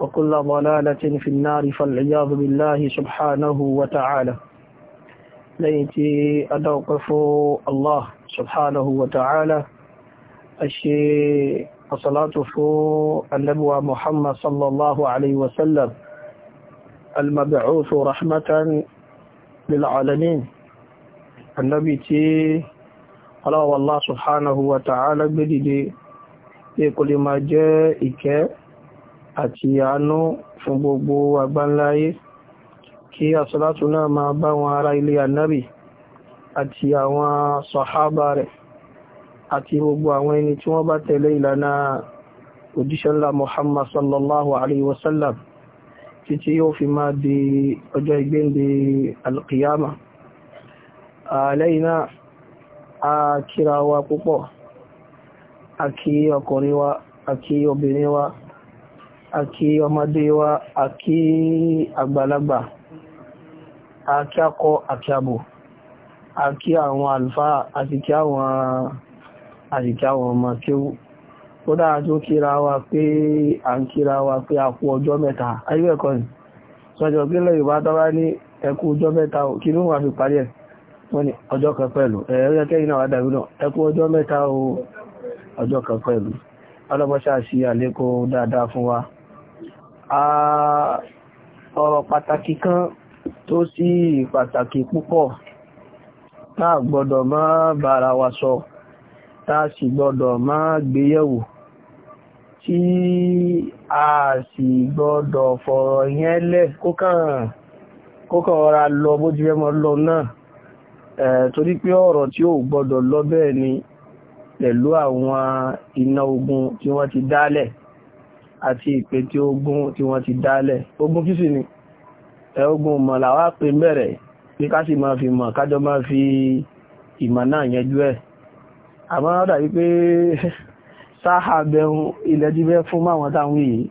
وكل ضلالة في النار فالعياذ بالله سبحانه وتعالى ليتي أدوقف الله سبحانه وتعالى الشيء الصلاة فو النبوة محمد صلى الله عليه وسلم المبعوث رحمة للعالمين النبي تي قال والله سبحانه وتعالى بدي دي يقول ما جاء إكي àti àánú fún gbogbo àgbánláyé kí àsọ́látù náà máa bá wọn ará ilé ànábì àti àwọn sọ̀hábà rẹ̀ àti gbogbo àwọn ẹni tí wọ́n bá tẹ̀lé ìlànà òjíṣẹ́lá Muhammad sallallahu alaihi wasallam títí yóò fi máa di ọjọ́ ìgbéǹde alkiyama àlẹ́yìnà a púpọ̀ a ọkùnrin wa a obìnrin wa àkí ọmọdé wa àkí àgbàlagbà àkí akọ àkí abo àkí àwọn àlùfáà àti kí àwọn àti àwọn ọmọ tí ó ó dára tó kíra wa pé à ń kíra wa pé a kú ọjọ́ mẹ́ta ayébẹ̀kọ́ ni sọjọ́ pínlẹ̀ Yorùbá tọ́wá ní ẹ kú ọjọ́ mẹ́ta o kí ló wà fi parí ẹ̀ wọ́n ni ọjọ́ kan pẹ̀lú ẹ̀rẹ́ kẹ́yìn náà wà dàbí náà ẹ kú ọjọ́ mẹ́ta o ọjọ́ kan pẹ̀lú ọlọ́pọ̀ ṣáà sí àlékún dáadáa fún wa ọ̀rọ̀ pàtàkì kan tó sì pàtàkì púpọ̀ tá gbọ́dọ̀ má bára wa sọ tá sì gbọ́dọ̀ má gbéyẹ̀wò tí a sì gbọ́dọ̀ fọ̀rọ̀ yẹn lẹ̀ kó kàn ọ̀rà lọ bó ti fẹ́ mọ́ lọ náà torí pé ọ̀rọ̀ tí ó gbọ́dọ̀ lọ bẹ́ẹ̀ ni pẹ̀lú àwọn iná ogun tí wọ́n ti dálẹ̀ àti ìpè tí ogun tí wọ́n ti dálẹ̀ ogun kí sì ni ẹ ogun mọ̀ làwá pé bẹ̀rẹ̀ pé ká sì máa fi mọ̀ kájọ máa fi ìmọ̀ náà yẹjú ẹ̀ àmọ́ ó dàbí pé sáhà bẹ̀rún ilẹ̀ tí bẹ́ fún máwọn táwọn yìí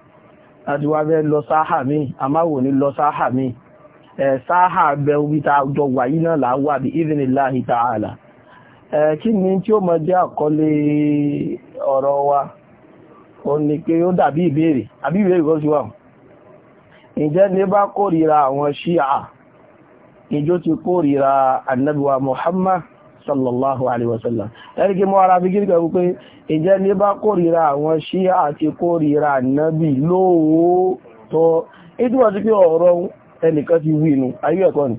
láti wá bẹ́ lọ sáhà mi àmáwò ní lọ sáhà mi ẹ̀ sáhà bí ta jọ wà yìí náà làwà bí idhnillahi ta'ala ẹ̀ kí ni tí ó mọ jẹ́ àkọlé ọ̀rọ̀ wa òun ni pé ó dàbí ìbéèrè àbí ìbéèrè kan sí wà ǹjẹ́ ní bá kórìíra àwọn ṣíà ìjó ti kórìíra annabuwa muhammad sallallahu alaihi wasallam ẹ̀rìkí mọ́ ara fi gíríkà wípé ìjẹ́ ní bá kórìíra àwọn ṣíà àti kórìíra annabi lóòótọ́ ìdúwà sí pé ọ̀rọ̀ ẹnìkan ti wínú ayé ẹ̀kọ́ ni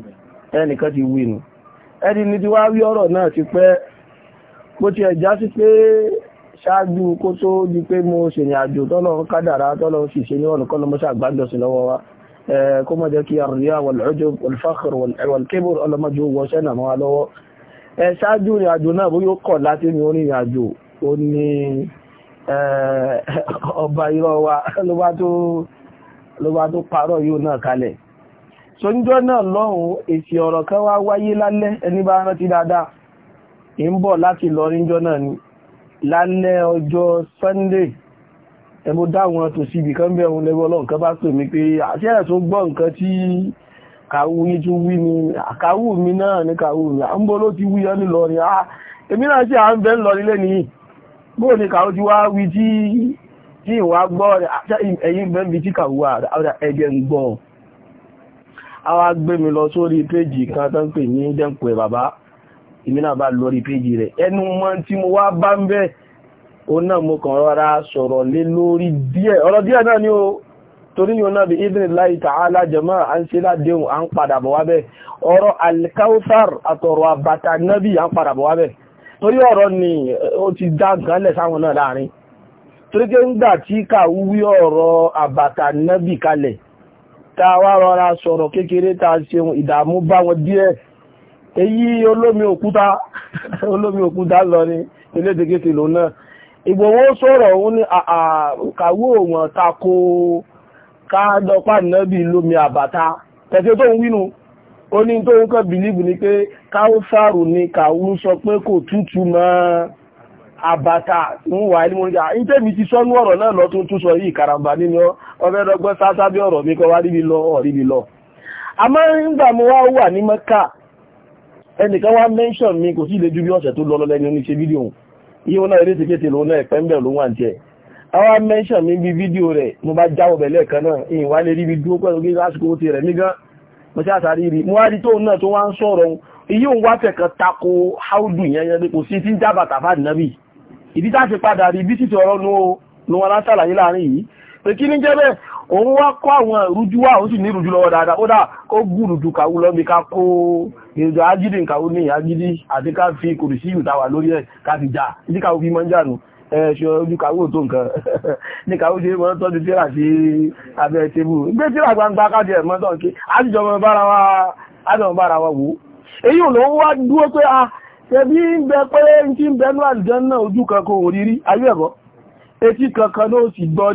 ẹnìkan ti wínú ti naa ti ṣáájú kó tó di pé mo ṣèrìn àjò tọ́lọ̀ kádàrá tọ́lọ̀ sì ṣe ní ọ̀nà kọ́lọ̀ mọ́ṣà gbájọsìn lọ́wọ́ wa kó mọ́ jẹ́ kí àríyá wàlúùjọ wàlúfàkìr wàlúkébù ọlọ́mọdé wọ ṣẹ́nà mọ́ wa lọ́wọ́ ṣáájú ìrìn àjò náà bó yóò kọ̀ láti ní orin ìrìn àjò ó ní ọba irọ́ wa ló bá tó ló bá tó parọ́ yóò náà kalẹ̀ sọ́njọ́ náà lọ́hùn èsì ọ̀rọ̀ kan wá wáyé lálẹ́ ẹni bá rántí dáadáa ń bọ̀ láti lọ ríjọ́ náà ni lálẹ́ ọjọ́ sunday ẹmú dáwọn tó sí ibi kan bẹ̀rún lẹ́wọ́ ọlọ́run kan bá pè mí pé àṣẹ ẹ̀ gbọ́ nǹkan tí kàwú yí tún wí ni àkàwú mi náà ní kàwú mi à ń bọ́ ló ti wí ọ́ ní lọrin ah èmi náà sì à ń bẹ́ ń lọ nílé nìyí bó ni kàwú ti wá wí tí tí ìwà gbọ́ ẹ̀yìn bẹ́ ń tí kàwú wà ẹ̀jẹ̀ ń gbọ́ àwa gbé mi lọ sórí péjì kan tó ń pè ní dẹ́ǹpẹ̀ bàbá èmi náà bá lórí péjì rẹ̀ ẹnu mọ́ tí mo wá bá ń bẹ́ o náà mo kàn rọra sọ̀rọ̀ lé lórí díẹ̀ ọ̀rọ̀ díẹ̀ náà ni o torí yóò náà bí ibn láì tààlá jẹ́mọ́ à ń ṣe ládéhùn à ń padà bọ̀ wábẹ̀ ọ̀rọ̀ alkawthar àtọ̀rọ̀ àbàtà nábì à ń padà bọ̀ wábẹ̀ torí ọ̀rọ̀ ni ó ti dá nǹkan lẹ̀ sáwọn náà láàrin torí pé ńgbà tí ká wí ọ̀rọ̀ àbàtà nábì kalẹ̀ tá a wá rọra sọ̀rọ̀ kékeré tá a ṣeun ìdààmú bá wọn díẹ̀ èyí olómi òkúta olómi òkúta lọ ní ilédèkéte lòun náà ìgbòho sọ̀rọ̀ òun ní kàwé òwọ̀n tako káàdọ́pá nẹ́bí lómi àbàtà tẹ̀sẹ̀ tó ń wínú ó ní tó ń kọ́ bìlíbù ní pé káwùsàrù ni kàwù sọ pé kò tútù mọ́ àbàtà ń wà ní mọ́nìjà ìtẹ́mi ti sọ́nú ọ̀rọ̀ náà lọ tó tún sọ yìí karambà nínú ọ̀fẹ́ dọ́gbọ́n sáásábí ọ̀rọ̀ mi kọ́ wá ríbi lọ ọ̀ríbi lọ àmọ́ ń gbà mo wá wà ní mẹ́kà ẹnìkan wá mẹ́ṣọ̀ mi kò sí ilé ju bí ọ̀sẹ̀ tó lọ lọ́lẹ́ni oníṣẹ́ fídíò iye wọn náà eré tìkéte lòun náà ẹ̀pẹ́ ń bẹ̀ lòun àti ẹ̀ àwa mẹ́ṣọ̀ mi bí fídíò rẹ̀ mo bá jáwọ́ bẹ̀ lẹ́ẹ̀kan náà ìyìn wá lè rí ibi dúró pẹ̀lú gíga àsìkò ti rẹ̀ mí gan mo ṣe àṣà rírì mo wá rí òun wá kọ́ àwọn ìrújú wà ó sì ní ìrújú lọ́wọ́ dáadáa ó dà ó gùrù ju kàwú lọ́bi ká kó ìrìnjọ agídí kàwú ní agídí àti ká fi kòrì sí ìtawà lórí ẹ̀ ká fi jà ní kàwú fi máa ń jànú ẹ̀ṣọ́ ojú kàwú tó nǹkan ní kàwú ṣe mọ́ tọ́jú tíra sí abẹ́ tébù gbé tíra gbangba káàdì ẹ̀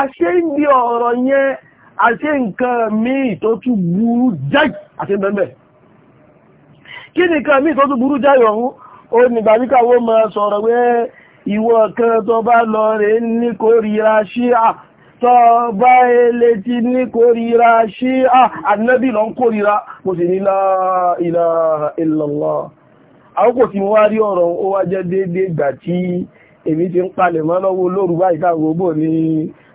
àṣé ń bí ọ̀rọ̀ yẹn àṣé nǹkan míì tó tún burú jáì àti bẹ́ẹ̀ kí ni nǹkan míì tó tún burú jáì ọ̀hún ó nígbà bí káwọ́ máa sọ̀rọ̀ pé ìwọ kan tó bá lọ rẹ̀ ní kórìíra ṣíà tó bá ele ti ní kórìíra ṣíà ànábì lọ ń kórìíra mo sì ní la ilaha illallah àkókò tí mo wá rí ọ̀rọ̀ ó wá jẹ́ déédéé gbà tí èmi ti ń palẹ̀ lọ́wọ́ olóòrùn báyìí káàgbogbo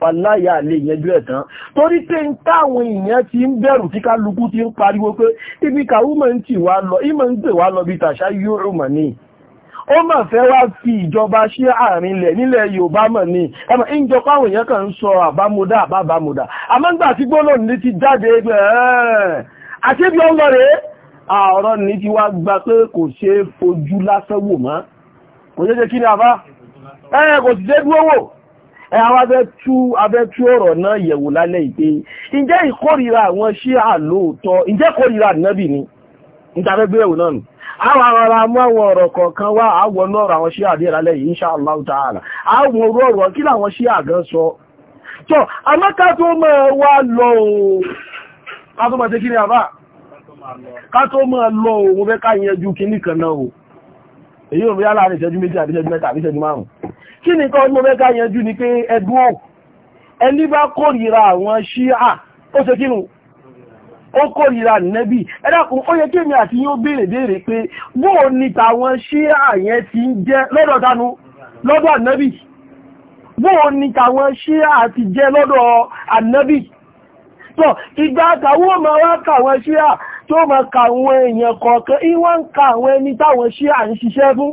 pàláyà lè yẹjú ẹ̀tàn torí pé ń táwọn èèyàn ti ń bẹ̀rù tí kálukú ti ń pariwo pé ibi kàwúmọ̀ ń tì wá lọ ìmọ̀ ń pè wá lọ bí tàṣà yóò mọ̀ ní ó mà fẹ́ wá fi ìjọba ṣe àárín ilẹ̀ nílẹ̀ yorùbá mọ̀ ní ẹmọ̀ ìjọ páwọn èèyàn kan ń sọ àbámúdá àbábámúdá àmọ́ngbà tí gbólóhùn ní ti jáde ẹgbẹ̀ẹ́ àti ibi ọlọ́ rẹ̀ ọ̀rọ̀ ní ti wá gba pé kò ṣe fojú lásán wò mọ́ kò ṣe ṣe kí ni àbá ẹ kò sì ṣe dúró wò ẹ awábẹ́ tú abẹ́ tú ọ̀rọ̀ náà yẹ̀wò lálẹ́ ìpé ǹjẹ́ ìkórìíra àwọn ṣíà lóòótọ́ ǹjẹ́ ìkórìíra ànábì ni ìtàfẹ́ gbé ẹ̀wò náà nù àwọn ará mú àwọn ọ̀rọ̀ kọ̀ọ̀kan wá àwọn ọ̀rọ̀ àwọn ṣíà díẹ̀ lálẹ́ yìí insha Allah ta'ala àwọn orú ọ̀rọ̀ kí làwọn ṣíà gan sọ tó amáka tó mọ̀ wá lọ òun ká tó mọ̀ sí ni àbá ká tó mọ̀ lọ òun kí ni kan mo mẹ́ka yanjú ni pé ẹdún ò ẹni bá kórìíra àwọn ṣíà ó ṣe kínú ó kórìíra nẹ́bí ẹ̀dàkùn ó yẹ kí èmi àti yín ó béèrè pé bóò ni tàwọn ṣíà yẹn ti ń jẹ́ lọ́dọ̀ dánú lọ́dọ̀ ànẹ́bí bóò ni tàwọn ṣíà ti jẹ́ lọ́dọ̀ ànẹ́bí sọ ìgbà àtàwọn ọmọ wa kàwọn ṣíà tó máa kàwọn èèyàn kọ̀ọ̀kan ìwọ́n ń ka àwọn ẹni táwọn ṣíà ń ṣiṣẹ́ fún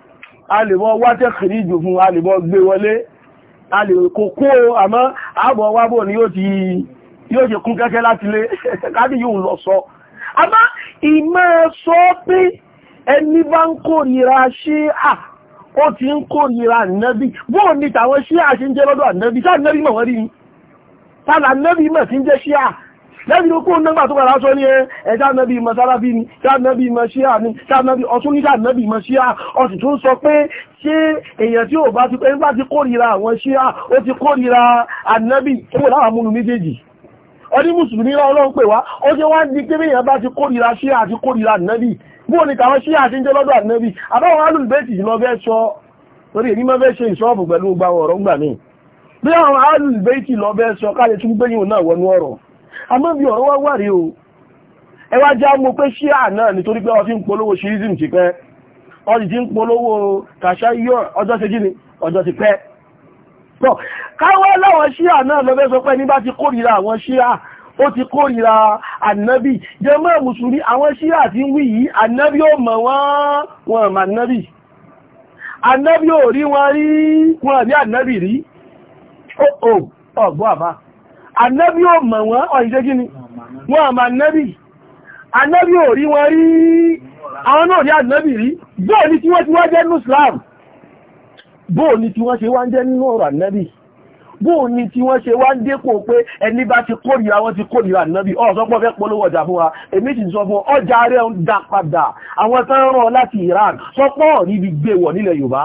a lè wọ́n wá tẹ́kìrí jù fún a lè wọ́n gbé wọlé a lè kò kó àmọ́ àbọ̀ wábò ni yóò ti yóò ṣe kún kẹ́kẹ́ láti lé káàdì yóò lọ sọ àmọ́ ìmọ̀ sọ pé ẹni bá ń kórìíra ṣí à ó ti ń kórìíra ànábì bóò ní tàwọn ṣí à ṣe ń jẹ́ lọ́dọ̀ lẹ́yìn okó nígbà tó padà sọ ní eh, ẹ sáànàbí ìmọ̀ sárábí ni sáànàbí ìmọ̀ síà ni sáànàbí ọtún ní sáànàbí ìmọ̀ síà ọ̀sì tó ń sọ pé ṣé èèyàn tí ò bá ti pé nígbà tí kórìíra àwọn síà ó ti kórìíra ànábì tó wò láwọn múnu méjèèjì ọdí mùsùlùmí rán ọlọ́run pè wá ó ṣe wá di pé èèyàn bá ti kórìíra síà àti kórìíra ànábì bóò ni tàwọn síà ti ń jẹ́ lọ́dọ̀ ànábì àbáwọn alùbẹ́ẹ̀tì lọ fẹ́ sọ torí èmi máa fẹ́ ṣe ìṣọ́ọ̀bù pẹ̀lú gbàwọ̀ ọ̀rọ̀ ń gbà mí bí àwọn alùbẹ́ẹ̀tì lọ fẹ́ sọ káyẹ̀ tún gbẹ̀yìn náà wọnú ọ̀rọ̀ amóbi ọ̀rọ̀ wá wà rí o ẹwà já mú pé ṣíà náà nítorí pé wọ́n ti ń polówó ṣírísìm ti pẹ́ ọdí ti ń polówó kàṣá yọ ọjọ́ ti gíní ọjọ́ ti pẹ́ pọ̀ káwọ́ láwọn ṣíà náà lọ́fẹ́ sọ pé nígbà ti kórìíra àwọn ṣíà ó ti kórìíra ànábì jẹmọ́ mùsùlùmí àwọn ṣíà ti wí yìí ànábì ó mọ̀ wọ́n wọn mà ànábì Ànábì ò mọ̀ wọ́n ọ̀yíṣẹ́ gíní wọ́n àmà Ànábì Ànábì ò rí wọ́n rí àwọn náà ní Ànábì rí bóò ní tí wọ́n ti wá jẹ́ ní Islam bóò ní tí wọ́n ṣe wá ń jẹ́ nínú ọ̀rọ̀ Ànábì bóò ní tí wọ́n ṣe wá ń dépò pé ẹni bá ti kórìíra wọ́n ti kórìíra Ànábì ọ̀sọ́pọ̀ fẹ́ polówó ọjà fún wa èmi ti sọ fún ọjà rẹ̀ ń dá padà àwọn tán rán láti Iran sọpọ̀ níbi gbé wọ̀ nílẹ̀ Yorùbá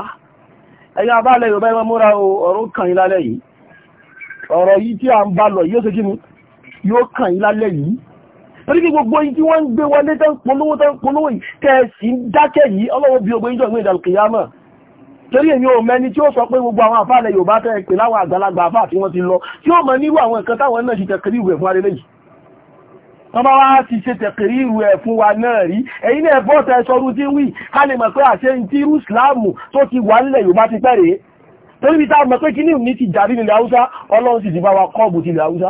ẹ̀yà abálẹ̀ Yorùbá ọ̀rọ̀ yìí tí a ń bá lọ yóò ṣe kí ni yóò kàn yín lálẹ́ yìí torí kí gbogbo yìí tí wọ́n ń gbé wọlé tán polówó tán polówó yìí kẹ́ẹ̀sì ń dákẹ́ yìí ọlọ́wọ́ bí ogbó ìjọ ìwé ìdàlùkìyàmọ̀ torí èmi ò mẹni tí ó sọ pé gbogbo àwọn àfáàlẹ̀ Yorùbá tẹ́ pè láwọn àgbàlagbà àfáà tí wọ́n ti wa náà rí ẹ̀yin náà bọ́ọ̀tẹ̀ sọrú tí wì ká lè mọ̀ pé àṣẹ ń tí irú ìsìláàmù tó ti wà torí bí táàmà pé kí ní ní ti jàrí nílẹ̀ haúsá ọlọ́run sì ti bá ti haúsá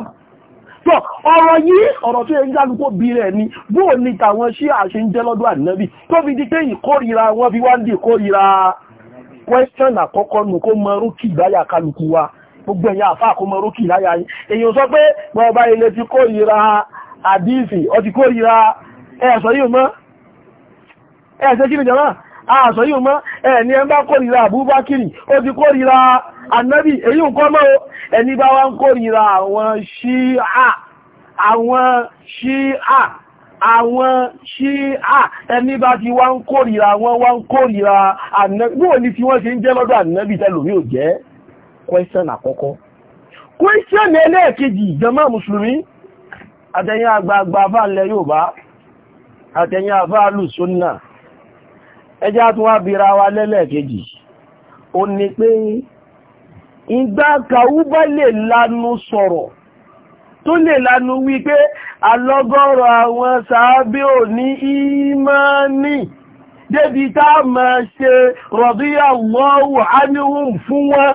tó ọ̀rọ̀ yìí ọ̀rọ̀ tó yẹn jálùkó bí rẹ̀ ni bó ní tàwọn ṣí àṣẹ ń jẹ́ lọ́dọ̀ ànábì tó fi wọn fi àkọ́kọ́ nù kó wa gbogbo ẹ̀yà kó mọ rókì yìí sọ pé ti kórira àdífì ọ ti kórira yìí mọ́ àṣọ yìí mọ́ ẹni ẹ bá kórìíra àbúbákìrì ó ti kórìíra ànábì èyí nǹkan mọ́ ẹni bá wá ń kórìíra àwọn ṣíà àwọn ṣíà àwọn ṣíà ẹni bá ti wá ń kórìíra wọn wá ń kórìíra ànábì bóò ní tí wọ́n ṣe ń jẹ́ lọ́dọ̀ ànábì tẹ́lòmí ò jẹ́ kwẹ́sàn àkọ́kọ́ kwẹ́sàn ẹlẹ́ẹ̀kejì jàmá mùsùlùmí àtẹ̀yìn àgbààgbà àfáà ilẹ̀ Yorùbá àtẹ̀yìn àfáà lùsùn náà ẹjá tún wá bíra wa lẹ́lẹ́kejì ó ní pé ìgbà kàú bá lè lanu sọ̀rọ̀ tó lè lanu wípé alọ́gọ́rọ̀ àwọn sàábé ò ní ìmánì débi tá ma ṣe radiyallahu anhum fún wọn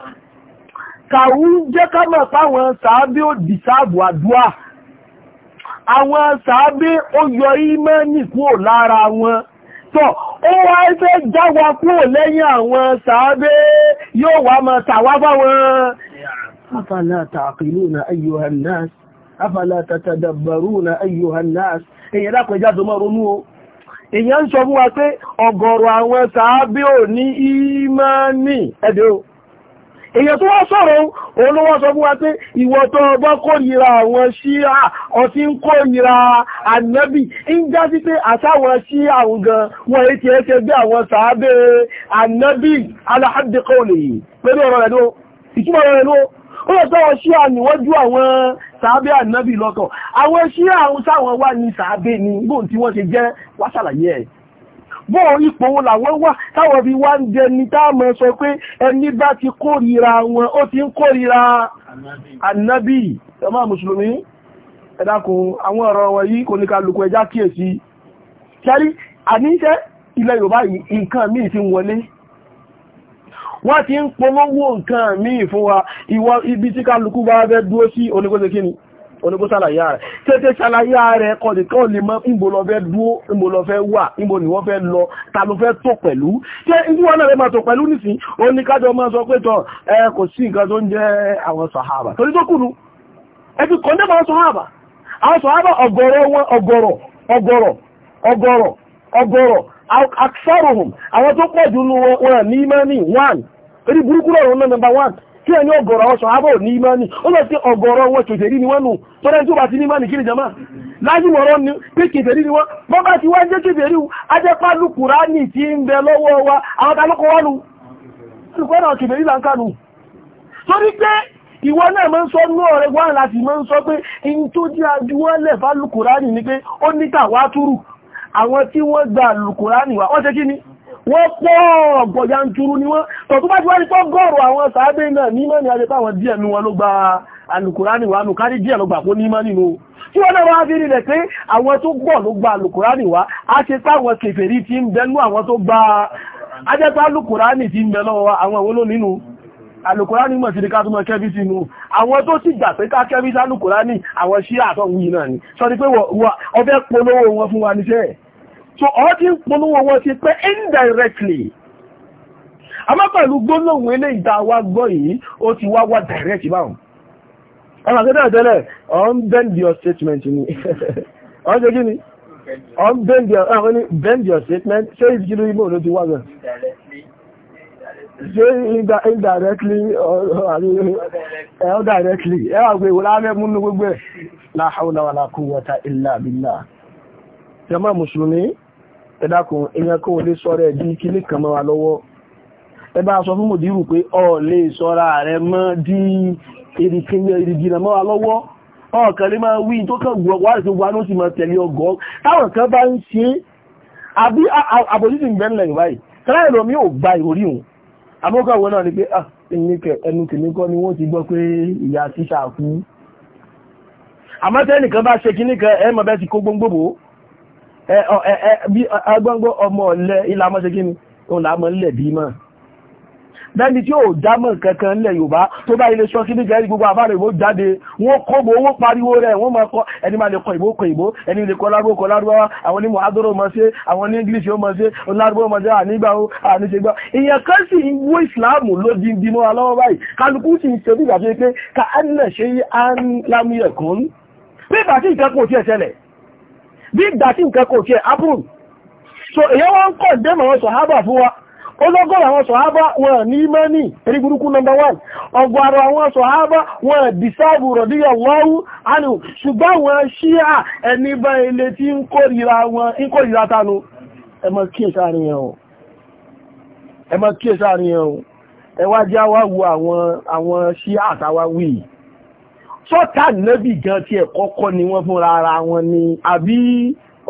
kàú jẹ́ ká mọ̀ páwọn sàábé ò dìsáàbù àdúà àwọn sàábé ó yọ ìmánì kúrò lára wọn tọ́ ó wá fẹ́ jáwa kúrò lẹ́yìn àwọn sàábé yóò wá mọ tàwá bá wọn afala taqiluna ayyuhan ayyuhan èyàn dákọ̀ jáde mọ́ ronú o èyàn sọ fún wa pé ọ̀gọ̀rọ̀ àwọn sàábé ò ní èyàn tó wá sọ̀rọ̀ òun ló wọ́n sọ fún wa pé ìwọ tó bá kórìíra àwọn ṣíà ọtí ń kórìíra ànábì ń já sí pé àtàwọn ṣíà gan wọ́n èyí ti ẹ́ṣẹ́ bí àwọn sàábẹ̀ ànábì aláhàdìkọ́ olè yìí pẹ̀lú ọ̀rọ̀ rẹ̀ ló ìtumọ̀ rẹ̀ ló ó lọ sọ́wọ́ ṣíà níwọ́jú bó ipò wo làwọn wà táwọn fi wá ń jẹ ní táàmù sọ pé ẹni bá ti kórìíra wọn ó ti ń kórìíra ànábì ẹmọ mùsùlùmí ẹ dákun àwọn ọ̀rọ̀ wọn yìí kò ní ká lùkù ẹjá kíyèsí ṣárí àníṣẹ́ ilẹ̀ Yorùbá nǹkan míì ti wọlé wọ́n ti ń polówó nǹkan míì fún wa ìwọ ibi tí kálukú bá fẹ́ dúró sí oníkóse kíni onígbó ṣàlàyé rẹ̀ a, ṣàlàyé rẹ̀ kọ́ni kọ́ lè mọ ìbò lọ fẹ́ dúó ìbò lọ fẹ́ wà ìbò ni ta ló fẹ́ tó pẹ̀lú ṣé ìlú wọn náà lè máa tó pẹ̀lú nìsín oníkájọ máa sọ pé tọ ẹ kò sí nǹkan tó ń jẹ́ àwọn sàhábà torí tó kùnú sàhábà àwọn sàhábà wọn tí ẹni ọgọ̀rọ̀ àwọn ṣọ̀hábọ̀ ní imani ó lọ ọgọ̀rọ̀ wọn kèfèrí ni wọ́n nù tọ́rẹ́ tí ó ti ní imani jama lájúmọ̀rọ̀ ni pé ni wọ́n bọ́ bá ti wá jẹ́ kèfèrí ajẹ́pálù kùránì tí ń bẹ lọ́wọ́ wa àwọn talókọ la wọ́n pọ̀ ọ̀gọ̀yà ń túrú ni wọ́n tọ̀tún bá ti wá ní pọ́ gọ́ọ̀rọ̀ àwọn sàábé náà ní mọ́ ni a jẹ́ táwọn díẹ̀ ní wọn ló gba alùkùránì wà nù kárí díẹ̀ ló gbà fún ní mọ́ nínú tí wọ́n náà wá fi rí rẹ̀ pé àwọn tó gbọ́ ló gba alùkùránì wá a ṣe táwọn kèfèrí ti ń bẹnú àwọn tó gba ajẹ́pá alùkùránì ti ń bẹ lọ́wọ́ àwọn àwọn olónínú alùkùránì mọ̀ sí ní ká tó mọ̀ kẹ́bí sínú àwọn tó sì gbà pé ká kẹ́bí sálùkùránì àwọn ṣí àtọ̀wù yìí náà ni sọ ni pé ọbẹ̀ polówó wọn fún wa níṣẹ́ so ọdí ń polówó wọn ti pẹ́ indirectly àmọ́ pẹ̀lú gbólóhùn ilé ìta wa gbọ́ yìí ó ti wá wá direct báwọn ọmọ akẹ́kẹ́ tẹ́lẹ̀ ọ̀n bend your statement ni ọ̀n ṣe kí ni ọ̀n bend your statement ṣé ìdíkìlú ibò ló ti wá gan ṣe indirectly or directly ẹwà pé wọ́n láàrẹ gbogbo ẹ̀ la hawla wala quwwata illa billah jàmá ẹ dákun èèyàn kò lè sọ́rọ̀ ẹ̀dí kílé kan mọ́ wa lọ́wọ́ ẹ bá sọ fún mòdírù pé ọ lè sọ́ra rẹ mọ́ dí ìrìgìnà mọ́ wa lọ́wọ́ ọ̀kan lè máa wí tó kàn gbọ́ wà tó wà ní ó sì máa tẹ̀lé ọgọ́ táwọn kan bá ń ṣe àbí àbòjútì ń bẹ́ẹ̀ lẹ́yìn ni pé ah, ẹnu tèmi kọ́ ni wọ́n ti kó gbóngbòbò agbọ́ngbọ́ ọmọ ọ̀lẹ́ ìlàmọ́ ṣe kí ni òun làmọ́ ńlẹ̀ bí mọ́ lẹ́ni tí ó dámọ̀ kankan ńlẹ̀ Yorùbá tó bá ilé ṣọ́kí ní gẹ̀ẹ́rì gbogbo àfáàrẹ̀ ìbò jáde wọ́n kọ́gbọ̀ wọ́n pariwo rẹ̀ wọ́n máa kọ́ ẹni máa lè kọ ìbò kọ ìbò ẹni lè kọ lárúbó kọ lárúbáwá àwọn onímọ̀ adóró mọ̀ sí àwọn ní English ó mọ̀ sí lárúbó mọ̀ sí ànígbà ó àníṣegbà ìyẹn kan sì ń wó ìsìláàmù ló di bímọ alọ́wọ́ báyìí kálukú sì ń ṣe bí ìgbà tó yẹ pé ká bí ìgbà tí nǹkan kò tiẹ̀ approve so èyàn wọ́n ń kọ̀ dẹ́mọ̀ àwọn sọ̀hábà fún wa ọlọ́gọ́rọ̀ àwọn sọ̀hábà wọn ní mẹ́ni erí burúkú number one ọgbọ̀rọ̀ àwọn sọ̀hábà wọn dìsáàbù rọ̀díyà lọ́wọ́ ànú ṣùgbọ́n wọn ṣíà ẹni bá ilé tí ń kórìíra tánu ẹ má kíyèsáàrin yẹn o ẹ má kíyèsáàrin ẹ jẹ́ wá wo àwọn ṣíà àtàwá wíì sọ́tà nẹ́bì gan tí ẹ̀ kọ́kọ́ ni wọ́n fúnra ara wọn ni àbí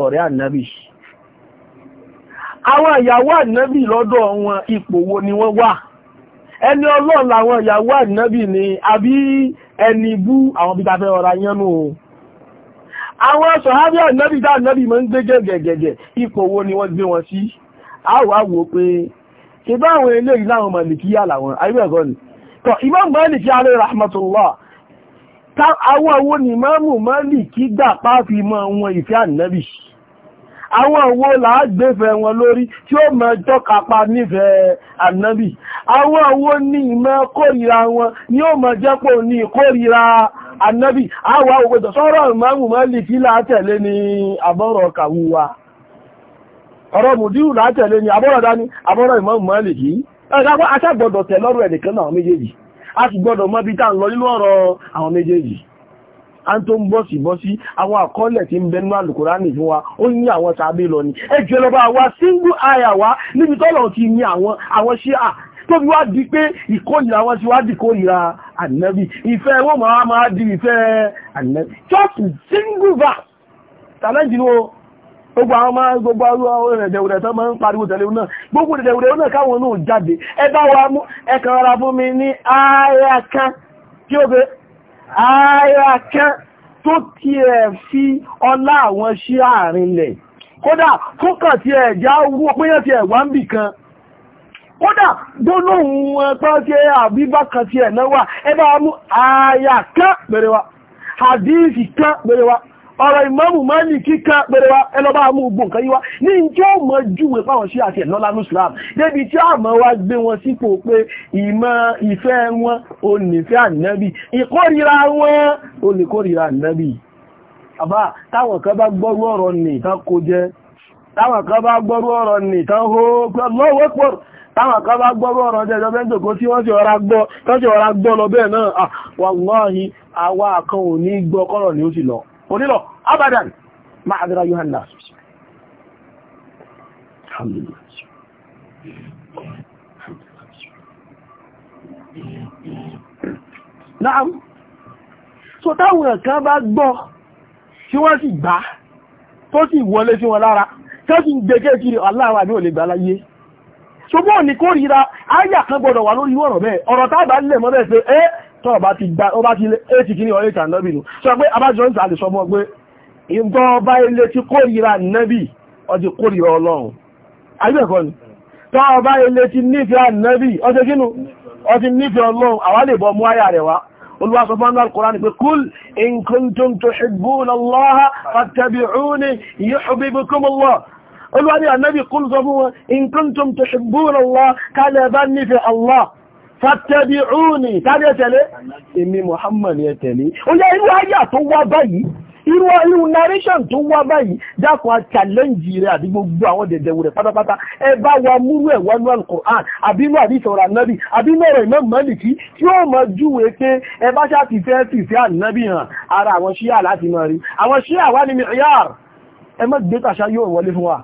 ọ̀rẹ́ ànẹ́bì àwọn ìyàwó ànẹ́bì lọ́dọ̀ wọn ipò wo ni wọ́n wà ẹni ọlọ́run làwọn ìyàwó ànẹ́bì ni àbí ẹni bú àwọn bí tafẹ́ ọ̀rá yẹnu àwọn sọ̀hábí ànẹ́bì dá ànẹ́bì mọ́ ń gbé gẹ̀gẹ̀gẹ̀ ipò wo ni wọ́n gbé wọn sí àwọ̀ àwò pé ṣe bá àwọn eléyìí láwọn mọ̀lìkíyà làwọn ayébẹ̀gọ́ ni tọ̀ Imam Malik alẹ́ rahmatullah àwọn wo ni mọ́mù mọ́lì kí gbà fi mọ́ wọn ìfẹ́ ànábì àwọn wo làágbéfẹ́ wọn lórí tí ó mọ́ tọ́kapa nífẹ̀ẹ́ ànábì àwọn wo ni ìmọ̀ wọn ni ó mọ́ jẹ́pọ̀ ní kórìíra ànábì àwọn òpètọ̀ sọ́rọ̀ mọ́mù mọ́lì kí ni a sì gbọ́dọ̀ mọ́ bí táà ń lọ nínú ọ̀rọ̀ àwọn méjèèjì a tó ń bọ́sì bọ́sí àwọn àkọọ́lẹ̀ tí ń bẹ nínú àlùkùránì fún wa ó ní àwọn tàbí lọ ni ẹ jẹ́ lọ́ba wa single aya wa níbi tọ́lọ̀ ti ní àwọn àwọn ṣe à tó fi wá di pé ìkórìíra wọn ti wá di kórìíra ànábì ìfẹ́ wọn máa máa di ìfẹ́ ànábì just single verse challenge ni o gbogbo àwọn máa gbogbo àwọn ìrẹ̀dẹ̀wòrẹ̀ tó máa ń pariwo tẹ̀lé náà gbogbo ìrẹ̀dẹ̀wòrẹ̀ náà káwọn náà jáde ẹ bá wa mú ẹkàn ara fún mi ní ààyà kan tó ti ẹ̀ fi ọlá àwọn sí àárín lẹ̀ kódà kókàn ti ẹ̀ já owó pínyàn ti ẹ̀ wá ń bì kan kódà gbólóhùn wọn ẹ̀ wa mú ààyà kan péré wa hadisi kan ọ̀rọ̀ ìmọ́mù máa ní kíkà pẹ̀rẹ̀ wa ẹlọ́bá mú gbò nǹkan yíwá ní ìjọ mọ̀ júwe fáwọn sí àti ẹ̀lọ́lá ní Islam débi tí wá gbé wọn sípò pé ìmọ̀ ìfẹ́ wọn ò nífẹ́ wọn ò ní kórìíra ànábì àbá táwọn kan bá gbọ́rú ọ̀rọ̀ nì tán kó jẹ́ táwọn kan bá gbọ́rú ọ̀rọ̀ nì tán hó pọ̀ táwọn kan bá gbọ́rú ọ̀rọ̀ tí wọ́n sì ọ̀rá gbọ́ lọ bẹ́ẹ̀ náà ah, ò ní gbọ́ kọ́rọ̀ ni ó sì lọ أبدا معذرة أيها الناس الحمد لله Naam. So táwọn kan bá gbọ́ tí wọ́n sì gbà tó sì wọlé sí wọn lára, tó sì ń gbẹ̀gẹ́ kiri aláwà ní olè gbà láyé. Ṣogbọ́n ní kó ríra, áyà kan gbọdọ̀ wà lórí ọ̀rọ̀ bẹ́ẹ̀, ọ̀rọ̀ tábà nílẹ̀ mọ́ bẹ́ẹ̀ pé, eh, tọ́ ọba ti gbà, ọba ti lé, eh ti kiri ọ̀rẹ́ ìtàndọ́bìnú. Sọ pé abájọ́ ń sàlẹ̀ sọmọ́ pé ìgbọ́ ọba ilé tí kórìíra nẹ́bì ọdí kórìíra ọlọ́run agbẹ́kọ́ ni tọ́ ọba ilé tí nífẹ̀ẹ́ nẹ́bì ọdí kínú ọdí nífẹ̀ẹ́ ọlọ́run àwa lè bọ́ mú àyà rẹ̀ wá Olúwa sọ fún Al-Qur'an pé kúl in kuntum tuhibbuna Allaha fattabi'uni yuhbibkum Allah Olúwa ní ànẹ́bì kúl sọ fún wọn tàbí ẹ̀tẹ̀lé èmi Muhammad ẹ̀tẹ̀lé ó yẹ irú ayà tó báyìí irú irú narration tó wá báyìí dákun challenge rẹ̀ àti gbogbo àwọn dẹ̀dẹ̀wò rẹ̀ pátápátá ẹ bá wa múrú ẹ̀ wọnú alukur'an àbí inú àdìsí ọ̀rọ̀ ànábì àbí inú ọ̀rọ̀ ìmọ̀ mọ́lìkì tí ó mọ júwe pé ẹ bá ṣáà ti fẹ́ sì sí ànábì hàn ara àwọn ṣíà láti mọ̀ rí àwọn ṣíà wá ní mìíyàr ẹ má gbé tàṣà yóò wọlé fún wa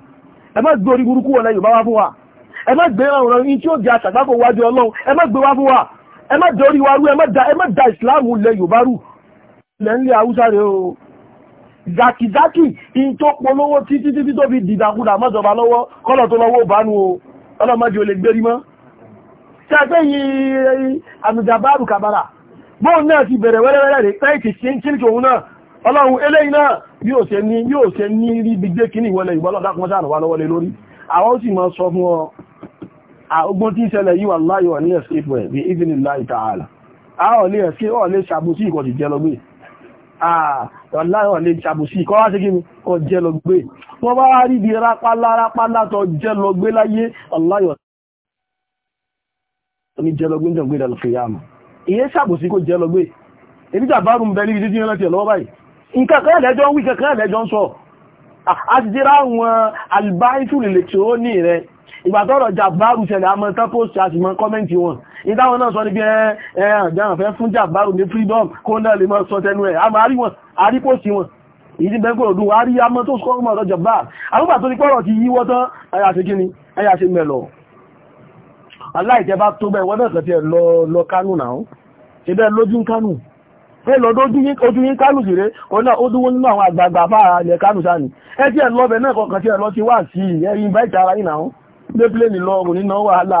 ẹ má gbé orí burúkú wọlé Yorùbá wá fún wa ẹ má gbé ọ̀rọ̀ yín tí ó di àṣàgbákò wájú Ọlọ́run ẹ má gbé wá fún wa ẹ má dorí wa rú ẹ má da ìsìláàmù lẹ Yorùbá rú lẹ́ Haúsá rẹ̀ o zakizaki in tó polówó títí titi tó fi dìdàkudà mọ́jọba lọ́wọ́ kọ́lọ̀ tó lọ́wọ́ bánu o ọlọ́mọdé o lè gbérí mọ́ ṣẹ́gbẹ́ yìí àmìjàbáàrù kàbàrà bóòn náà ti bẹ̀rẹ̀ wẹ́rẹ́wẹ́rẹ́ rẹ̀ pẹ́ẹ̀kì sí kíríkì òun náà ọlọ́run eléyìí náà yóò ṣe ní yóò ṣe ní rí gbígbé kíní ìwọlẹ̀ ìbọ́lọ̀ dákùnmọ́sá àrùwá lọ́wọ́lé lórí àwọn sì máa sọ fún ọ ogun tí ń láwọn lè ṣàbòsí kọ́ wá sí kí kọ jẹ́ lọ gbé wọ́n bá rí bí rápálá rápálá tọ jẹ́ lọ gbé láyé aláyọ̀ ní jẹ́ lọ gbé jẹ́ gbé dàlùfẹ́yàmù iye ṣàbòsí kó jẹ́ lọ gbé ebíjà bá rùn bẹ níbi títí rántí ọlọ́wọ́ báyìí nǹkan kan lẹ́jọ́ ń wí kankan lẹ́jọ́ ń sọ àtijọ́ àwọn albáìtù lè tó ní rẹ ìgbà tọ́rọ̀ jà bá rùsẹ̀lẹ̀ àmọ́ tán post àti mọ́ kọ́mẹ́ǹtì wọn ìdáwọn náà sọ níbi ẹ eh, eh, àjáhàn fẹ́ fún jàbárù ní freedom kó náà lè mọ́ sọ tẹnu ẹ̀ a máa rí wọn àrípòsí wọn ìdí bẹ́gbẹ̀ òdún wá rí amọ́ tó sọ́rọ̀ mọ́ ọ̀dọ́jọ̀ bá àrúgbà tó ní pọ́rọ̀ ti yíwọ́ tán ẹyà ṣe kíni ẹyà ṣe mẹ́lọ̀ aláìjẹba tó bẹ́ wọ́n náà kẹ̀tẹ̀ lọ kánù náà ṣe bẹ́ lójú kánù ẹlọ́dọ́ ojú yín kánù sí rẹ̀ ọ̀nà ó dúwó nínú àwọn àgbààgbà bá ilẹ̀ kánù sáà ní ẹ tí ẹ lọ́bẹ̀ náà kọ̀ọ̀kan tí ẹ lọ ti wà sí ẹ̀yìn bá ìtara yìí náà lé pléènì lọ òrùn nínú wàhálà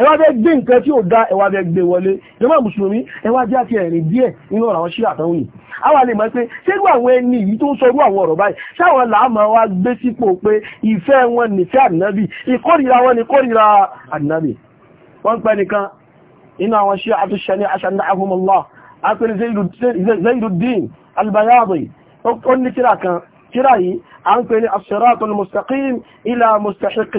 ẹ wá fẹ́ gbé nǹkan tí ò dá ẹ wá fẹ́ gbé wọlé jọmọ́ mùsùlùmí ẹ wá jẹ́ àti ẹ̀rìn díẹ̀ nínú ọ̀rọ̀ àwọn ṣíra àtàwọn yìí àwa lè mọ̀ pé ṣégbà àwọn ẹni yìí tó ń sọrú àwọn ọ̀rọ̀ báyìí ṣáwọn làámọ̀ wá gbé sípò pé ìfẹ́ wọn nìfẹ́ ànábì ìkórìíra wọn ni kórìíra ànábì wọ́n pẹ́ nìkan inú àwọn ṣíra àtúnṣe ní aṣáná ahùnmọ́lá apẹ̀lẹ̀ Zaiduddin al ó ní tíra kan tíra yìí à ń pè ní as-siratul mustaqim ila mustahiq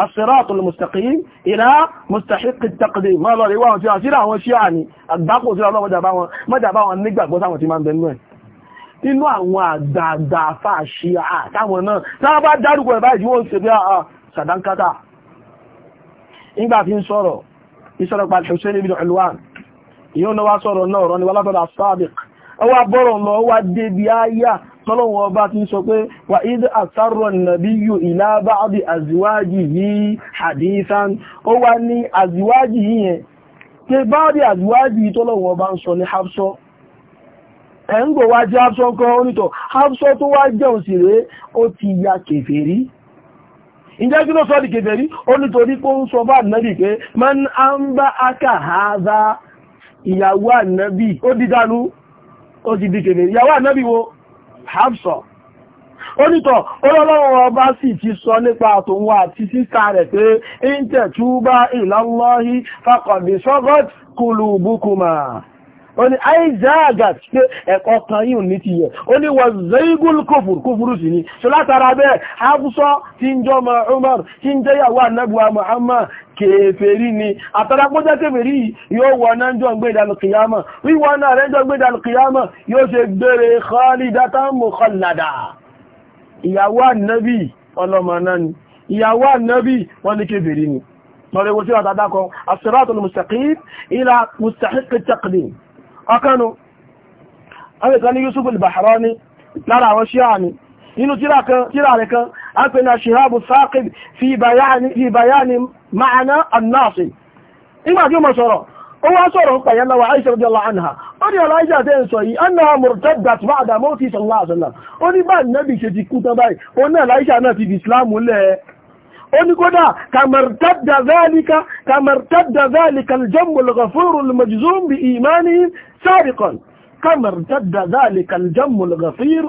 الصراط المستقيم الى مستحق التقديم ما لو riwa ti asira àwọn ṣe ani agbako ti Ọlọ́run da ba wọn ma da ba wọn nígbàgbọ́ sáwọn tí ma nbe nnu e inú àwọn àgbààgbà fa shia táwọn náà tá bá dárúkọ ẹ̀ báyìí wọ́n ṣe bí ah sadankata ìgbà tí ń sọ̀rọ̀ isoro pa Hussein ibn Ulwan iyo no wá sọ̀rọ̀ náà ro ni wala to da sabiq ọwá bọ́rọ̀ lọ wá débi ayá tọ́lọ́wọ́ ọba ti ń sọ pé wà ìdí àtàrọ̀ nàbíyù ìlà ba'di àzíwájì yìí hadithan ó wá ní àzíwájì yìí yẹn pé ba'di àzíwájì yìí tọ́lọ́wọ́ ọba ń sọ ní Hafsọ ẹ̀ǹgò wá jẹ́ ya kèfèrí ìjẹ́ kí ló sọ di kèfèrí ó nítorí pé bá aka haza ìyàwó ànábì ó dídánú ó ti di kèfèrí ìyàwó ànábì wo Hafsa onítọ̀ olólọ́wọ́ ọba sì ti sọ nípa àtòun àti sísá rẹ̀ pé in tatuba ilallahi faqad sagat qulubukuma ó ní aizagat pé ẹ̀kọ́ kan yìí ní ti yẹ ó ní wọ zaigul kòfùr kòfùrù sí ni ṣe látara bẹ́ẹ̀ hafsọ tí ń jọ ma umar tí ń jẹ́ yàwó anábuwa muhammad kèfèrí ni àtàràpọ́jẹ́ kèfèrí yóò wọ náà jọ gbé ìdàlùkìyàmà wíwọ náà rẹ̀ jọ gbé ìdàlùkìyàmà yóò ṣe gbére khalidatan mukhallada ìyàwó ànábì ọlọ́mọ náà ni ìyàwó ànábì wọ́n ní kèfèrí ila mustahiq at-taqdim ọkánu amẹ́ta ní Yusuf al-Bahrani lára àwọn ṣíà ni nínú tíra rẹ̀ kan a pè na ṣìhábù sáàkì fi bayani ma'ana annasi nígbà tí ó mọ̀ sọ̀rọ̀ ó wá sọ̀rọ̀ pẹ̀yẹ́ lọ́wọ́ Aisha radiyallahu anha ó ní ọ̀rọ̀ Aisha tẹ́ ń sọ yìí annaha murtaddat ba'da mawti sallallahu alaihi wasallam ó ní bá nẹ́bì ṣe ti kú tán báyìí ó náà Aisha náà ti di Islam lẹ́ oníkódà kàmàrtàdà zálika kàmàrtàdà zálika aljammu alghafuru almajzum bi imanihim سارقا كما ارتد ذلك الجم الغفير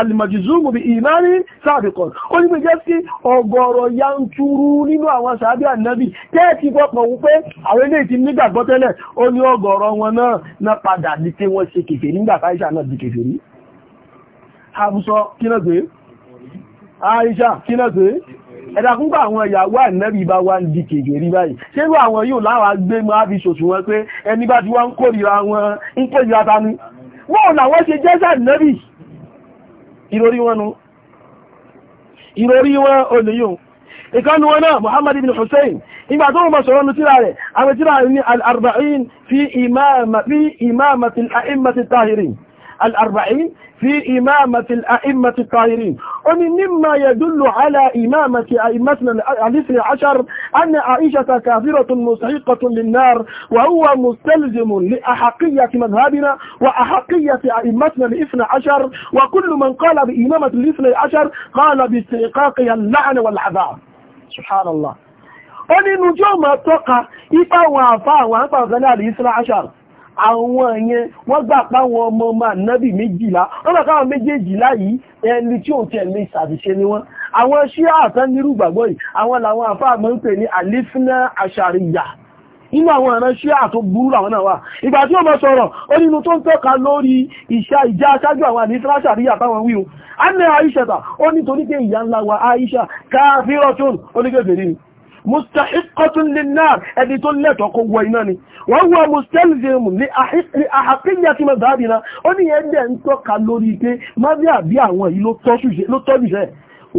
alìmàjìzúmù bí ìmáni sáàbìkan ó ní jẹ́ sí ọgọ́rọ̀ ya ń túrú nínú àwọn sàábí ànábì tẹ́ẹ̀tì fọ́pọ̀ wípé àwọn ilé ìtì nígbàgbọ́ tẹ́lẹ̀ ó ní ọgọ́rọ̀ wọn náà na padà di tí wọ́n ṣe kèfèrí nígbà Àìṣà náà di kèfèrí Àbùsọ kínàgbé Àìṣà kínàgbé ẹ̀dàkúnkà àwọn ìyàwó ànẹ́bí bá wá ń di kègè rí báyìí ṣérú àwọn yóò láwà gbé máa fi ṣòṣù wọn pé ẹni bá ti wá ń kórìíra wọn ń kórìíra ta ni wọ́n làwọn ṣe jẹ́ sànẹ́bí ìrorí wọn nu ìrorí wọn olèyàn ìkanu wọn náà Muhammad ibn Hussein ìgbà tó mọ̀ sọ̀rọ̀ nùtírà rẹ̀ àwọn tíra ní al-arba'in fi imamati tahirin الأربعين في إمامة الأئمة الطاهرين ومن مما يدل على إمامة أئمتنا الاثنى عشر أن عائشة كافرة مسحقة للنار وهو مستلزم لأحقية مذهبنا وأحقية أئمتنا الاثنى عشر وكل من قال بإمامة الاثنى عشر قال باستحقاقها اللعن والعذاب سبحان الله ó nínú أتوقع إذا tọ́ka ipá wọn الاثنى عشر àwọn ẹ̀yẹn wọ́n gbà páwọn ọmọ ọmọ ànábì méjìlá wọ́n gbà káwọn méjèèjìlá yìí ẹni tí ò tẹ̀lé ìsàfihàn ni wọ́n àwọn ṣíà àtàn nírú gbàgbọ́ yìí àwọn làwọn àfáà mọ́ ń pè ní àlífínà àṣàríyà inú àwọn ìran ṣíà tó burú àwọn náà wà ìgbà tí ó mọ́ sọ̀rọ̀ ó nínú tó ń tọ́ka lórí ìṣà ìjà aṣájú àwọn àdífíráṣà rí àbáwọn wíhun a ní àìṣẹ́ta ó nítorí pé ìyá ńlá wa àìṣà káàfíọ́tún onígbèbèrè mustahiqqatun lin-nar ẹni tó lẹ́tọ̀ọ́ kó wọ iná ni wa huwa mustalzimun ní àhàkíyàtí madhabina ó ní ẹgbẹ́ ń tọ́ka lórí pé mọ́bí àbí àwọn yìí ló tọ́jú sẹ́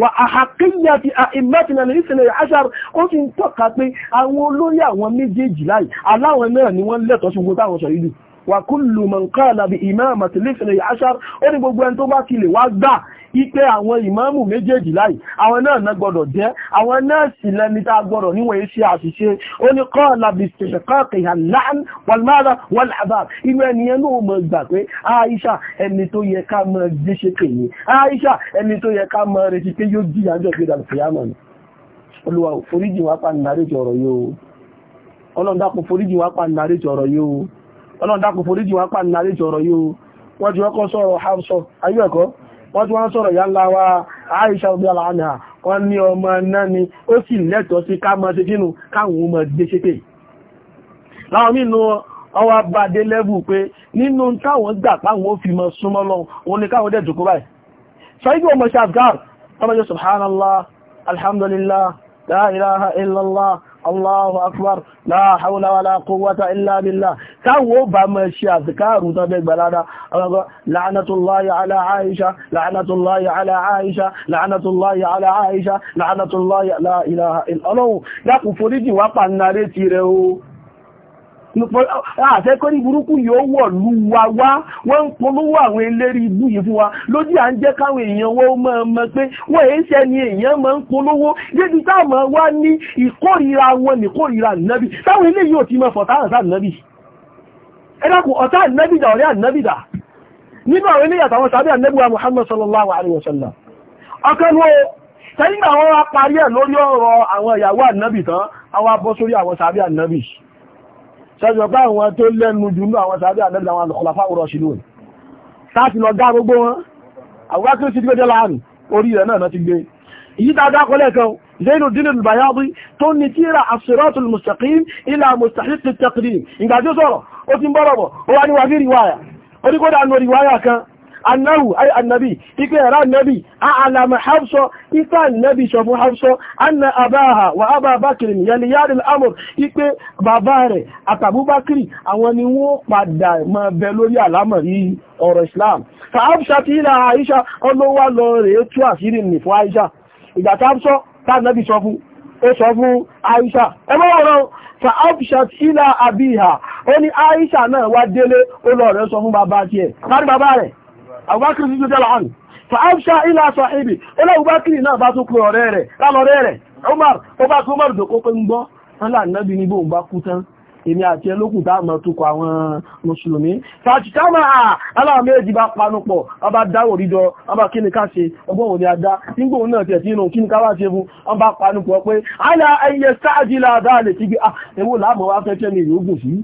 wà àhàkíyà ti àìmẹ́tìnà ní ìsìnlẹ̀ àṣàrò ó ti ń tọ́ka pé àwọn olóyè àwọn méjèèjì láì aláwọn náà ni wọ́n lẹ́tọ̀ọ́ sí gbogbo àwọn sọ ìlú wà kullu man qala bi imamati lisna yashar ó ní gbogbo ẹni tó bá ti lè wá gbà ipe àwọn ìmáàmù méjèèjì láì àwọn náà náà gbọdọ̀ jẹ́ àwọn náà sì lẹni tá a gbọdọ̀ níwọ̀n èsì àṣìṣe ó ní kọ́ làbìsìṣẹ́ káàkiri àláàn wàlmára wàlábà irú ẹniyẹn náà Aisha ẹni tó yẹ Aisha ẹni tó yẹ ká mọ̀ retí pé yóò jí àjọ ìgbéga fìyàmọ̀ ni olùwà foríjì wá pa nàrí jọrọ yóò ọlọ́run dákun foríjì wá pa nàrí jọrọ wọ́n ti wọ́kọ́ sọ̀rọ̀ Hafsa ayé ẹ̀kọ́ wọ́n tí wọ́n sọ̀rọ̀ yánlá wa Aisha obi aláàmìhà wọ́n ní ọmọ náà ni ó sì lẹ́tọ̀ọ́ sí ká mọ́ sí kínú káwọn ọmọ gbé ṣépè láwọn mínú ọwọ́ abàdé lẹ́bù pé nínú táwọn gbà páwọn ó fi mọ́ súnmọ́ lọ subhanallah alhamdulillah la ilaha illallah Allahu akbar la hawla wala quwwata illa billah táwọ́ bá mọ̀ ṣe àzikáàrù tó bẹ gbàlada ọgbọ́ la'anatullahi ala aisha la'anatullahi ala aisha la'anatullahi ala aisha la'anatullahi ala ilaha illallah dákùn foríjì wá pàǹnaré ti rẹ̀ o àṣẹ kó ní burúkú yóò wọ̀ lú wa wá wọ́n ń polówó àwọn eléré ibú yìí fún wa lójú à ń jẹ́ káwọn èèyàn wọ́n pé wọ́n èé ni èèyàn mọ̀ ń polówó débi táwọn wá ní ìkórìíra wọn nìkórìíra nàbì táwọn ti fọ̀tá ọ̀tá ọ̀rẹ́ nínú àwọn sàbí àwọn abọ́ sórí àwọn sàbí ṣẹ́jọ bá àwọn tó lẹ́nu jù ní àwọn sàábí àdẹ́bìdà àwọn alùkọlàfà ọ̀rọ̀ ṣìlú ní sáàtì lọ dáa gbogbo wọn àwọ́kí sí gbẹ́jẹ́ láàrin orí rẹ̀ náà ti gbé èyí dáadáa kọlẹ̀ kan Zainuddin al-Bayadi tó ní tíra as-siratul mustaqim ila mustahiq at-taqdim ó ti ń bọ́rọ̀ bọ̀ ó wá ní wà ní riwaya ó kó dáa nù riwaya kan annahu ay annabi ipe ra annabi a alama hafsa ipe annabi sọ fún hafsa anna abaha wa aba bakr yali yari al'amur ipe bàbá rẹ̀ àtàbú bakri àwọn ni wọ́n padà ma bẹ lórí alamar yìí ọ̀rọ̀ islam fa hafsa ti ila aisha ọlọ́wà lọ rẹ̀ tú àṣírí nì fún aisha ìgbà ta hafsa ta annabi sọ fún ó sọ fún aisha ẹgbẹ́ ọ̀rọ̀ fa hafsa ti ila abiha ó ní aisha náà wá délé ó lọ rẹ̀ sọ fún bàbá tiẹ̀ kárí bàbá rẹ̀ Abubakar sí jẹ́ jẹ́lá ọ̀nà fàáṣà ilá sàíbì ilá Abubakar náà bá tó pè ọ̀rẹ́ rẹ̀ lálọ́rẹ́ rẹ̀ Umar ó bá tó Umar dòkó pé ń gbọ́ ńlá ní bóun bá kú tán èmi àti ẹlókùn tá tó kọ ọba dáwò ọba ká ṣe òní adá nígbò náà ọba pé lè ti gbé ah ewó wá fẹ́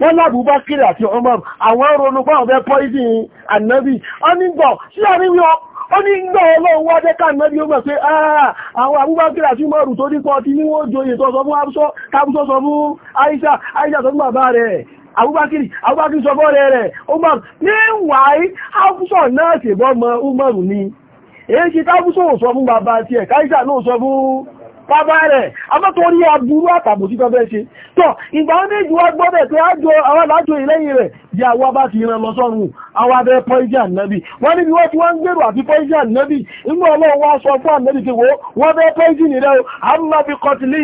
wọ́n lábúbá kiri àti ọmọ àwọn ronú pa ọ̀bẹ poison ọ́nìgbọ̀ sí ọlọ́run wá ó pé ah, àwọn kiri àti tó dípọ̀ ti ní wọ́n joyè tó sọ fún kábúsọ́ Aisha Aisha sọ fún bàbá rẹ̀ àbúbákìrì àbúbákìrì sọ fọ́rẹ̀ rẹ̀ Umar ní bàbá rẹ̀ amọ́torí aburú àtàbò títọ́ bẹ́ẹ̀ ṣe tọ́ ìgbà wọn méjì wá gbọ́dẹ̀ pé àjò àwọn alájò ìlẹ́yìn rẹ̀ di àwọn bá ti ran lọ sọ́run àwọn abẹ́ pọ́ìjì ànábì wọ́n níbi wọ́n ti wọ́n ń gbèrò àti pọ́ìjì ànábì inú ọlọ́run wá sọ fún ànábì ti wo wọ́n bẹ́ pọ́ìjì nìrẹ́ o àmúlábi kọtìlì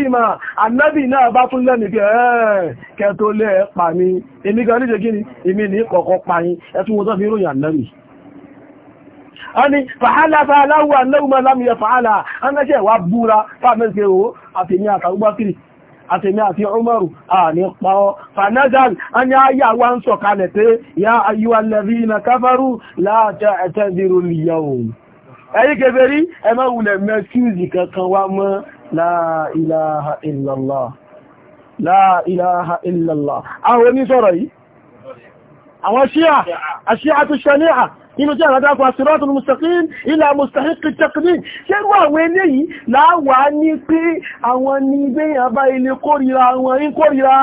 ìmọ̀ a ní fàhálàfà aláwọ̀ aláwọ̀ aláwọ̀ fàhálà an gẹ́ṣẹ́ wà búra fàmẹ́sẹ̀ owó àtẹ̀mí àtàgbàkiri àtẹ̀mí àti umaru a ní pàọ́ fanazal an yá yà wá ń sọ kalẹ̀ pé ya ayyuwa lẹ́rí na káfàrú láàtẹ̀ ẹ̀tẹ́dìrò lìyàwó ẹ̀yí kẹfẹ́rí ẹ má wulẹ̀ mẹ́sùzì kankan wá mọ́ la ilaha illallah la ilaha àwọn ṣíà àṣíà tó ṣaníà inú jẹ́ àrádákọ̀ àṣírọ́tún mustaqim ilá mustahiq taqdim ṣẹ́rú àwọn eléyìí láwà ní pé àwọn ní ibéyàn bá ilé kórìíra àwọn in kórìíra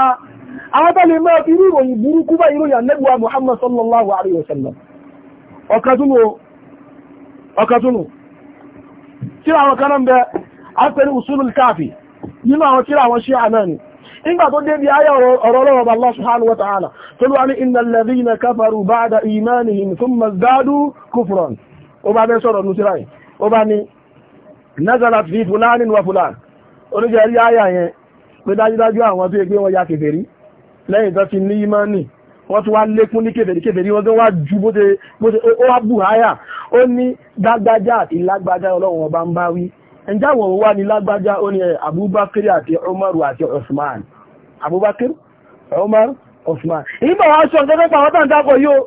àwọn tó lè máa fi irú ìròyìn burúkú bá ìròyìn anẹ́gbà Muhammad sallallahu alaihi wasallam ọkàtúnù tí àwọn kanáà nígbà tó débi ayé ọ̀rọ̀ lọ́wọ́ Allah subhanahu wa ta'ala tó lọ́wọ́ ní innal ladhina kafaru ba'da imanihim thumma zadu kufran ó bá bẹ́ sọ̀rọ̀ nùsíra yìí ó bá ní nazarat fi fulanin wa fulan oníjẹ́ rí ayé yẹn pé dájúdájú àwọn tó gbé wọn ya kèfèrí lẹ́yìn tó ti ní imani wọ́n tún wá lékún ní kèfèrí kèfèrí wọ́n tó wá ju bó ṣe ó wá bù háyà ó ní dágbájá àti lágbájá ọlọ́run ọba ń bá wí ẹ̀jáwọ̀ wá ní lágbájá ó ní Abubakar àti Umaru àti Usman Abubakar Umar Osman ìgbà wọn sọ nǹkan nípa àwọn tàǹtà kọ yóò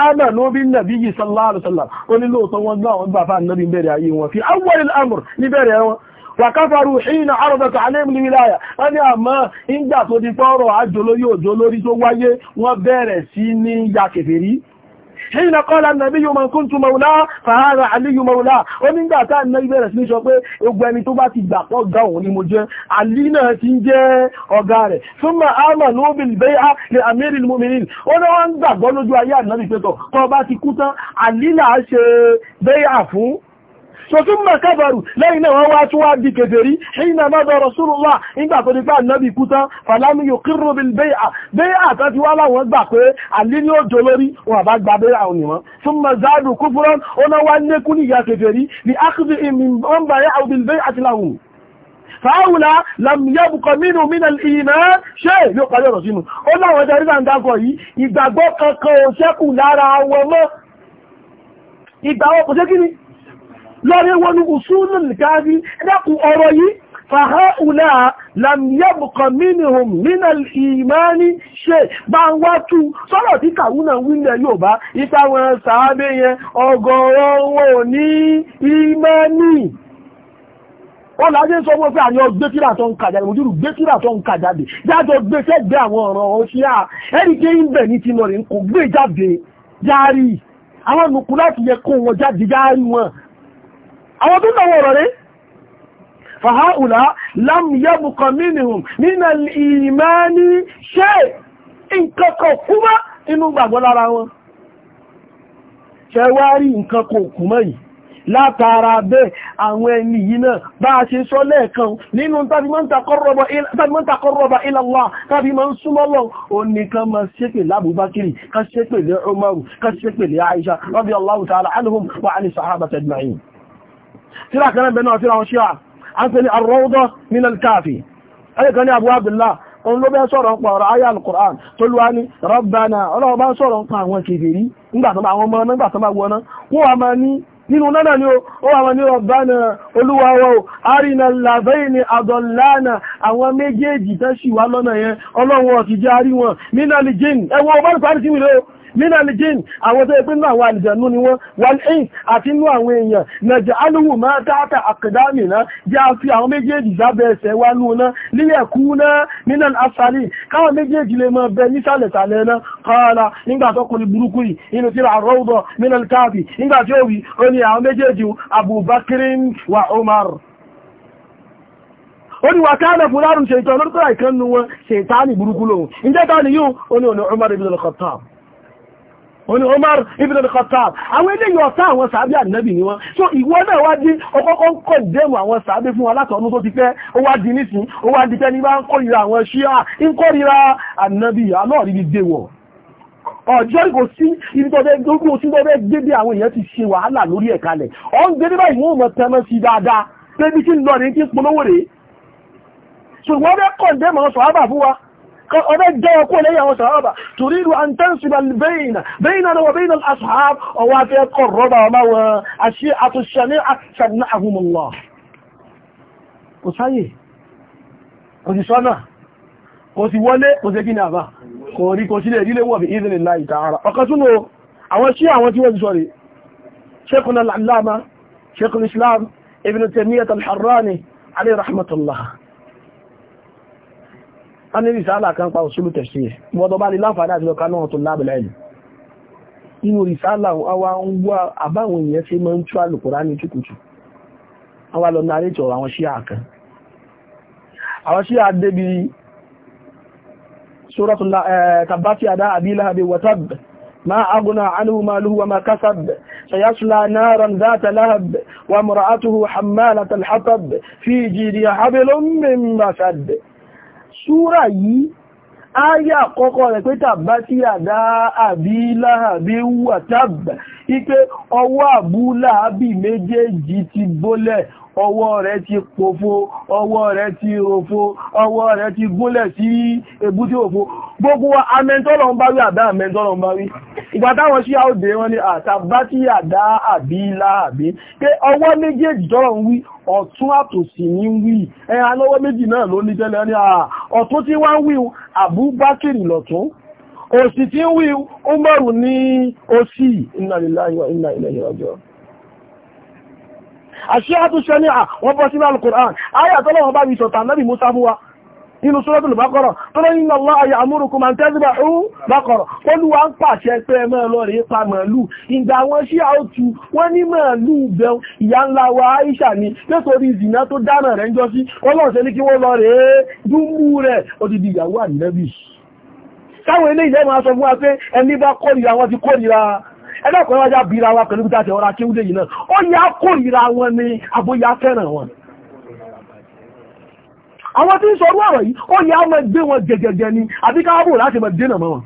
ámà ló bí nàbí yìí sallallahu alaihi wasallam ó ní lóòótọ́ wọn gbá àwọn gbà fáà nàbí bẹ̀rẹ̀ ayé wọn fi awwalil amr ní bẹ̀rẹ̀ wọn wà káfàrú hìnà àrọ̀bẹ̀tà alẹ́mìlì wíláyà wọ́n ní àmọ́ ìgbà tó di pọ́rọ̀ àjò lórí òjò lórí tó wáyé wọ́n bẹ̀rẹ̀ sí ní ya kèfèrí حين قال النبي من كنت مولاه فهذا علي مولاه ó nígbà tá àná ibẹ̀rẹ̀ sí sọ pé ogun ẹni tó bá ti gbà pọ̀ ga òun ni mo jẹ́ àlí náà ti ń jẹ́ ọ̀gá rẹ̀ súnmọ́ àmà ló bì bẹ́ á lè àmìrì mọ́mìnì ó ní wọ́n ń gbàgbọ́ lójú ayé ànábì pẹ́tọ̀ tó bá ti kú tán àlí náà ṣe bẹ́yà fún ثم كفروا لين وواتوا بكفري حين مضى رسول الله إن بعد النبي كتا فلم يقر بالبيعة بيعة تاتي ولا وضع àlíní òjò lórí wọn àbá gba abẹ́rẹ́ àwọn onímọ̀ fún mazadu kúfúrán ọ̀nà wa lékún ní ìyá kẹfẹ́rí ní ákùdí ìmìnbọ̀nbà yá àwùbìlbẹ́ àti láwùn fàáwùlá làmìyàbùkọ̀ mínú mínà ìyìnà ṣe yóò parí ọ̀rọ̀ sínú ó láwọn ẹja wọn kò ṣé kí ni lọ́rẹ́ wọn ní usúlù nìkáàbí ẹ̀dàkùn ọ̀rọ̀ yìí fàháùlà làmìyàbùkọ̀ mínìhùn nínà ìmáni ṣe bá ń wá tú sọ́rọ̀ tí kàrúnà wílẹ̀ yóò bá ipa wọn sàábé yẹn ọgọ́rọ̀ wọn ò ní ìmáni wọ́n láyé sọ wọ́n pé àyọ gbékírà tó ń kàjáde mojúrù gbékírà tó ń kàjáde àwọn nùkú láti yẹ kó wọn jáde járí wọn àwọn tó náwó ọ̀rọ̀ rẹ̀ fàháùlá lámùyẹ́bùkọ̀ mínìhùn nínà ìmáni ṣe nkankan kúmá inú gbàgbọ́ lára wọn ṣẹwárí nkankan kúmá yìí látara bẹ́ẹ̀ àwọn ẹni yìí náà bá a ṣe sọ lẹ́ẹ̀kan nínú tàbí mọ́ ń takọ́rọ̀bà ilallah tàbí mọ́ ń súnmọ́lọ̀ oníkan lábúbákiri ká ṣépè lé Umaru ká ṣépè lé Aisha radiyallahu ta'ala anhum wa ani sahabata ajma'in tíra kan náà bẹ̀rẹ̀ náà tíra wọn ṣíà a ń pè ní arọ́ọ́dọ́ min al-Kafi ẹnìkan ní Abu Abdullah òun ló bẹ́ sọ̀rọ̀ ń pa ọ̀rọ̀ ayé al-Qur'an tó lúwa ní Rabbana ọlọ́wọ́ bá sọ̀rọ̀ ń pa àwọn kèfèrí nígbàtọ́mà àwọn ọmọ nígbàtọ́mà wọná nínú alìjín àwọn tó ẹgbẹ́ nínú àwọn àlìjànú ni wọ́n wọ́n ẹ̀yìn àti inú àwọn èèyàn nàìjẹ́ alùwù máa dáta àkàdámì náà jẹ́ a fi àwọn méjèèjì sábẹ́ ẹsẹ̀ wá nù náà lílẹ̀ kú náà nínú asàlì káwọn méjèèjì lè máa bẹ nísàlẹ̀ sàlẹ̀ náà kọ́ọ̀lá nígbà tó kùnrin burúkú yìí inú tí àrọ́ọ̀dọ̀ nínú wa omar ó ní wà káàdà fúlárùn ṣe ìtọ́ lórúkọ́ ìkánnú wọn ṣe ìtàní burúkú lòun ìjẹ́ta ni yóò ó ọ̀nà Umar ibn al oní Umar ibn al-Khattab àwọn eléyìí ọ̀tá àwọn sàábí ànábì ni wọ́n so ìwọ náà wá di ọkọ́kọ́ ń kọ́ dẹ́mù àwọn sàábí fún wa látọ̀ọ́nú tó ti pẹ́ ó wá di nísìn ó wá di tẹ́ni bá ń kórìíra àwọn ṣíà ń kórìíra ànábì aláàrí ni déwọ̀ ọjọ́ ìkò sí ibi tó fẹ́ gbogbo oṣù tó fẹ́ gbé bí àwọn èèyàn ti ṣe wàhálà lórí ẹ̀ kalẹ̀ ọ̀ ń gbé nígbà ìwọ̀n mọ̀ tẹ́mọ́ sí dáadáa pé bí kí ń lọ ní kí ń polówó rèé ṣùgbọ́n fẹ́ kọ̀ ń dẹ́mọ̀ sọ̀hábà fún wa ọ̀rẹ́ jẹ́ ọkú lẹ́yìn àwọn sàhábà turidu an tansiba al-bayna baynana wa bayna al-ashab ọwọ́ afẹ́ kọ̀ rọ́bà ọmọ wọn àṣí àtúnṣẹ́ní àṣàdínà àhùnmọ̀lá kò sáyè kò kò sì wọlé ibn taymiyyah al-harrani alayhi rahmatullah a ní rìsáàlà kan pa òṣèlú tẹ̀sí ẹ̀ mọ́tọ́ bá ní láǹfààní àti ọkà náà tó lábẹ̀lá ẹ̀lú inú rìsáàlà àwa ń wá àbáwọn èèyàn ṣe máa ń tú àlùkùrá ní tùkùtù àwa lọ náà àwọn ṣíà kan àwọn ṣíà débi sóràtúnlá tàbátì súrà yìí áyà àkọ́kọ́ rẹ̀ pé tàbá tí àdá àbí láàbí wà tàbí ipé ọwọ́ àbú méjèèjì ti bólẹ̀ ọwọ́ rẹ̀ ti pòfo ọwọ́ rẹ̀ ti ròfo ọwọ́ rẹ̀ ti gúnlẹ̀ sí ebúté òfo gbogbo amẹ́ntọ́lọ̀ ń bá wí àdá amẹ́ntọ́lọ̀ ń bá wí ìgbà táwọn sí àódé wọn ni àtàbá tí àdá àbí láàbí pé ọwọ́ méjèèjì tọ́rọ̀ ń wí ọ̀tún àtòsì ní ń wí ẹ̀yà lọ́wọ́ méjì náà ló ní tẹ́lẹ̀ ní ọ̀tún tí wọ́n ń wí àbúbákìrì lọ́tún òsì tí ń wí Umaru ní òsì inna lillahi wa inna ilayhi àṣíyàtú ṣẹ́ni à wọ́n bọ́ sínú alukur'an ayé àtọ́lọ́wọ́ bá mi sọ̀tà nábì musa fún wa inú suratul baqara tó lọ yín lọ́wọ́ ayé amúrukùn máa ń tẹ́sí bá ó bákọ̀rọ̀ olúwa ń pàṣẹ pé ẹ máa lọ rèé pa màálù ìgbà wọn sí àótú wọn ní màálù bẹun ìyá ńlá wa aisha ni nítorí ìzìnà tó dáná rẹ̀ ń jọ sí ọlọ́run ní kí wọ́n lọ ẹlẹ́kọ̀ọ́ wájá bí ra wa pẹ̀lú gbígbàtí ọ̀rọ̀ akéwúdé yìí náà ó yá kórìíra wọn ni àbóyá fẹ́ràn wọn àwọn tí ń sọ ọ̀rọ̀ yìí ó yá mọ gbé wọn gẹ̀gẹ̀gẹ̀ ni àbí káàbò láti mọ dénà mọ́ wọn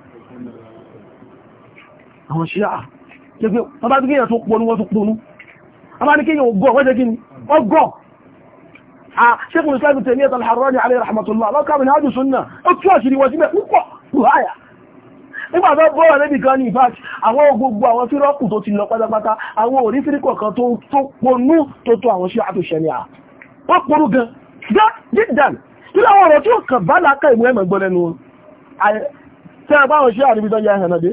àwọn ṣíà jẹ́gbẹ́ bàbá bí kéèyàn tó ponú wọ́n tó ponú bàbá ní kéèyàn ọgọ́ wọ́n jẹ́ kí ni ọgọ́ Sheikh Islam Taymiyyah al-Harrani nígbà tó bọ́ọ̀rọ̀ níbi kan ní ìfàṣì àwọn gbogbo àwọn fírọ́pù tó ti lọ pátápátá àwọn òrí fíríkọ̀ kan tó ponú tó tó àwọn ṣe àtòṣẹ́ni à wọ́n ponú gan gan dídàn tí láwọn ọ̀rọ̀ tí ó kàn bá lákà ìwé ẹ̀mọ̀ gbọ́ lẹ́nu tẹ́ ẹ bá wọn ṣe àríbi tó yẹ ẹ̀hàn náà dé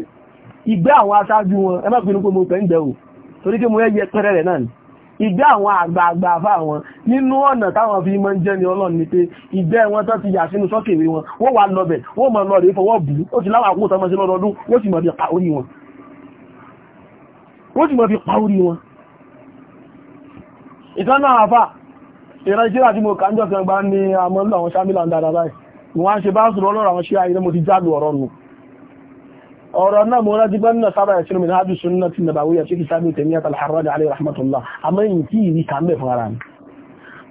ìgbẹ́ àwọn aṣáájú wọn ìgbẹ́ àwọn àgbààgbà àfà wọn nínú ọ̀nà táwọn fi mọ́ ń jẹ́ ni ọlọ́run ni pé ìgbẹ́ wọn tán ti yà sínú sọ́kèwé wọn wọ́n wà lọ́bẹ̀ wọ́n mọ̀ lọ́rẹ̀ fọwọ́ bù ó ti láwọn àkókò tọmọ sí lọ́dọọdún wọ́n sì mọ̀ fi pa orí wọn wọ́n sì mọ̀ fi pa orí wọn ìtọ́nà àfà ìran ìṣẹ́lá tí mo kà ń jọ́ kan gbá ní àmọ́ lọ́wọ́ sámìlà ń dára ọ̀rọ̀ náà mo rájí bá nínú sábà ìṣirò mi láàájú sunna ti nàbàwíyà tí kì sábà tèmi àtàlà harrad alayhi rahmatullah àmọ́ yìí kí ìrí kà ń bẹ̀ fún ara mi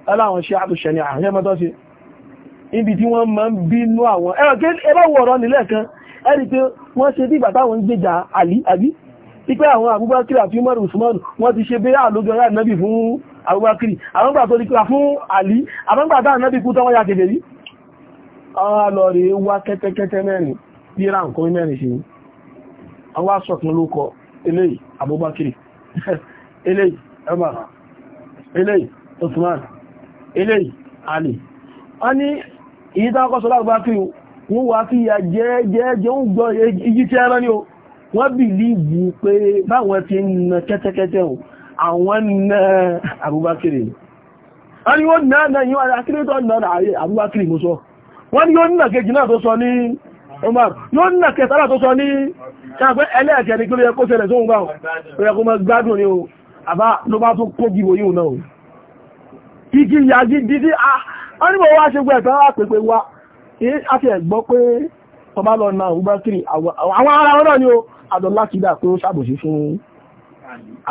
aláwọn ṣe àtò ṣẹni àyẹ́ mọ́tọ́ sí ibi tí wọ́n máa ń bínú àwọn ẹ̀rọ kí ẹbá wọ ọ̀rọ̀ nílẹ̀ kan ẹ̀rí pé wọ́n ṣe bí ìgbà táwọn ń gbèjà àlí àbí pípẹ́ àwọn Abubakar àti Umar Usman wọ́n ti ṣe bẹ́ẹ̀ àlójọ yá àwọn asọ̀kan ló kọ eléyìí Abubakiri eléyìí Umar eléyìí Usman Ali a ní èyí tá kọ́ sọ́lá Abubakiri wọ́n wá fi ìyà jẹ́ẹ́jẹ́ ń gbọ́ e, iyí tí ẹran ní o wọ́n bìlíìbù pé báwọn ti ń na kẹ́tẹ́kẹ́tẹ́ àwọn na Abubakiri mo sọ ni. Umar ló ń nàkẹ́ sára tó sọ ní ṣàpẹ́ ẹlẹ́ẹ̀kẹ́ ní kílé ẹkọ́ ṣẹlẹ̀ sóhun báwọn pẹ̀lú ẹkọ́ mọ́ gbádùn ní o àbá ló bá tún kó gíwò yíò náà kíkí yàgí dídí a nígbà wá ṣe gbẹ̀ tán pẹ̀pẹ̀ wa a ti ẹ̀gbọ́ pé ọba kiri àwọn ara wọn náà ni o adọ́lá kìdá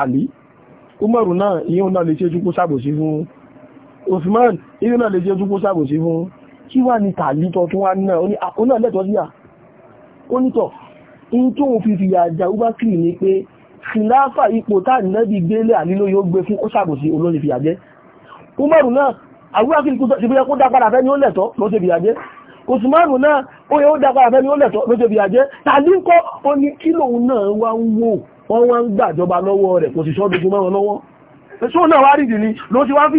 Ali Umaru náà ìyẹn náà lè ṣe tún kó ṣàbòsí fún Usman ìyẹn náà lè ṣe tún kó ṣàbòsí fún kí wà ní tàlítọ́ tún wá náà ó ní àkóná lẹ́tọ̀ọ́ sí ó nítọ̀ in tó ń fi fìyà jà ubakiri ni pé khilafa ipò tá nẹ́bí gbélé àlílò yóò gbé fún ó ṣàbòsí olóni fìyà jẹ́ umaru náà abubakiri kò sì fẹ́ kó dá padà fẹ́ni ó lẹ̀tọ́ ló ṣe fìyà jẹ́ osùmánù náà ó yẹ ó dá padà fẹ́ni ó lẹ̀tọ́ ló ṣe fìyà jẹ́ tàbí kọ́ ó ní kílò náà wá ń wò wọ́n wá ń gbàjọba lọ́wọ́ rẹ̀ kò sì sọ́dún ni ló ti wọ́n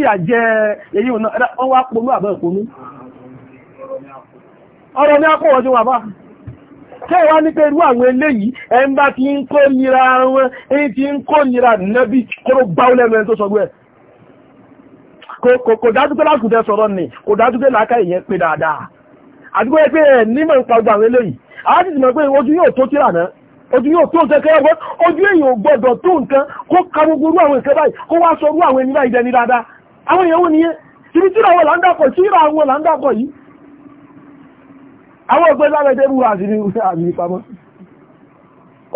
wá wà bá tó wá ní pé àwọn eléyìí ẹn bá ti ń kó nira wọn èyí ti ń kó nira nẹ́bí kóró báwọn lẹ́nu ẹni tó sọ gbé kò dájú pé sọ̀rọ̀ ni kò dájú pé láká ìyẹn pé dáadáa àdúgbò pé ẹ nímọ̀ nípa àwọn eléyìí àwọn ti sì pé ojú yóò tó tíra náà ojú yóò tó nǹkan ojú tó nǹkan àwọn òpé sábẹ̀ tébù àti ní àmì ìpamọ́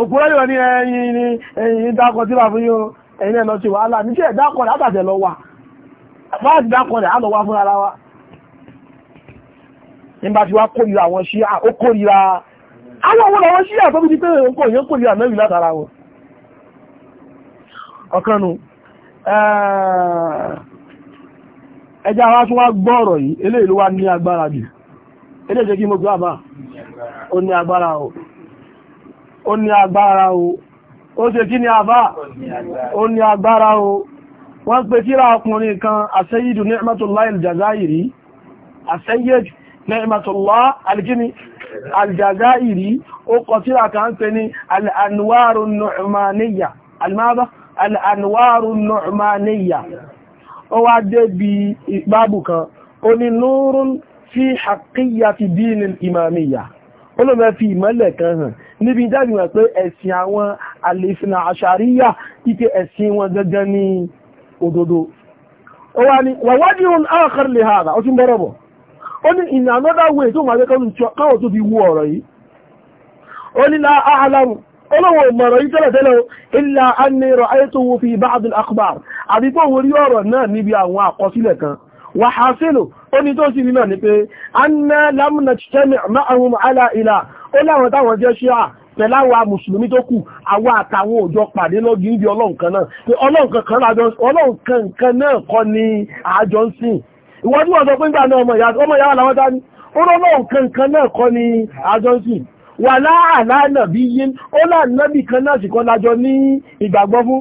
òpùrọ́ ní ẹ̀yìn ní ẹ̀yìn dákọ̀ tí wà fún yóò ẹ̀yìn ẹ̀lọ ti wàhálà ní tí ẹ̀ dákọ̀ rẹ̀ àtàtẹ̀ lọ wà láti dákọ̀ rẹ̀ àlọ́wà fún ara wa nígbà tí wá kórìíra àwọn ṣíà ó kórìíra àwọn owó làwọn ṣíà tó bí ti pé òkò yẹn kórìíra mẹ́rin látara wọn ọ̀kanu ẹja wa tún wá gbọ́ ọ̀rọ̀ yìí eléyìí ló wá ní agbára jù eléjẹ́ kí mo gbọ́ àbá ó ní agbára o ó ní agbára o ó ṣe kí ni àbá ó ní agbára o wọ́n pè tíra ọkùnrin kan àṣẹ́yìdù ni'matullahi aljazairi àṣẹ́yìdù ni'matullahi alkini aljazairi ó kọ tíra ní al'anwaru nu'maniya almaba ó wá dé bí kan ó ní fi haqqiyya ti dínil imamiyya olóòmẹ́ fi ìmọ́lẹ̀ kan hàn níbi jáde wọn pé ẹ̀sìn àwọn àlèfinà àṣàríyà ike ẹ̀sìn wọn gangan ní òdodo ó wá ní wàwádìí ohun akhar li hada ó tún bọ́rọ̀ bọ̀ ó ní in another way tó máa kẹ́kọ̀ọ́ káwọ̀ tó fi wú ọ̀rọ̀ yìí ó ní la a'lamu olówó mọ̀rọ̀ yìí tẹ́lẹ̀tẹ́lẹ̀ illa anni ra'aytuhu fi ba'd al-akhbar àbíkó orí ọ̀rọ̀ náà níbi àwọn àkọsílẹ̀ kan wàhásílò ó ní tó sì nínà ní pé anna lamna tẹ́mì ma'ahum ala ilá ó láwọn táwọn jẹ́ ṣíà pẹ̀láwà mùsùlùmí tó kù àwa àtàwọn òjò pàdé lọ́gí ibi ọlọ́nkan náà pé ọlọ́nkan kan náà kọ́ ni àjọ ń sìn ìwọ́n tí wọ́n sọ pé nígbà náà ọmọ ìyá làwọn dání ó lọ́lọ́nkan kan náà kọ́ ni ní ìgbàgbọ́ fún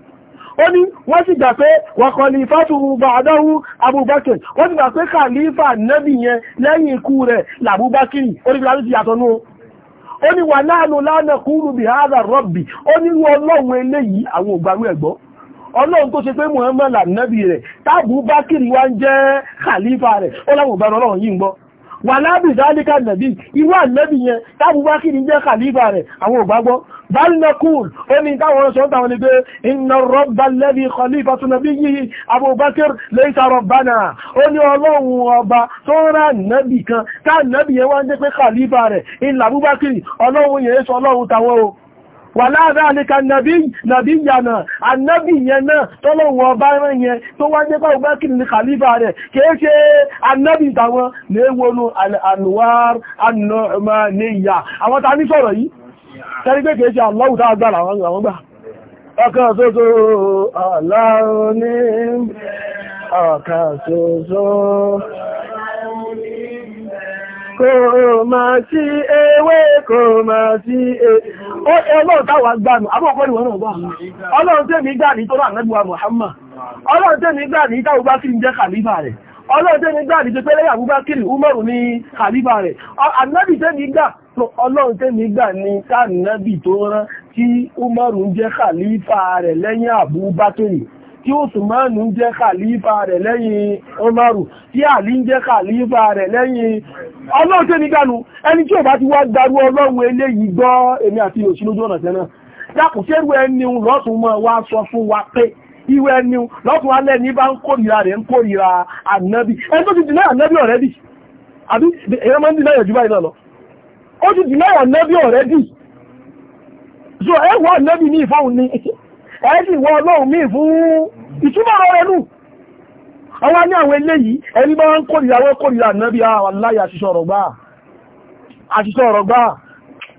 ó ní wọ́n sì gbà pé wọ̀kọ̀ ní fátúrú bàdọ́rú abubakir wọ́n sì gbà pé kàlífà nẹ́bì yẹn lẹ́yìn ikú rẹ̀ làbúbákìrì orílẹ̀-èdè ti yàtọ̀ nú ó ní wà láàánú lánà kúrú bí hádà rọ́bì ó ní ọlọ́run eléyìí àwọn ògbàrú ẹ̀gbọ́ ọlọ́run tó ṣe pé Muhammad lànàbì rẹ̀ tábù bákìrì wá ń yẹn tábù bákìrì jẹ́ kàlífà rẹ̀ àwọn ògbàgbọ́ bal naqul ó ní táwọn sọ táwọn ní pé inna rabba alladhi khalifatu nabiyyihi abubakar laysa rabbana ó ní ọlọ́run ọba tó rà nábì kan ká nábì yẹn wá ń jẹ́ pé khalifa rẹ̀ ìlà abubakar ọlọ́run yẹn sọ ọlọ́run táwọn o wà láàdáàlìkà nàbí yànà annabi yẹn náà tọ́lọ̀wọ̀ ọba rán yẹn tó wá jẹ́ pàwọ́ bákìrì ní khalifa rẹ̀ kìí ṣe annabi tàwọn léwọnú al'anwar annu'maniyya àwọn ta ní yìí Tẹ́rí pé kìí ṣe àlọ́wù tá agbára àwọn àwọn gbà. Ọ̀kan Kò máa sí ewé, kò máa sí ewé. Ọlọ́run táwà gbàmù, ni wọ́n náà gbàmù. Ọlọ́run gbà ní tó rà nẹ́gbùwà Muhammad. Ọlọ́run tẹ́mi tó pẹ́lẹ́yà ọlọ́run tẹ́mi gbà ní káànábì tó rán tí umaru ń jẹ́ khalifa rẹ̀ lẹ́yìn abubakari tí usmanu ń jẹ́ khalifa rẹ̀ lẹ́yìn umaru tí ali ń jẹ́ khalifa rẹ̀ lẹ́yìn ọlọ́run tẹ́mi gbànú ẹni tí ò bá ti wá gbarú ọlọ́run eléyìí gbọ́ èmi àti òsì lójú ọ̀nà tẹ́nà dákùn ṣẹ́rú ẹni lọ́tún mọ́ wá sọ fún wa pé iwe ẹni lọ́tún alẹ́ ní bá ń kórìíra rẹ̀ ń kórìíra ànábì ẹni tó ti dìnnà ànábì ọ̀rẹ́dì àbí èèyàn máa ń dìnnà yọ̀jú báyìí náà lọ ó ti dì náà ànábì ọ̀rẹ́dì so ẹ wọ ànábì ní ìfáhùn ni ẹ sì wọ ọlọ́run míì fún ìtumọ̀ rẹ̀ nù àwọn ní àwọn eléyìí ẹni bá ń kórìíra wọ́n kórìíra ànábì aláì àṣìṣọ́ ọ̀rọ̀ gbáà àṣìṣọ́ ọ̀rọ̀ gbáà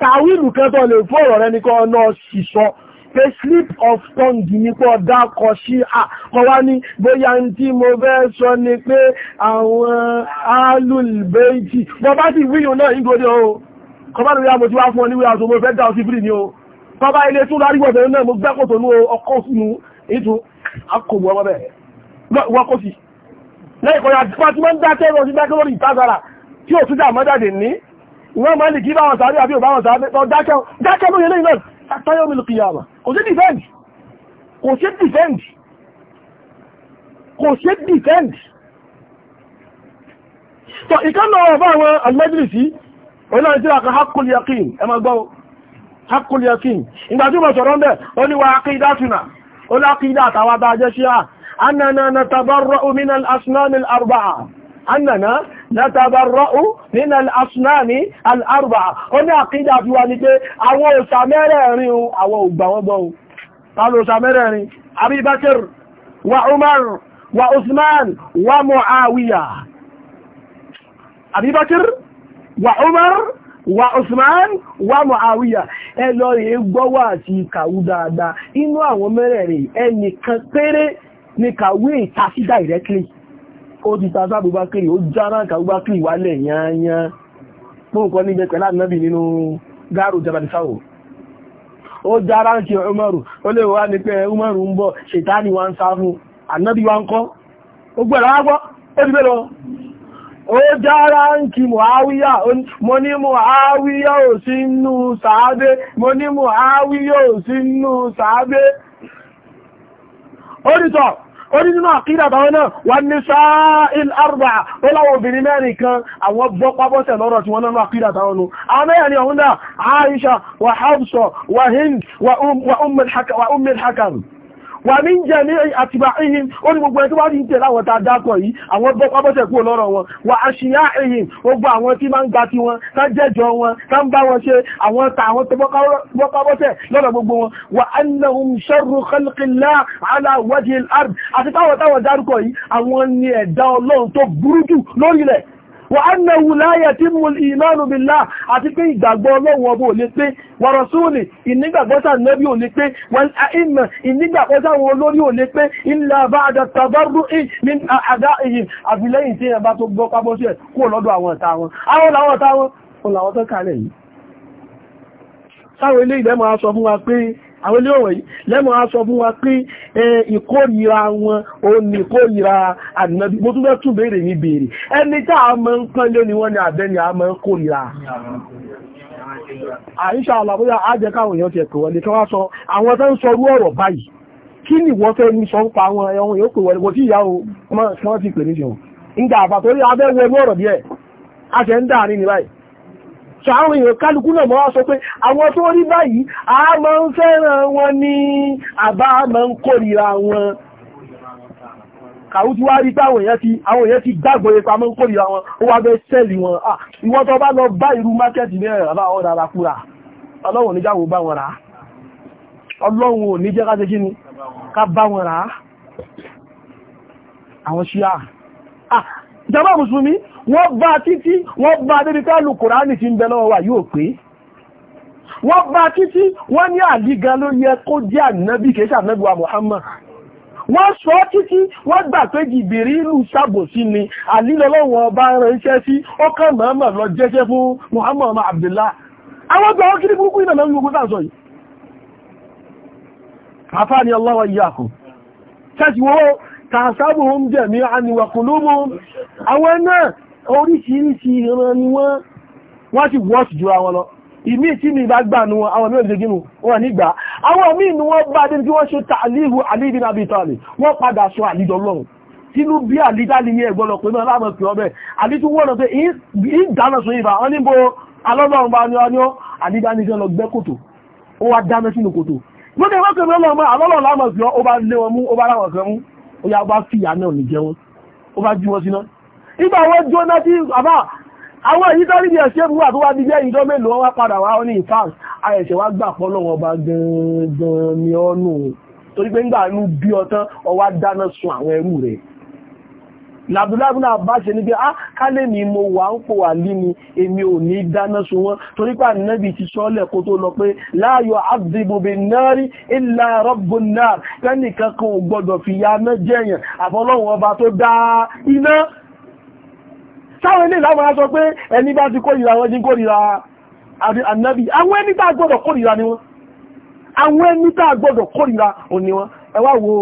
tàwílù kan tó lè fún ọ̀rọ̀ rẹ ní kọ́ ọ̀nà ṣìṣọ́ pé slip of tongue ní pọ̀ dákọ̀ sí àkọwá ní bóyá ń tí mo fẹ́ sọ ni pé àwọn alùlùbẹ́ẹ̀tì wọ́n bá sì wíyùn náà ìgbòdó kọbánu ya mo ti wá fún ọ níwé aṣọ mo fẹ́ dá ọsí fìrì ní o kọba ilé tún lárí wọ̀fẹ́ náà mo gbẹ́kọ̀ tó ní ọkọ̀ sínú ètò akọ̀wọ̀ ọmọ bẹ̀rẹ̀ wọ́kọ̀ sí lẹ́yìn kọ̀yà tí wọ́n ti máa ń dá tẹ́rọ sí dákẹ́ lórí ìtazara tí ò tún dà mọ́jáde ní ìwọ́n máa ń lè kí báwọn sáré àbí òbáwọn sáré lọ dákẹ́ dákẹ́ lóye lẹ́yìn náà táyọ̀ mi lùkìyà mà kò sí defend kò sí defend kò sí defend. tọ́ ìkànnà ọ̀fọ̀ àwọn alimẹ́dìrì sí onáà tí wàkà hakul yakin ẹ máa gbọ́ hakul yakin ìgbà tí mo sọ̀rọ̀ mẹ́ ó ní wa aqidatuna ó ní aqida àtàwà bá jẹ́ ṣíà annana natabarra'u min al-asnam al-arba'a annana natabarra'u min al سامرني أبي بكر وعمر وعثمان ومعاوية أبي بكر wà Umar wà Wa wà Muawiya ẹ lọ rẹ̀ gbọ́wọ́ àti ìkàwú dáadáa inú àwọn mẹ́rẹ̀ẹ̀rẹ̀ ẹnìkan péré ní kàwé ìtàsí directly ó ti ta sábò bá kiri ó jára kàwé bá kiri wálẹ̀ yányán fún nǹkan níbẹ̀ pẹ̀lú ànábì nínú gáàrù jabalisáwò ó jára ń Umaru ó lè wá ní pé Umaru ń bọ̀ ṣètáni wá ń ànábì wá ń kọ́ ó gbẹ̀rọ ó jára ń kí Muawiya mo ní Muawiya ò sí inú sàábé mo ní Muawiya ò sí inú sàábé orítọ̀ orí nínú àkídà tàwọn náà wà ní sáàil arba ó láwọn obìnrin mẹ́rin kan àwọn bọ́ pápọ́sẹ̀ lọ́rọ̀ tí wọ́n nánú àkídà tàwọn wà ní jẹ́ ní àtìbà ihìn ó ní gbogbo ẹ̀ tó wá ní tẹ̀ láwọn tá a dákọ̀ yìí àwọn bọ́ pábọ́sẹ̀ kúrò lọ́rọ̀ wọn wà àṣìyá ihìn ó gba àwọn tí máa ń gba ti wọn tá jẹ́jọ wọn tá ń bá wọn ṣe àwọn ta àwọn tó lọ́rọ̀ gbogbo wọn wà annahum sharru khalqillah ala àti táwọn táwọn dárúkọ yìí àwọn ni ẹ̀dá ọlọ́run tó burú lórílẹ̀ wà annahu la yatimmu al-imanu billah àti pé ìgbàgbọ́ ọlọ́run ọba ò lè pé wa rasuli ìnígbàgbọ́sà nẹ́bí ò lè pé wal a'imma ìnígbàgbọ́sà wọn olórí ò lè pé illa ba'da tabarru'i min a'da'ihim àbílẹ́yìn tí ẹ̀bá tó gbọ́ pábọ́ sí pé àwọn ilé òwò yìí lẹ́mọ̀ á sọ fún wa pé ìkórìíra wọn o ní ìkórìíra ànábì mo tún fẹ́ tún ní ẹni tá a máa ń lé ni wọ́n àbẹ́ni a máa ń kórìíra àyíṣà àlàbóyá ájẹ́ káwọn èèyàn ti ẹ̀kọ́ wọlé kí wọ́n sọ àwọn tó ń sọ orú ọ̀rọ̀ báyìí a ṣe ń ṣàárùn èèyàn kálukú náà mọ́ wá sọ pé àwọn tó rí báyìí a máa ń fẹ́ràn wọn ní àbá máa ń kórìíra wọn kàwú tí wá rí táwọn èèyàn ti àwọn èèyàn ti gbàgbọ́ ipa mọ́ ń kórìíra wọn ó wá bẹ́ sẹ́ẹ̀lì wọn ah, ìwọ́n tó bá lọ bá irú mákẹ́tì ní wọ́n bá títí wọ́n bá dédíká lù kùránì tí ń bẹ lọ́wọ́ wa yóò pé wọ́n bá títí wọ́n ní àlígan ló yẹ jẹ́ ànábì kẹsà mẹ́gbà Muhammad wọ́n sọ títí wọ́n gbà pé jìbìrí ìlú sàbòsí ni àlílọ́lọ́wọ́ bá ránṣẹ́ sí Abdullah àwọn ọgbà wọn kiri burúkú ìnà lọ́wọ́ ogun sáàsọ yìí afáàni ọlọ́wọ́ yìí àkùn tẹ́sí wọ́n oríṣiríṣi ìran ni wọ́n wọ́n sì wọ́ọ̀sì jura wọn lọ ìmí tí mi bá gbà nu àwọn mí ò lè gínú wọn nígbà àwọn mí ni wọ́n bá dé tí wọ́n ṣe tàlíhù àlíbi náà bí ìtàlẹ̀ wọ́n padà sọ àlídọ́ lọ́rùn tínú bí àlídá ni yẹ ẹ̀gbọ́n lọ pé náà láàmọ̀ pé ọbẹ̀ àlídú wọ́n lọ pé ìdáná sọ ìbá wọn níbo alọ́lọ́run bá ní ọyọ́ àlídá ní sọ lọ gbẹ́ kòtò ó wá dáná sínú kòtò lóde wọ́n pè mọ́lọ́ ọmọ alọ́lọ́run láàmọ̀ pé ó bá lé wọn mú ó bá láwọn kan mú ó yá ó bá fìyà náà nìjẹ wọn ó bá jú wọn síná nígbà wọ́n jóná sí àbá àwọn èyí tó rí ní ẹ̀ṣẹ́ ìwà tó wá di jẹ́ ìjọ mélòó wá padà wá ní ìfàn àyẹ̀ṣẹ̀ wá gbà pọ́ lọ́wọ́ ọba gan-an ni ọ́nù torí pé ńgbà inú bí ọtán ọwá dáná sun àwọn ẹrú rẹ̀ làbúlábúlà bá ṣe ní pé á ah, kálẹ̀ ni mo wà ń pò ni èmi ò ní dáná sun wọn torí pé ànábì ti sọ́lẹ̀ kó tó lọ pé láàyò àdìbòbè náàrí ìlà rọ́bù náà kẹ́nìkan kan ò gbọ́dọ̀ fìyà náà táwọn ilé ìlàmọ̀ aṣọ pé ẹni bá ti kórìíra wọn jí kórìíra ànábì àwọn ẹni tá gbọ́dọ̀ kórìíra ni wọ́n àwọn ẹni tá gbọ́dọ̀ kórìíra òní ẹwà wo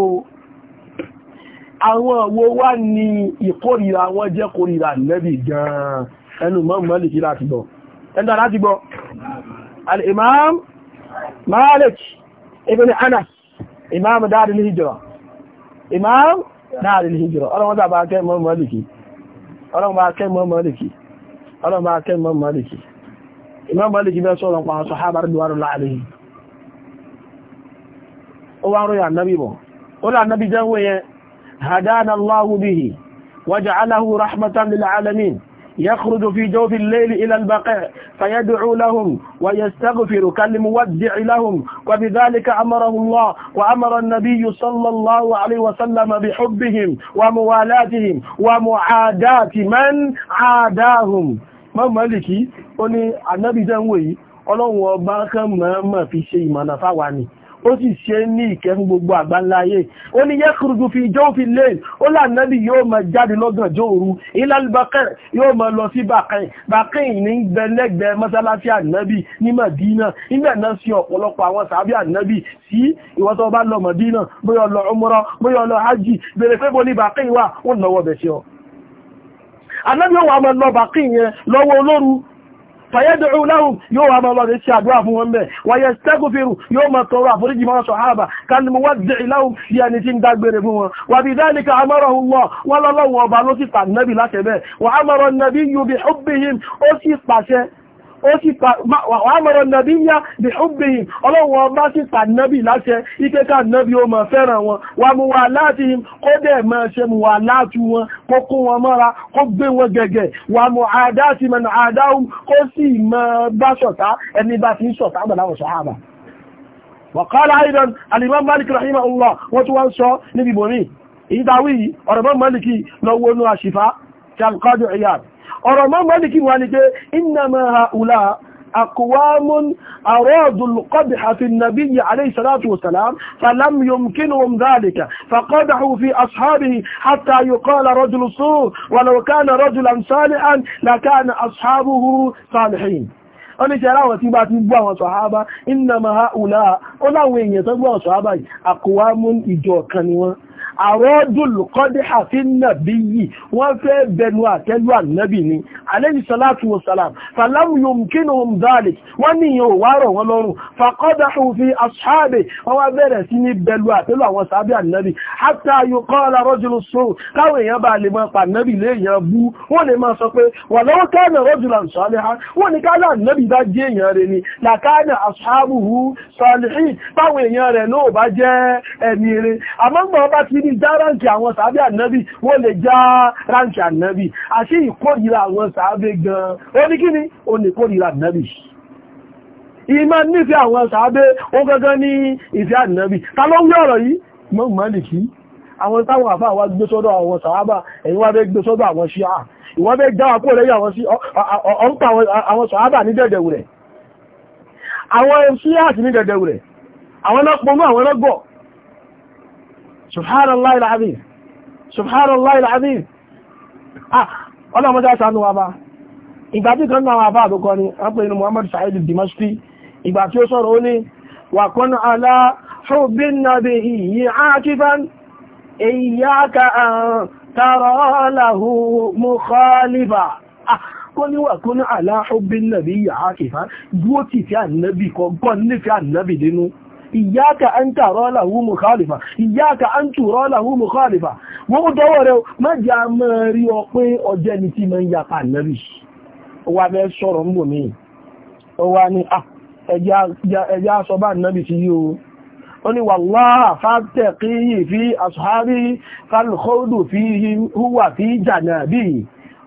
àwọn wo wá ní ìkórìíra wọ́n jẹ́ kórìíra ànábì gan ẹnu mọ́ dáadìlì ọlọ́wọ́n mọ́ ọlọ́run bá kẹ́ mọ́ mọ́lìkì ọlọ́run bá kẹ́ mọ́ mọ́lìkì ìmọ́ mọ́lìkì bẹ́ sọ́rọ̀ pa sọ hábàrí duwárù láàrin ó wá rọ́ yànnábì bọ̀ ó lànnábì jẹ́ wọ́n yẹn يخرج في جوف الليل إلى البقاء فيدعو لهم ويستغفر كالمودع لهم وبذلك أمره الله وأمر النبي صلى الله عليه وسلم بحبهم وموالاتهم ومعادات من عاداهم ما مالكي أني النبي دانوي ọlọ́run ọba kan mọ́ mọ́ fi ṣe ó sì ṣe ní ìkẹ́ fún gbogbo àgbáńláyé ó ní yẹ́kùrùdù fi jọ́ fi lè ó lànàbí yóò máa jáde lọ́gànjọ́ òru ìlàlùbákẹ́ yóò máa lọ sí bàkẹ́ bàkẹ́ ní gbẹlẹ́gbẹ́ mọ́sálásí ànábì ní Màdínà nígbà náà sí ọ̀pọ̀lọpọ̀ àwọn sàábí ànábì sí ìwọ tó bá lọ Màdínà bóyá lọ umrah bóyá lọ fàyẹ́dùrú láhùn yóò wà máa lọ́dẹ̀ sí àdúrà fún wọn bẹ̀ wàyẹ̀ stẹ́kùfìrù yóò máa tọrọ àforíjì máa sọ ààbà kánimú wá dẹ̀ láhùn bí ẹni tí ń dágbére fún wọn wà bí dáníkà amọ́rọ̀hún lọ wọ́n lọ́lọ́wọ́ ó sì pa wà mọ̀rọ̀ nàbí yá bí ọgbìyìn ọlọ́wọ́ bá sì pa nàbí láṣẹ ìkẹ́kà nàbí ó mọ̀ fẹ́ràn wọn wà mú wà láti kó dẹ̀ mọ̀ ṣe mú wà láti wọn kó kó wọn mọ́ra kó gbé wọn gẹ̀gẹ̀ wà mú àdá sí mọ̀ àdáhùn kó sì mọ̀ bá ṣọ̀tá ẹni bá fi ń ṣọ̀tá bọ̀ ṣọ̀hábà وقال أيضا الإمام مالك رحمه الله وتوانسو نبي بومي إذا وي أربان مالكي لو أنه شفاء كالقاضي عياد ọ̀rọ̀ mọ́ mọ́lìkì wà ní pé innama haula أقوام أرادوا القدح في النبي عليه الصلاة والسلام فلم يمكنهم ذلك فقدحوا في أصحابه حتى يقال رجل سوء ولو كان رجلا صالحا لكان أصحابه صالحين wọ́n ní ṣe aláwọ̀ tí bá ti gbọ́ àwọn sọ̀hábá ìnàmà ha ùlá ó láwọn èèyàn tó gbọ́ àwọn sọ̀hábá yìí àkọwàmún ìjọ kan ni wọ́n àrọ́dùlùkọ́díhà fi nàbí yìí wọ́n fẹ́ bẹnu àtẹ́lú ànábì ni alayhi salatu wassalam falamu yumkinuhum dhalik wọ́n ní ìyẹn òwárọ̀ wọn lọ́rùn faqadahu fi ashabi wọ́n wá bẹ̀rẹ̀ sí ní bẹlu àtẹ́lú àwọn sábẹ́ ànábì hatta yuqala rajulu sọ́rọ̀ káwọn níbi já ráǹkì àwọn sàábé ànábì wọ́n lè já ráǹkì ànábì àṣí ìkórìíra àwọn sàábé gan ó ní kíni ó ní ìkórìíra ànábì ìmá nífẹ́ àwọn sàábé ó gangan ní ìfẹ́ ànábì ta ló ń ọ̀rọ̀ yìí mọ́ àwọn táwọn àfá ní dẹ̀dẹ̀wù rẹ̀ àwọn ṣíà ní àwọn lọ́pọ̀ subhanallah al-azim subhanallah al-azim ah ọlọ́mọdé àṣánú wa bá ìgbà tí kan náà wà bá àdókọ ni a pè ní muhammad sa'id dimashqi ìgbà tí ó sọ̀rọ̀ ó ní wà kún alá hubbin nabi yìí ákífán iyyaka an tara lahu mukhalifa ah, kó ní wà kún alá hubbin nabi yìí ákífán dúó tì tí ànábì kọ gbọ́n nífẹ́ ànábì nínú Iyaka an tara lahu mukhalifa iyyaka an tura lahu mukhalifa ọ ni ń yapa ànábì wà bẹ́ sọ̀rọ̀ ń bò mí ó wá ní ẹjá sọ bá ànábì sí yíò ó ní fi fi fi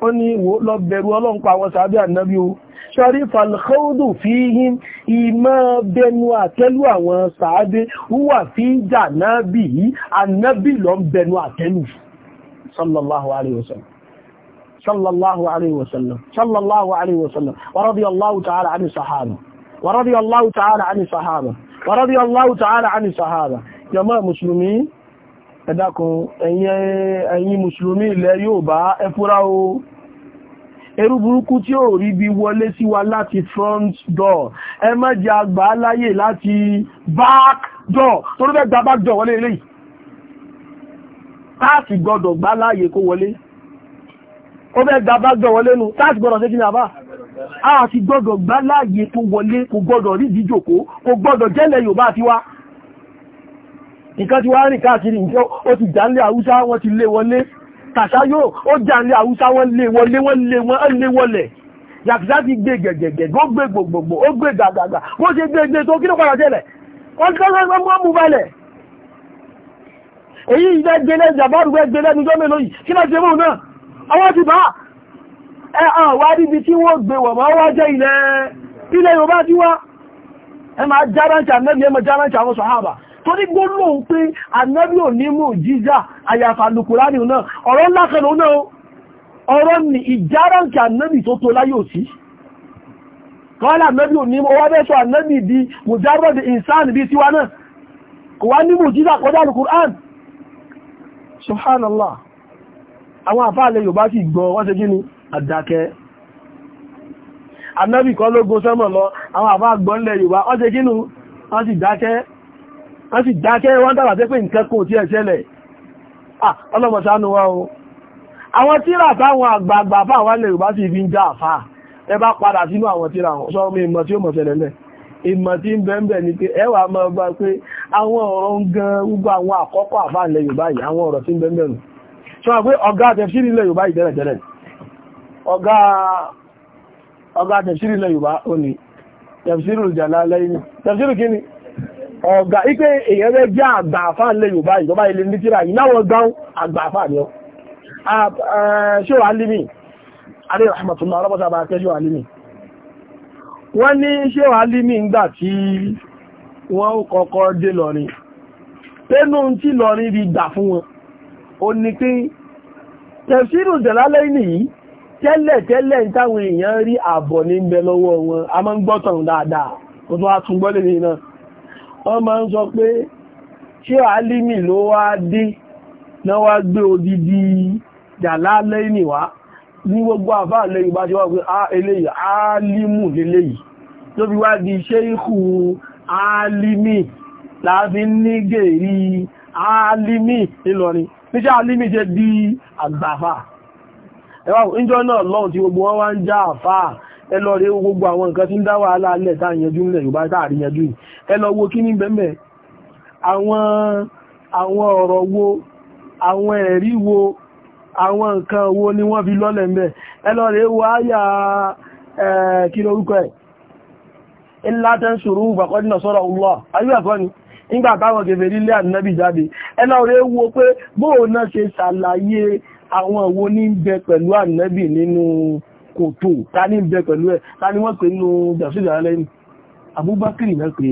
ó ní ìwò lọ bẹ̀rù ọlọ́run pa àwọn sàábẹ́ ànábí o ṣọ́rí falkhaudu fi him ìmọ̀ bẹnu àtẹ́lù àwọn sàábẹ́ wúwà fi jà náà bí i ànábí lọ bẹnu àtẹ́lù sallallahu alaihi wasallam sallallahu alaihi wasallam sallallahu alaihi wasallam wa radiyallahu ta'ala anhu sahaba wa radiyallahu ta'ala anhu sahaba wa radiyallahu ta'ala anhu ẹ̀dàkùn ẹ̀yin mùsùlùmí ilẹ̀ Yorùbá ẹ fura o Eru burúkú tí ò rí bí wọlé sí wa láti front door ẹ má jẹ́ àgbà láyè láti back door torí bẹ́ẹ̀ gba back door wọlé eléyìí táàsì gbọdọ̀ gbá láàyè kó wọlé ó bẹ́ gba back door wọlé nu táàsì gbọdọ̀ sí kí ní àbá àti gbọdọ̀ gbá láàyè kó wọlé kò gbọdọ̀ rí ìdíjòkó kò gbọdọ̀ jẹ́lẹ̀ Yorùbá àti wá nǹkan ti wá rìn káàkiri nǹkan ó ti jà ń lé Haúsá wọ́n ti lé wọlé tàṣá yóò ó jà ní àwùsá wọn lé wọlé wọn lé wọn lé wọlẹ̀ yàtúnṣá ti gbé gẹ̀gẹ̀gẹ̀ ó gbé gbogbogbò ó gbé gàgàgà wọ́n ṣe gbé gbé tó kí ló padà tẹ́lẹ̀ wọ́n ti tọ́jú ọmọ mú balẹ̀ èyí ìjẹ́ gbélé jàbáàrù wẹ́ gbélé ní jọ́ mélòó yìí kí náà ṣe mú náà àwọn ti bá ẹ àwá níbi tí wọ́n gbé wọ̀ máa wá jẹ́ ilẹ̀ ilẹ̀ Yorùbá ti wá ẹ máa járántà mẹ́bí ẹ máa járántà àwọn sọ̀hábà torí gbólóhùn pé ànábì ò ní mú jíza àyàfà lùkùránì náà ọ̀rọ̀ ńlá kan náà ọ̀rọ̀ ni ìjáráǹkì ànábì tó tó láyé òsì kọ́lá ànábì ò ní mú ọwọ́ bẹ́ẹ̀ sọ ànábì di mùjárọ̀dì ìsáàni bí tiwa náà kò wá ní mú jíza kọjá lùkùrán subhanallah àwọn àfáàlẹ̀ Yorùbá sì gbọ́ wọ́n ṣe gíní àdákẹ́ ànábì kan lógún sẹ́mọ̀ lọ àwọn àfáà gbọ́ ńlẹ̀ Yorùbá wọ́n ṣe gínú wọ́n sì dákẹ́ wọ́n sì dákẹ́ wọ́n dábàá pé nǹkan kò tí ẹ̀ ṣẹlẹ̀ ọlọ́mọ̀sánú wa o àwọn tíra táwọn àgbààgbà fáwọn ilẹ̀ Yorùbá sì fi ń já àfà ẹ bá padà sínú àwọn tíra wọn sọ ọmọ ìmọ̀ tí ó mọ̀ ṣẹlẹ̀ lẹ̀ ìmọ̀ tí ń bẹ́ẹ̀ ni pé ẹwà máa bá pé àwọn ọ̀rọ̀ ń gan gbogbo àwọn àkọ́kọ́ àfà ilẹ̀ Yorùbá yìí àwọn ọ̀rọ̀ tí ń bẹ́ẹ̀ nù sọ pé ọ̀gá tẹ̀sírí ilẹ̀ Yorùbá yìí tẹ́lẹ̀ tẹ́lẹ̀ ọ̀gá tẹ̀sírí ilẹ̀ Yorùbá ó ní tẹ̀sírí ìjàlá lẹ́yìn tẹ̀sírí kíni ọ̀gá ipé èyàn rẹ̀ jẹ́ àgbà àfáà nílẹ̀ Yorùbá ìjọba ilé ní tíra ìnáwọ̀ gan àgbà àfáà ni ọ́ ṣe wà límì alẹ́ rahmatullah ọlọ́pọ̀ta bá kẹ́ ṣe wà límì wọ́n ní ṣe wà límì ńgbà tí wọ́n kọ́kọ́ dé lọ́rin tẹ́nu tí lọ́rin rí gbà fún wọn ó ní pé tẹ̀sírù jẹ̀lálẹ́ nìyí tẹ́lẹ̀ tẹ́lẹ̀ táwọn èèyàn rí àbọ̀ ní ń bẹ lọ́wọ́ wọn a máa ń gbọ́tàn dáadáa ó tún wá tún gbọ́lé nìyí náà wọ́n máa ń sọ pé ṣé alimi ló wá dé náà wá gbé odidi jàlá lẹ́yìn wá ní gbogbo àfáà lẹ́yìn ṣe wá pé a eléyìí alimu lélẹ́yìí tó fi wá di ṣe ikú alimi láti ní gèrí alimi Ìlọrin níṣẹ́ alimi jẹ́ di àgbàfà ẹwà ìjọ náà lọ́n tí ẹ lọ rẹ̀ gbogbo àwọn nǹkan tí ń dá wàhálà alẹ́ tá àyànjú ńlẹ̀ Yorùbá tá àríyànjú yìí ẹ lọ wo kí ní bẹ́ẹ̀ àwọn àwọn ọ̀rọ̀ wo àwọn ẹ̀rí wo àwọn nǹkan wo ni wọ́n fi lọ́lẹ̀ mẹ́ ẹ lọ wo áyà kí lórúkọ ẹ̀ ńlá tẹ́ ń Allah ayúbẹ̀kọ́ ni nígbà táwọn kèfè nílé ànábì jáde ẹlọ rẹ̀ wo pé bóò náà ṣe ṣàlàyé àwọn wo ní bẹ pẹ̀lú ànábì kò tó ta ní bẹ pẹ̀lú ẹ̀ ta ni wọ́n pè nínú jàfíìsì alẹ́yìn abúbákìrì náà pè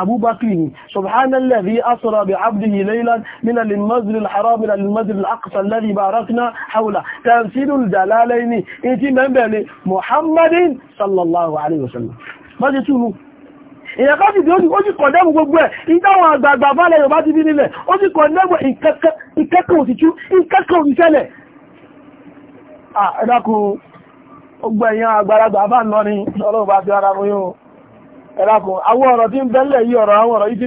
abúbákìrì ni subhanalladhi asra bi abdihi laylan min al-masjid al-haram ila al-masjid al-aqsa alladhi barakna hawla tansilul jalalaini inti membe ni muhammadin sallallahu alaihi wasallam ma je tunu èyàn bá dìde ó sì kọ̀ndẹ́mù gbogbo ẹ̀ ìdáwọn àgbààgbà bá lẹ́yìn bá ti Ah, ẹ dákun gbogbo ẹ̀yàn àgbàlagbà bá ń lọ ní ọlọ́run bá ti ara mú yóò ẹ àwọn ọ̀rọ̀ tí ń bẹ́lẹ̀ yí ọ̀rọ̀ àwọn ọ̀rọ̀ yìí ti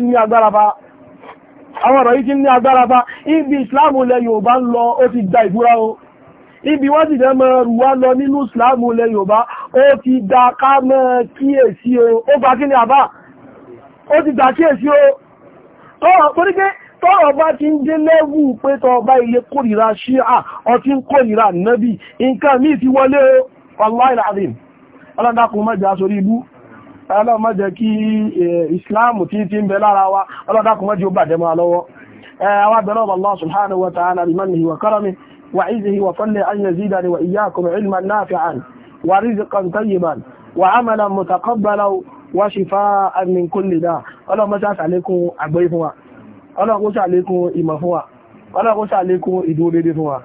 ní agbára bá ibi ìsìláàmù ilẹ̀ Yorùbá ń lọ ó ti da ìbúra o ibi wọ́n sì fẹ́ mọ rùwá lọ nínú ìsìláàmù ilẹ̀ Yorùbá ó ti da ká mọ́ kíyèsí o ó bá kí ni àbá ó ti da kíyèsí o tó wà tọ́rọ̀ bá ti ń dé lẹ́wù pé tọba ilé kórìíra ṣíà ọtí ń kórìíra nẹ́bì nǹkan míì ti wọlé wallahi alazim ọlọ́dàkùn mẹ́jẹ asorí ibú ọlọ́mọ́jẹ kí eh, islam tí ti ń bẹ lára wa ọlọ́dàkùn mẹ́jẹ ó bàjẹ́ máa lọ́wọ́ eh, àwọn abẹ̀rẹ̀ Allah subhanahu wa ọlọ́kó ṣàlékún ìmọ̀ fún wa ọlọ́kó ṣàlékún ìdúró dédé fún wa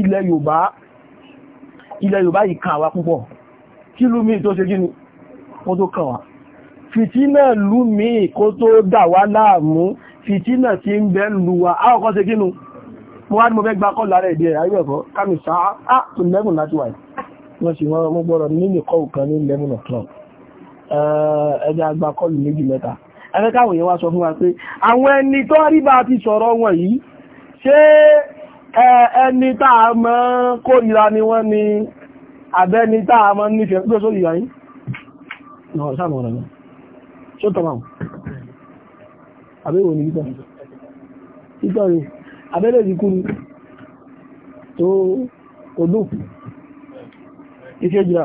ilẹ̀ Yorùbá ilẹ̀ Yorùbá yìí kàn wá púpọ̀ kí lú mi tó ṣe gíní kó tó kàn wá fìtínà lú mi kó tó dà wá láàmú fìtínà tí ń bẹ lù wá àwọn kan ṣe gínú mo wá ní mo fẹ́ gba kọ́ ah, o'clock ẹja agba kọlù méjì mẹ́ta ẹgbẹ́káwọn èèyàn wá sọ fún wa pé àwọn ẹni tó rí bá ti sọ̀rọ̀ wọn yìí ṣé ẹni táà mọ́ kórìíra ni wọ́n ni àbẹ́ni táà mọ́ nífẹ̀ẹ́ tó sórí ìyáyí Ìṣẹ́jìra,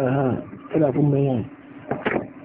ẹ̀hàn, ẹ̀dà fún mẹ́yàn.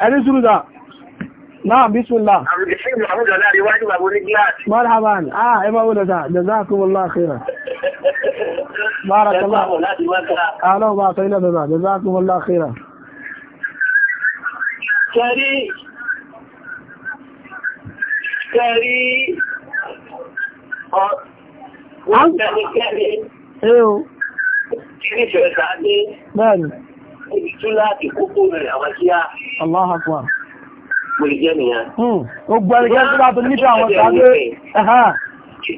أبي سرودة نعم بسم الله مرحبا اه ابو رجاء جزاكم الله خيرا بارك الله اهلا وبعطينا بما جزاكم الله خيرا كري كري وانت كري ايوه كيف Allah tú Akbar. Mo lè jẹ́ nìyẹn. Ó hmm. gbọ́ ẹni kẹ́sí bá tó nífẹ̀ẹ́ àwọn sáré.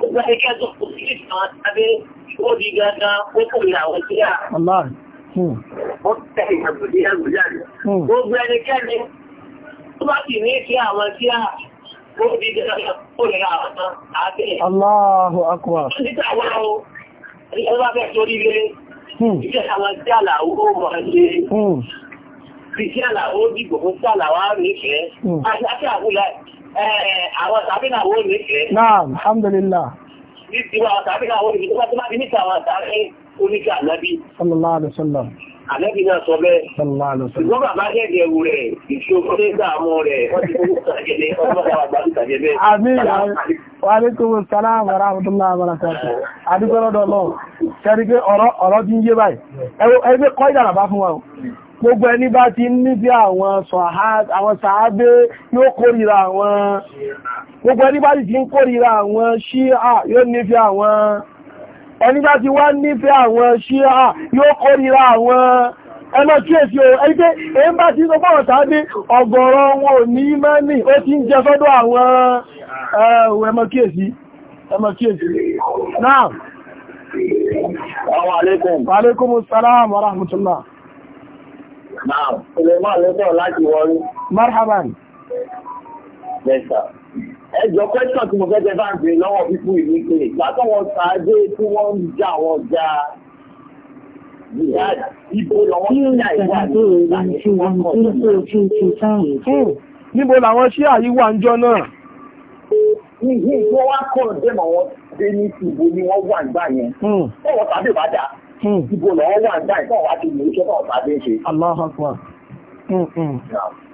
Ìgbà ẹni kẹ́sí kò sí ìtàn abẹ́ ó di dandan kókó rẹ̀ àwọn hmm. sí á. Ó tẹ̀ ìyàgbọ̀dé àgbòjáde. Ó hmm. gbọ́ ẹni kẹ́ni tó bá Akbar. Hmm. Iṣẹ́ àwọn jàlà ó mọ̀ ṣe. Hmm. Iṣẹ́ àlà ó dìbò fún jàlà wá nífẹ̀ẹ́. Àti àkúlẹ̀ àwọn tàbínà ó nífẹ̀ẹ́. Naam, alhamdulillah. Ní ti wà tàbínà ó nífẹ̀ẹ́ tó bá ti ní Àlẹ́bí náà sọ bẹ́ẹ̀. Ṣùgbọ́n bàbá gẹ̀gẹ̀ ẹ̀wù rẹ̀, ìṣòro tó dààmú rẹ̀, wọ́n ti kó tàjẹ̀lẹ̀ ọlọ́pàá àgbà tó tàjẹ̀ bẹ́ẹ̀. Àmín wa alaykum salaam wa rahmatullahi wa barakatuh. Àdúgbò lọ́dọ̀ lọ, ṣẹ́rí pé ọ̀rọ̀ ti ń yé báyìí. Ẹgbẹ́ kọ́ ìdàràbá fún wa o. Gbogbo ẹni bá ti ń níbi àwọn sàábé yóò kórìíra àwọn. Gbogbo ẹni bá ti ń kórìíra àwọn ṣíà yóò níbi àwọn ẹni bá ti wá nífẹ̀ẹ́ àwọn ṣíà yóò kórìíra àwọn ẹmọ kí èsì o ẹni pé èyí bá ti sọpọ̀ ọ̀tàdé ọ̀gọ̀rọ̀ wọn ò ní mẹ́ni ó ti ń jẹ sọ́dọ̀ àwọn ẹmọ kí èsì ẹmọ kí èsì náà Àwọn alékùn. Alékùn sálàmù rahmatullah. Náà, Suleiman lẹ́tọ̀ láti wọrí. Marhaban. Yes, ẹjọ́ question tí mo fẹ́ tẹ bá ń bèrè lọ́wọ́ fífún ìlú pé látọ̀ wọn ṣáájú tí wọ́n ń já wọn já ibo làwọn ṣíà ìwà níbo ń jọ náà. Ìyí ìwọ́n wá kọ̀ dé mọ̀ wọ́n dé ní ìbò ni wọ́n wà nígbà yẹn. Ṣé hmm. wọ́n tàbí bá dà? Ìbò hmm. làwọn wà nígbà yẹn. Ṣé wá ti lè ṣe náà tàbí ṣe? Aláhàkùn.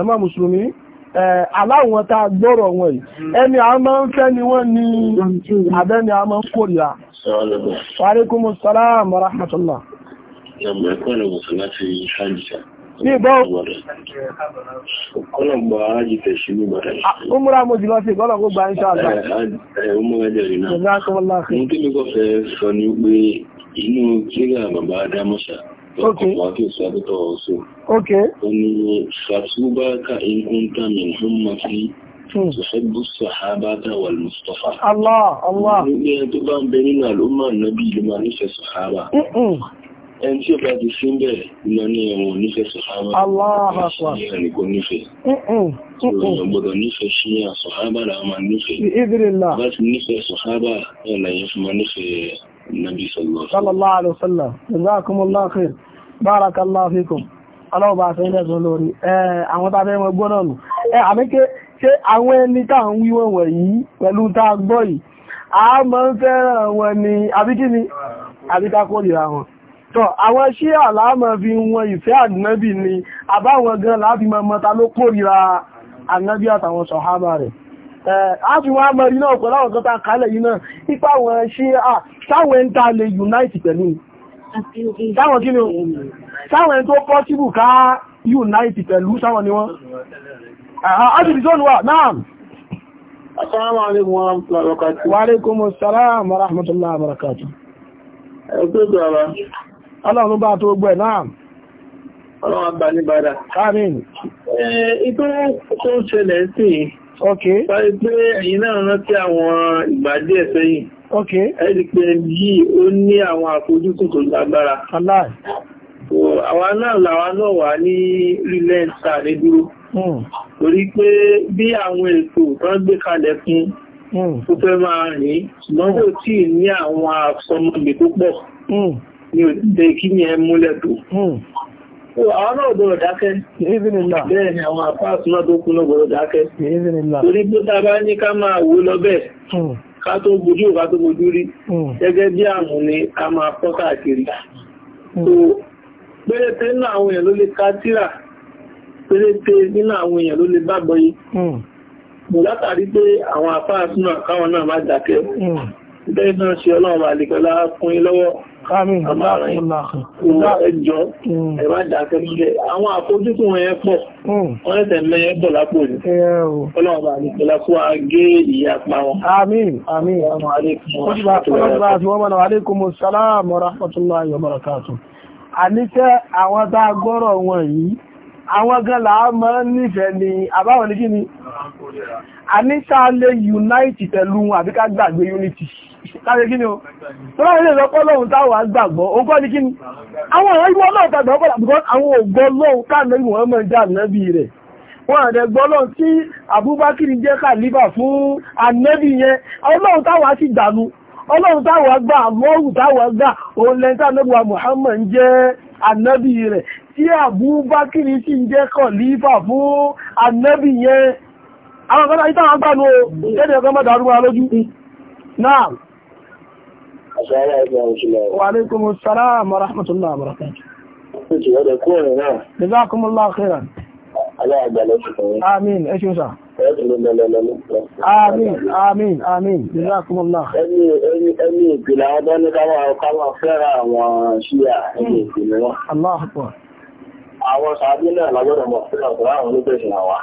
ẹmọ́ mùsùlùmí aláwọn tá gbọ́rọ̀ wọn yìí ẹni a máa ń fẹ́ ni wọ́n ní abẹ́ni a máa ń kórìíra Wàríkúmù sàlám rahmatullah. Ní ìbọn ọlọ́gbà ájì tẹ̀sí ní bàtàkì. Ó múra mo jùlọ sí ìkọ́lọ̀ gbogbo àìṣà àgbà. Ó Okay. Wani shafi baka in kunta min hummafi تحب الصحابة والمصطفى الله الله تبان بيننا الأمة النبي لما نفى الصحابة ẹn tí ó bá ti sí bẹ̀ lọ ní ẹ̀wọ̀n nífẹ̀ẹ́ sọ̀hábà ṣíyà nìkan nífẹ̀ẹ́ ọ̀rọ̀ gbọ́dọ̀ nífẹ̀ẹ́ ṣíyà sọ̀hábà làwọn nífẹ̀ẹ́ bá ti nífẹ̀ẹ́ sọ̀hábà ẹ̀lẹ́yìn fún ma nífẹ̀ẹ́ النبي صلى الله عليه وسلم جزاكم الله خير بارك الله فيكم ọlọ́wọ́ bá fẹ́ lẹ́sùn lórí àwọn tàbí ẹmọ gbọ́nà nù ẹ àmẹ́kẹ́ ṣe àwọn ẹni tàà ń wíwọ̀n wọ̀nyí pẹ̀lú tá a gbọ́ yìí a máa ń fẹ́ràn wọn ni àbíkíní àbíkákórìíra wọn tọ́ àwọn ṣí àlámọ̀ fi wọn ìfẹ́ ànábì ni àbáwọn gan láti àfihàn amẹ́rí náà pẹ̀lú àwọn kan yìí náà ipa wọn ṣe à sáwọn ẹni lè unite pẹ̀lú sáwọn kí ni o sáwọn tó possible ká unite pẹ̀lú sáwọn ni wọ́n Assalamu alaikum wa rahmatullahi wa barakatuh. Wa alaikumus salam wa rahmatullahi wa barakatuh. tó gbẹ̀ náà. Ọlọ́run ok sáré pé ẹ̀yìn náà rántí àwọn ìgbà díẹ̀ ok ẹ̀dì pé yìí ó ní àwọn àfojúsùn tó lágbára àwa náà làwa náà wà ní rílẹ̀ sáré dúró hmm. torí pé bí àwọn ètò tán gbé kalẹ̀ fún hmm. ó fẹ́ máa rìn ṣùgbọ́n kò tí ní àwọn àsọmọgbè tó pọ̀ ní hmm. òdìdẹ kí ni ẹ múlẹ̀ tó Àwọn náà gbọ́rọ̀ dákẹ́. Bẹ́ẹ̀ ni àwọn àpá àtúnmọ́ tó náà bá ní ká máa lọ hmm. Ká tó ká tó rí. Hmm. Gẹ́gẹ́ bí àmù ni a máa pọ́ káàkiri. Hmm. So, péréte nínú àwọn èèyàn ló lè ká tíra. Péréte nínú àwọn èèyàn ló lè bágbọ́ yìí. Mo látàrí pé àwọn àpá àtúnmọ́ káwọn náà má dákẹ́. Bẹ́ẹ̀ náà ṣe ọlọ́run Àmín. Ẹjọ́ hmm. ẹ̀rọ àwọn àfojúkùn ẹ̀ pọ̀, hmm. wọ́n lẹ́tẹ̀ mẹ́ bọ̀ lápò ní. Ọlọ́ọ̀bà àdìkẹ́ lápò agé ìyàpá àníṣà lè unite pẹ̀lú àbí ká gbàgbé unity káṣe kí ni o tó bá ilé ìrọ́pọ̀ lóhun táwọn agbàgbọ́ ogọ́ ní kí ni àwọn ọ̀rọ̀ ìwọ́ náà tàbí ọpọlọ because àwọn ògbọ́ lóhun káàmì ìwọ̀n mọ̀ jẹ́ ànábì rẹ̀ wọn àdẹ gbọ́ lóhun tí Abubakar jẹ́ kàlíbà fún ànábì yẹn ọlọ́hun táwọn á sì dànù ọlọ́run táwọn gbà àmọ́rù táwọn gbà òun lẹ́yìn tánàbùwà Muhammad jẹ́ ànábì rẹ̀ tí Abubakar sì jẹ́ kàlíbà fún ànábì yẹn àwọn ọ̀gọ́dá ìtàn àgbànú ìjẹ́dẹ̀ ọgbọ́n mọ́dà arúgbà lójú náà wa alaikum assalam wa rahmatullahi wa barakatuh jazakumullahu khairan Amin, ẹ ṣe sá. Amin, amin, amin, jazakumullahu. Ẹni ìpìlẹ̀ àwọn bọ́ ní káwà fẹ́ra àwọn ṣíyà ẹni ìpìlẹ̀ wọn. Àwọn sàábí náà lágbọ́dọ̀ mọ̀ fẹ́ra àwọn olóbẹ̀ṣẹ̀ àwọn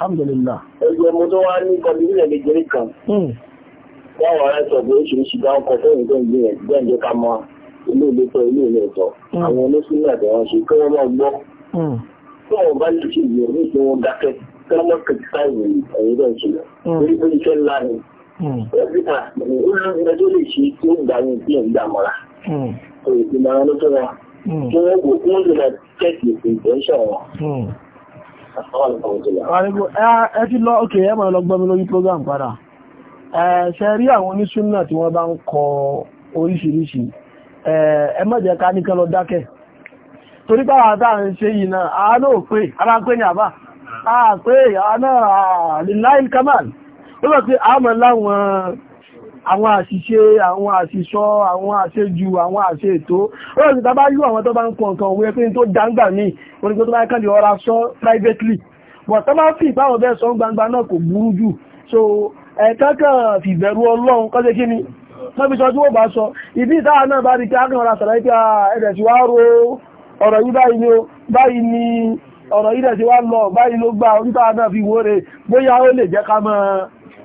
alhamdulillah ẹgbẹ́ mo tó wá ní kọlùmílẹ̀ kékeré kan báwọn hmm. ará sọ pé oṣooṣù bá ń kọ fún ìgbẹ́ ìgbìyàn gbẹ́ǹdẹ́ ká mọ ilé ìletọ̀ ilé ìletọ̀ hmm. àwọn olóṣèlú àti àwọn ṣe kí wọ́n máa gbọ́ hmm. tí wọ́n bá lè ṣe ìwé ní ìṣòwò dákẹ́ kí wọ́n máa kẹ̀kẹ́ ìròyìn ẹ̀yìn náà ṣe lórí pé iṣẹ́ ńlá ni dókítà olóògbé tó lè ṣe tí gbà Ẹ ti lọ, ok, ẹ máa lọ gbọ́mi lórí program padà. Ṣe rí àwọn onísúnnà tí wọ́n bá ń kọ oríṣiríṣi. Ẹ má jẹ́ ká ní kán lọ dákẹ́. Torí báwa tá à ń ṣe yìí náà, àánú ò pé, ara ń pè ní àbá. A pé, àánú àlìláì kamal. Ó lọ àmọ́ láwọn àwọn àṣìṣe àwọn àṣìṣọ́ àwọn àṣejù àwọn àṣe ètò ọ̀rọ̀ ìta bá yú àwọn tó bá ń kọ nǹkan òwe pé tó dáńgbà ní onígbó tó bá kàn lè ọra sọ privately but tó bá fi ìpáwọn bẹ́ẹ̀ sọ gbangba náà kò burú jù so ẹ̀kẹ́kẹ́ fìbẹ̀rù ọlọ́run kọ́jẹ́ kí ni wọ́n fi sọ tí wọ́n bá sọ ìdí ìtawà náà bá rí kí ákàn ọ̀rọ̀ àṣàlàyé pé ẹ̀rẹ̀ tí wá ro ọ̀rọ̀ yìí báyìí ni báyìí ni ọ̀rọ̀ yìí dẹ̀ tí wá lọ báyìí ló gbà onítawà náà fi wó re bóyá ó lè jẹ́ ká máa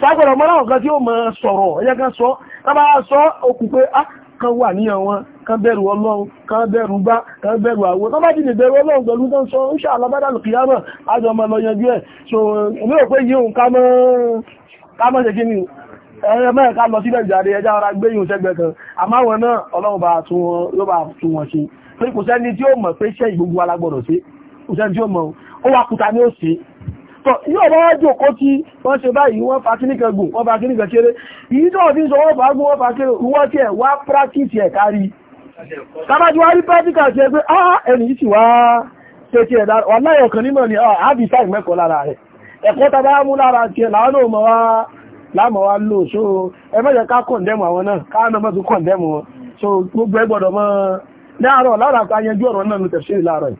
ṣàgbọ̀rọ̀ mọ́ra ọ̀gán tí ó mọ́ sọ̀rọ̀ ẹ̀yẹ́ kan sọ tábà sọ okùn pé á ah, kan wà níyàn wọn kan bẹ̀rù ọlọ́run kan bẹ̀rù bá kan bẹ̀rù àwọ tó bá jìnà bẹ̀rù ọlọ́run pẹ̀lú tó ń sọ ń ṣe àlọ́bádà lùkìyàmọ̀ àjọ ọmọ lọ yanjú ẹ̀ so èmi ò pé yíò ká mọ́ ṣe kí ni ẹ̀rẹ́ mẹ́rin ká lọ sílẹ̀ ìjàre ẹjá ara gbé yíò sẹ́gbẹ̀ kan àmáwọn náà ọlọ́run bá tún wọn tọ̀ yíò bá wá jòkó tí wọ́n ṣe báyìí wọ́n fa kíníkẹ̀ gùn wọ́n fa kíníkẹ̀ kéré yìí tó fi ń sọ wọ́n fa gùn wọ́n fa kéré wọ́n tí ẹ̀ wá practice ẹ̀ kárí tàbájú wá rí practical ṣe pé ah ẹni yìí sì wá ṣe ti ẹ̀dá wà láyé ọ̀kan nímọ̀ ni àbí ah, sáì mẹ́kọ̀ọ́ lára rẹ̀ ẹ̀kọ́ ta bá mú lára ti ẹ̀ láwọn náà mọ̀ wá láàmọ̀ wá lò so ẹ mẹ́jẹ̀ ká kọ̀ndẹ́mù àwọn náà káwọn náà mọ́tún kọ̀ndẹ́mù wọn so gbogbo ẹ gbọ́dọ̀ mọ́ láàárọ̀ láàárọ̀ ayanjú ọ̀rọ̀ náà nù tẹ̀síì láàárọ̀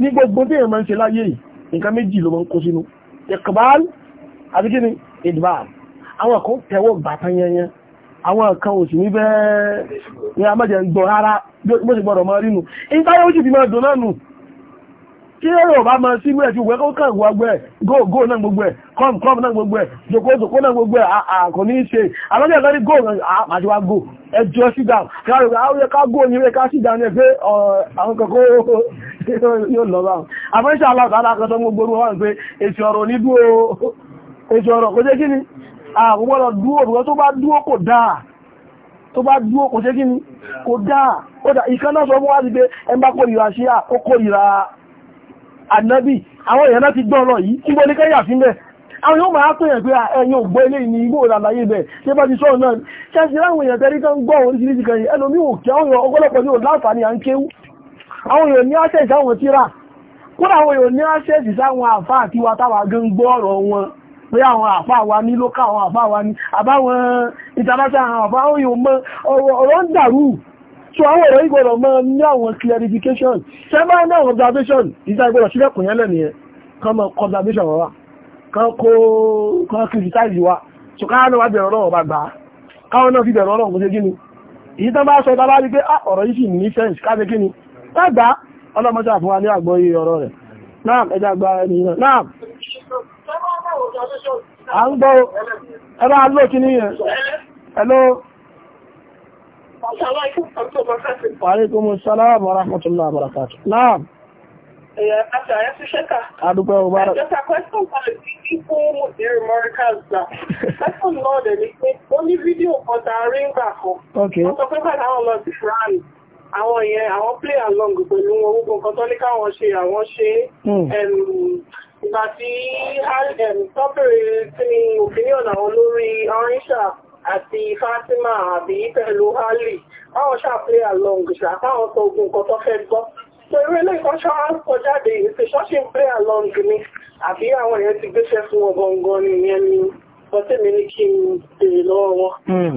ní gbogbo tí èèyàn máa ń ṣe láyé yìí nǹkan méjì ló máa ń kó sínú ìkbal àti kí ni ìdìbàl àwọn kan tẹ́wọ́ gbàtà àwọn kan ò sì ní bẹ́ẹ̀ ni a mọ́jẹ̀ ń gbọ́ rárá bó ti gbọ́dọ̀ máa rí nù ìgbáyé ó sì fi máa dùn náà nù tí èrò bá máa sí inú ẹ̀jú ìwé kọ́kàn gbogbo ẹ̀ góògó náà gbogbo ẹ̀ kọ́m kọ́m náà gbogbo ẹ̀ jòkóòjòkó náà gbogbo ẹ̀ àkò ní í ṣe àlọ́jọ́ ìkọ́rí góò àjọwà góò ẹjọ́ sídà ká góò ní ká sídà ní ẹgbẹ́ àwọn kọ̀kọ́ yóò tó bá dúó kò kò dáa ó sọ wá sí ànábì àwọn èèyàn láti gbọ́ ọ̀rọ̀ yìí kí gbọ́lé kẹ́yà sílẹ̀ àwọn yóò máa tó yẹn pé ah, ẹ̀yin ò gbọ́ ilé ní igbó ìlàlàyé bẹ̀ ṣe bá ti sọ́ọ̀ náà ṣẹ́sì láwọn èèyàn tẹ́rí kan gbọ́ oríṣiríṣi kan yìí ẹlòmí ò kí àwọn ọgọ́lọ́pọ̀ ní òláǹfààní à ń kéwú àwọn èèyàn ní access sáwọn tíra kódà àwọn èèyàn ní access sáwọn àfá àti wa táwa gan gbọ́ ọ̀rọ̀ wọn pé àwọn àfá wa ní lókà àwọn àfá wa ní àbáwọn international àwọn àfá àwọn èèyàn mọ ọ̀rọ̀ ń dàrú so àwọn ọ̀rọ̀ ìgbọ̀rọ̀ máa ní àwọn clarification ṣe bá ní àwọn observation ìta ìgbọ̀rọ̀ sílẹ̀kùn yẹn lẹ́nìí kan mọ observation wa kan kó kan criticize wa so káwọn náà wá bẹ̀rẹ̀ ọ̀rọ̀ ọba gbà káwọn náà fi bẹ̀rẹ̀ ọ̀rọ̀ ọ̀gbọ̀n ṣe gíní èyí tán bá sọ ìta bá rí pé ah, ọ̀rọ̀ yìí sì ní sense káṣe gíní lágbà ọlọ́mọdé àfún wa ní àgbọ̀ yìí ọ̀rọ̀ rẹ̀ náà ẹja gba ẹni náà náà à ń gbọ́ ẹ bá lókè níyẹn hello Àríkùnmù sálàmù rahmatullahi wa barakatuh. Náà. Àṣà ẹ̀ fi ṣẹ́kà. Adúpẹ́ ọba rẹ̀. Ẹjọ́ta question kan sí fún Mùsùlùmí Mọ́ríkàs náà. Question náà dẹ̀ ní pé ó ní fídíò kan ta rí ń gbà kan. Ok. Wọ́n sọ pé pàtàkì àwọn lọ sí Fran. play along pẹ̀lú orúkọ kan tó ní káwọn ṣe àwọn ṣe hmm. ìgbà tí tọ́bẹ̀rẹ̀ sí àti Fatima àbí pẹ̀lú Hali báwọn ṣàpẹ́ along ṣàpáwọn sọ ogun kan tó fẹ́ gbọ́ pẹ̀lú ilé ìkọ́ṣọ́ kọ jáde ìṣẹ́ṣọ́ ṣe ń pẹ́ along ni àbí àwọn èèyàn ti gbéṣẹ́ fún wọn gangan ni ìyẹn ni bọ́tẹ́mi ní kí n béèrè lọ́wọ́ wọn hmm.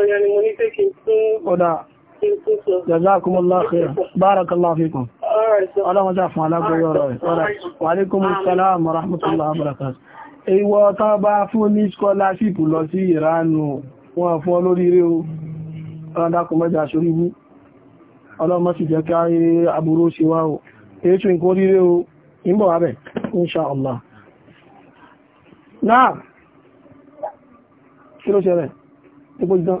ọ̀rọ̀ yẹn ni mo ní pé kí n tún ọ̀dà Jazakumullahu khairan. Barakallahu fikum. Ọlọ́run jà fún alágbóyọ̀ ọ̀rọ̀ rẹ̀. Wa alaikumus salam wa rahmatullahi wa barakatuh. Ìwọ tó bá fún ní scholarship lọ sí Ìránù wọn fún olóríire o. Ọlọ́dákùn mẹ́jà ṣoríwú. Ọlọ́mọ́ sì jẹ́ káyé aburú ṣe wá o. Èé ṣe nǹkan oríire o. Ìbọ̀ wà bẹ̀, insha Allah. Náà, kí ló ṣẹlẹ̀? Ipò ìdán.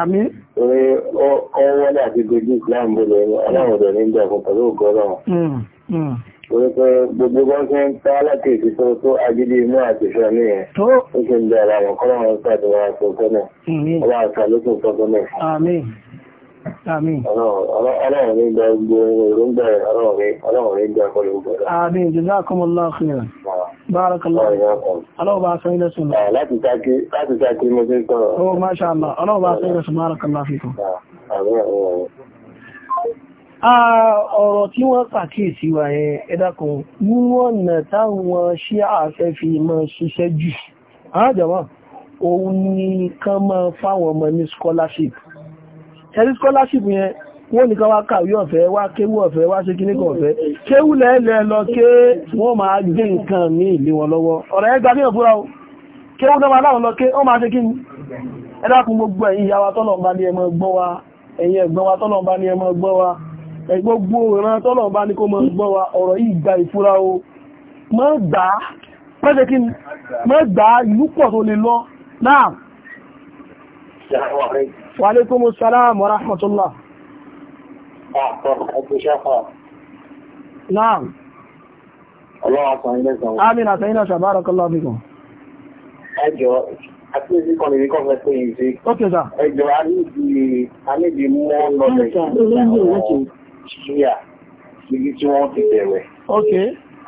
Àmì. Orí ọwọ́ láti gbogbo Islam bọ̀lẹ̀ aláwọ̀ ọ̀dọ̀ ní ìjà fún pẹ̀lú ògọ́rọ̀. Hmm, hmm. Orí pé gbogbo gọ́ọ̀sẹ̀ ń tá láti ìfisọ́ tó agídí inú àti ìṣọ́ ní ẹ̀. Tó. Ó ṣe ń bẹ̀rẹ̀ àwọn kọ́lọ́run sáà tó wá sọ sọ́nà. Àmín. Ọlọ́run ní gbogbo èròǹgbà ọlọ́run ní ọlọ́run ní gbogbo èròǹgbà. Àmín, jazakumullahu khairan. Barakallahu. Ọlọ́run bá sọ ilẹ̀ sùn. Láti sáàkí mo ti sọ̀rọ̀. Ó oh, máṣá Allah, ọlọ́run bá sọ ilẹ̀ sùn, barakallahu fikum. Ọ̀rọ̀ tí wọ́n pàkíyèsí wa yẹn, ẹ dákun, nínú ọ̀nà táwọn ṣí àfẹ́ fi mọ́ ṣiṣẹ́ jù. Àjọ̀wọ́, òun ni kán máa fáwọn ọmọ ní scholarship ẹ̀rí scholarship yẹn wọ́n nìkan wá kàwé ọ̀fẹ́ wá kéwú ọ̀fẹ́ wá ṣe kí níkan ọ̀fẹ́ kéwú lẹ́ẹ̀lẹ́ lọ ké wọ́n máa gbé nǹkan ní ìlé wọn lọ́wọ́ ọ̀rọ̀ ẹgbà ní òfúra o kéwú náà láwọn lọ ké wọ́n máa ṣe kí ní ẹdákun gbogbo ẹ̀yin ìyá wa tọ́lọ̀mbá ní ẹmọ gbọ́ wa ẹ̀yin ẹ̀gbọ́n wa tọ́lọ̀mbá ní ẹmọ Wa alaikumus salam wa rahmatullah. Naam. Amin àtàyínà barakallahu fikum. Ẹjọ́, àti èsì kan lè rí kọ́fẹ́ pé ìsí. Ókè sà. Ẹjọ́, a ní ìdí mọ́ lọ́lẹ̀ ìṣẹ́ àwọn ṣíyà, ìdí tí wọ́n ti bẹ̀rẹ̀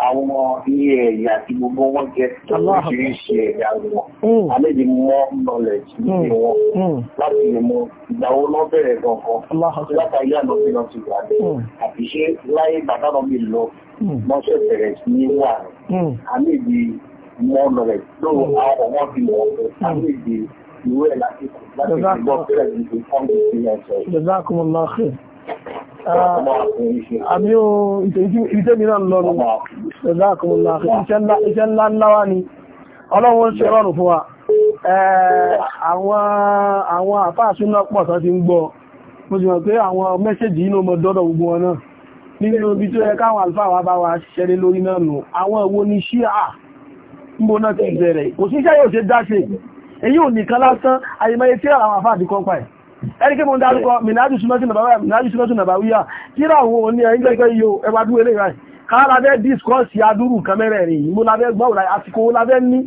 àwọn ilé ẹ̀yà àti gbogbo wọn jẹ́ oríṣiríṣi ẹ̀yà wọn hmm. alẹ́dì mọ́ knowledge hmm. ní wọn hmm. láti lè mọ ìgbàwó lọ bẹ̀rẹ̀ gangan látàrí ànàbí lọ ti wà ní àti ṣe láyé bàbá náà mi lọ mọ́ṣẹ́ bẹ̀rẹ̀ ní wà àmìdí mọ́ knowledge lóòrùn àwọn ọmọ ti wọ̀ àmìdí ìwé ẹ̀ láti kù láti gbọ́ bẹ̀rẹ̀ ní ìfọ́nkì sí ẹ̀ṣẹ̀ Uh, àmì o ìtẹ́ mìíràn lọ́nu ẹ̀zákùnlá iṣẹ́ ńlá ńláwá ni ọlọ́run ṣe rọrùn fún wa àwọn àfáàsúná pọ̀ tán ti ń gbọ́ mo sì mọ̀ pé àwọn mẹ́sẹ̀jì inú ọmọ dọ́dọ̀ gbogbo wọn náà nínú ibi tó yẹ káwọn àlùfáà wa bá wa ṣiṣẹ́ lé lórí náà nù àwọn ìwo ni ṣíà ń bo náà ti bẹ̀rẹ̀ kò sí iṣẹ́ yóò ṣe dáṣe èyí ò nìkan lásán àyèmáyé tí àwọn àfáà ti kọ́ pa ẹ̀ ẹni kí mo ń dárúkọ mìnájú súnmọ́tù nàbàwíyà kíra òun òní ẹ̀yìn gẹ́gẹ́ yóò ẹwà dúró lè ráì káà lábẹ́ discourse adúrù kamẹ́rẹ̀ rìn mú lábẹ́ gbọ́ òrà àsìkò lábẹ́ ní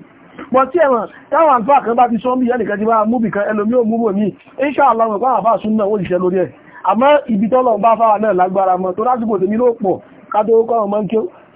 pọ̀ tí ẹ̀wọ̀n táwọn àǹfà kan bá ti sọ bí ẹnìkan ti bá mú bìkan ẹlòmí ò múrò mí inṣàlá wọn pàwọn àfà súnmọ́ ó ṣiṣẹ́ lórí ẹ̀ àmọ́ ibi bá fáwà náà lágbára mọ́ tó lásìkò tèmi ló pọ̀ ká ọmọ ń kéw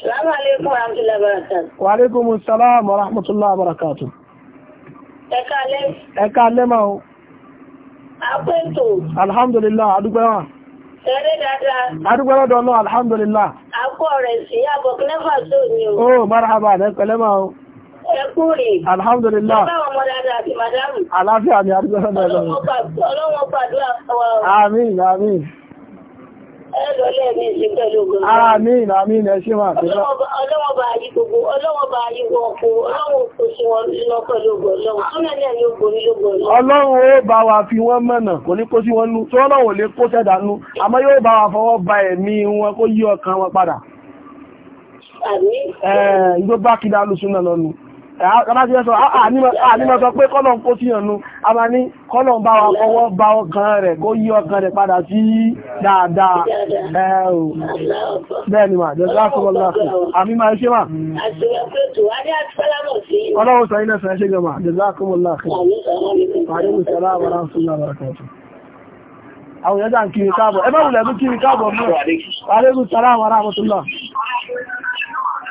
Assalamu alaikum wa rahmatullahi wa barakatuh. Wa alaikum assalam wa rahmatullahi wa barakatuh. Ẹ káalẹ́. Ẹ káalẹ́ máa o. Àpẹ́ntò. Alhamdulillah, adúgbẹ́ wọn. Ẹrẹ́ dáadáa. Adúgbẹ́ lọ́dọ̀ náà, alhamdulillah. Àpọ̀ rẹ̀ sí àbọ̀ kílẹ́fà tó ní o. Ó, marhaba, ẹ pẹ̀lẹ́ máa o. Ẹ kúrì. Alhamdulillah. Bàbá ọmọ dáadáa àti màdámù. Àlàáfíà ni adúgbẹ́ lọ́dọ̀ náà. Ọlọ́wọ́ pàdúrà. Àmín, àmín. Àmín, àmín, ẹ ṣe máa tẹ́lá. Ọlọ́wọ́ bá yí gbogbo, ọlọ́wọ́ bá yí ọkọ̀, ọlọ́wọ́ kò sí wọn lọ pẹ̀lú ọgbọ̀ ọlọ́wọ́. Ọlọ́run ó bá wa fi wọ́n mọ̀nà, kò ní kó sí wọn nú, tí ọlọ́wọ́ lè kó sẹ́dà nú, àmọ́ yóò bá wa fọwọ́ ba ẹ̀mí wọn kó yí ọkàn wọn padà. Àmín. Ẹ̀ Kàbá ti sọ, ànímọ̀ sọ pé kọ́lọ̀ kó tí yànnú, a máa ní kọ́lọ̀ bá wa kọwọ́ bá ọkàn rẹ̀ kó yí ọkàn rẹ̀ padà sí dáadáa. Ẹ̀rù. Bẹ́ẹ̀ni máa, jẹ́ sáàkọ́lọ́ láti. Àmì máa ṣe máa. Ọlọ́run sọ ilẹ̀ sọ ẹṣẹ́ gẹ̀mà, jẹ́ sáàkọ́lọ́ láti. Àwọn ìyẹ́jà ń kiri káàbọ̀. Ẹ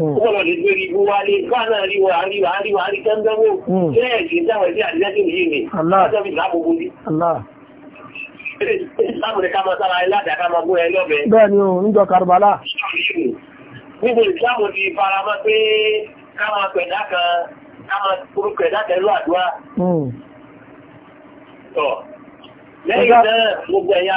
Ọgbọ́n hmm. lè gbé ibu wa lè bá náà ríwà ríwà ríwà rí kẹ́ndẹ́wò lẹ́ẹ̀kì dáwẹ̀ sí àdílẹ́sìn yìí ni. Ọjọ́ bí láàbùgbò ní. Láàbùrẹ̀ ká máa sára ẹlá àdàká máa gbọ́ ẹlọ́bẹ̀. Bẹ́ẹ̀ni o, níjọ Karbala. Níbo ìsáàmù ti fara mọ́ pé ká máa pẹ̀dá kan, ká máa orúkọ ẹ̀dá tẹ̀lú àdúrà. Hmm. Lẹ́yìn náà, gbogbo ẹ̀yà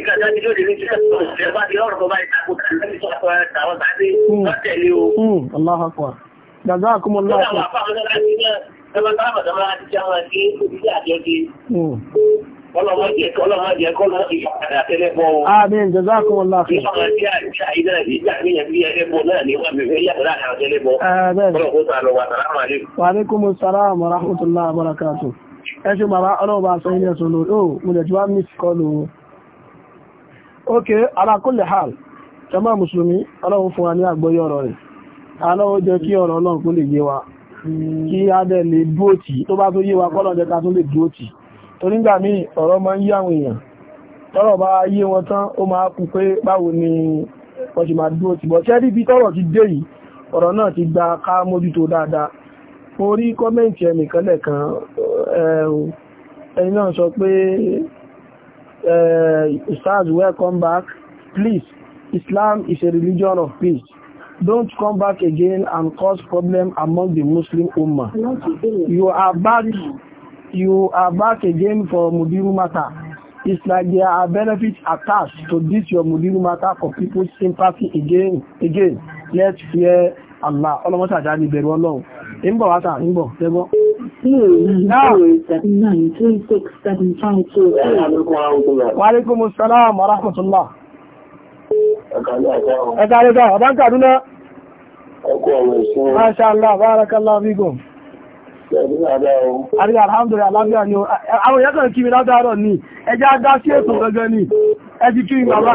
ìkàtà ní lóde ní títà tó ṣe bá di ọ̀rọ̀ bá ìtàkù kàtàkì tó àpọ̀ àwọn tàbí wọ́n tẹ̀lé o. Allahu akbar. Gàzá àkúmọ̀ náà. Ó dàwọn àpapọ̀ náà láti ní ẹgbẹ́ bá bàtà máa ti jẹ́ Wa alaikumus salam wa rahmatullahi wa barakatuh. Ẹ ṣe màrá ọlọ́ọ̀bà sọ ilé ẹ̀sọ́ lórí. Ó, mo lè ti wá mí ókè alákólè hàl jàmá mùsùlùmí ọlọ́run fún wa ní àgbọ́yé ọ̀rọ̀ rẹ̀ alọ́wọ́ jẹ́ kí ọ̀rọ̀ ọlọ́run le lè yé wa kí á dẹ̀ lè dúró tó bá tó yé wa kọ́lọ̀ jẹ́ ká tún lè dúró tì nígbà ọ̀rọ̀ máa ń wọn tán ó máa kú pé báwo ni wọ́n ti máa dúró tì bọ́ bí tọ́rọ̀ ti dé yìí ọ̀rọ̀ náà ti gba ká mójútó dáadáa mo rí kọ́mẹ́ǹtì kan ẹni náà sọ pé uh, Ustaz, welcome back. Please, Islam is a religion of peace. Don't come back again and cause problem among the Muslim Ummah. You are back, you are back again for Mudiru Mata. It's like there are benefits attached to this your Mudiru Mata for people's sympathy again, again. Let's fear Allah. Ọlọ́mọ́sàjá ni bẹ̀rù Ọlọ́run. Ìgbọ̀ wátà, ìgbọ̀, tẹ́gbọ́. Wàlékúmù sálàmù arákùtùlá. Ẹ̀kàlẹ́gà, ọ̀bá ń kàdúná. Ẹkù ọmọ ìṣẹ́. Máṣàlá, bárakàlá bígùn. Àrí alhamdulillah alábíà ni àwọn ìyẹ́ kan kí mi látàárọ̀ ní ẹjá dá sí ètò gẹ́gẹ́ ní ẹjí kí ìgbàmá.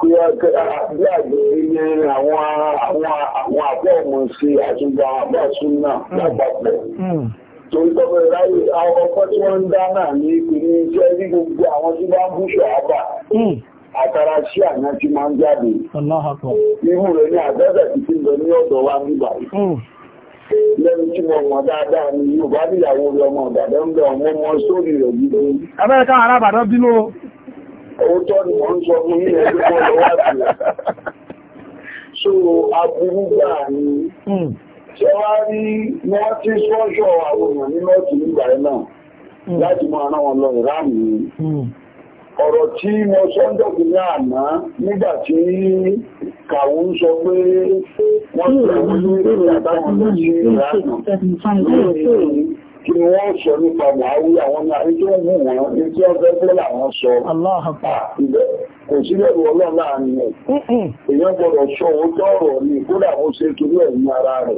kí bí àgbèrè ní àwọn àpọ̀ ọmọ sí àtúgbà àpáṣú náà lápapọ̀. Hmm. Torí tọ́pẹ̀ ráyè ọkọ̀ tí wọ́n ń dá náà ní ìpínlẹ̀ iṣẹ́ ní gbogbo àwọn tí bá ń búṣọ̀ àbà hmm. àtàrà sí àná tí máa ń jáde. Irú rẹ̀ ní àgbẹ́bẹ̀ tí ti ń lọ ní ọ̀dọ̀ wa nígbà yìí. Hmm. Lẹ́nu tí mo mọ̀ dáadáa ni Yorùbá níyàwó rẹ̀ ọmọ ọ̀dàdẹ́ ń bẹ ọmọ ọmọ sórí rẹ̀ gbígbé. Abẹ́rẹ́ káwọn arábàdàn bínú Òótọ́ ni mo ń sọ fún yín ẹ̀rí pọ̀ lọ́wọ́ àti so aburú gbà ni. Ṣé wá rí wọ́n ti sọ́ṣọ́ àwọn èèyàn ní Nọ́ọ̀tì nígbà yẹn náà láti máa rán wọn lọ ìráàmù yìí. Ọ̀rọ̀ tí mo sọ́ndọ̀kì ní àná nígbà tí kàwó ń sọ pé wọ́n ti rẹ̀ wọ́n ní ìrìn àtàwọn lọ sí ìráàmù kí ni wọ́n sọ nípa buhari àwọn ní ayé tó ń mú wọn ní tí wọ́n fẹ́ làwọn sọ ah, kò sí lẹ́rù ọlọ́run láàrin ẹ̀ èèyàn gbọ́dọ̀ sọ òótọ́ ọ̀rọ̀ ni kódà ó ṣe torí ẹ̀ ní ara rẹ̀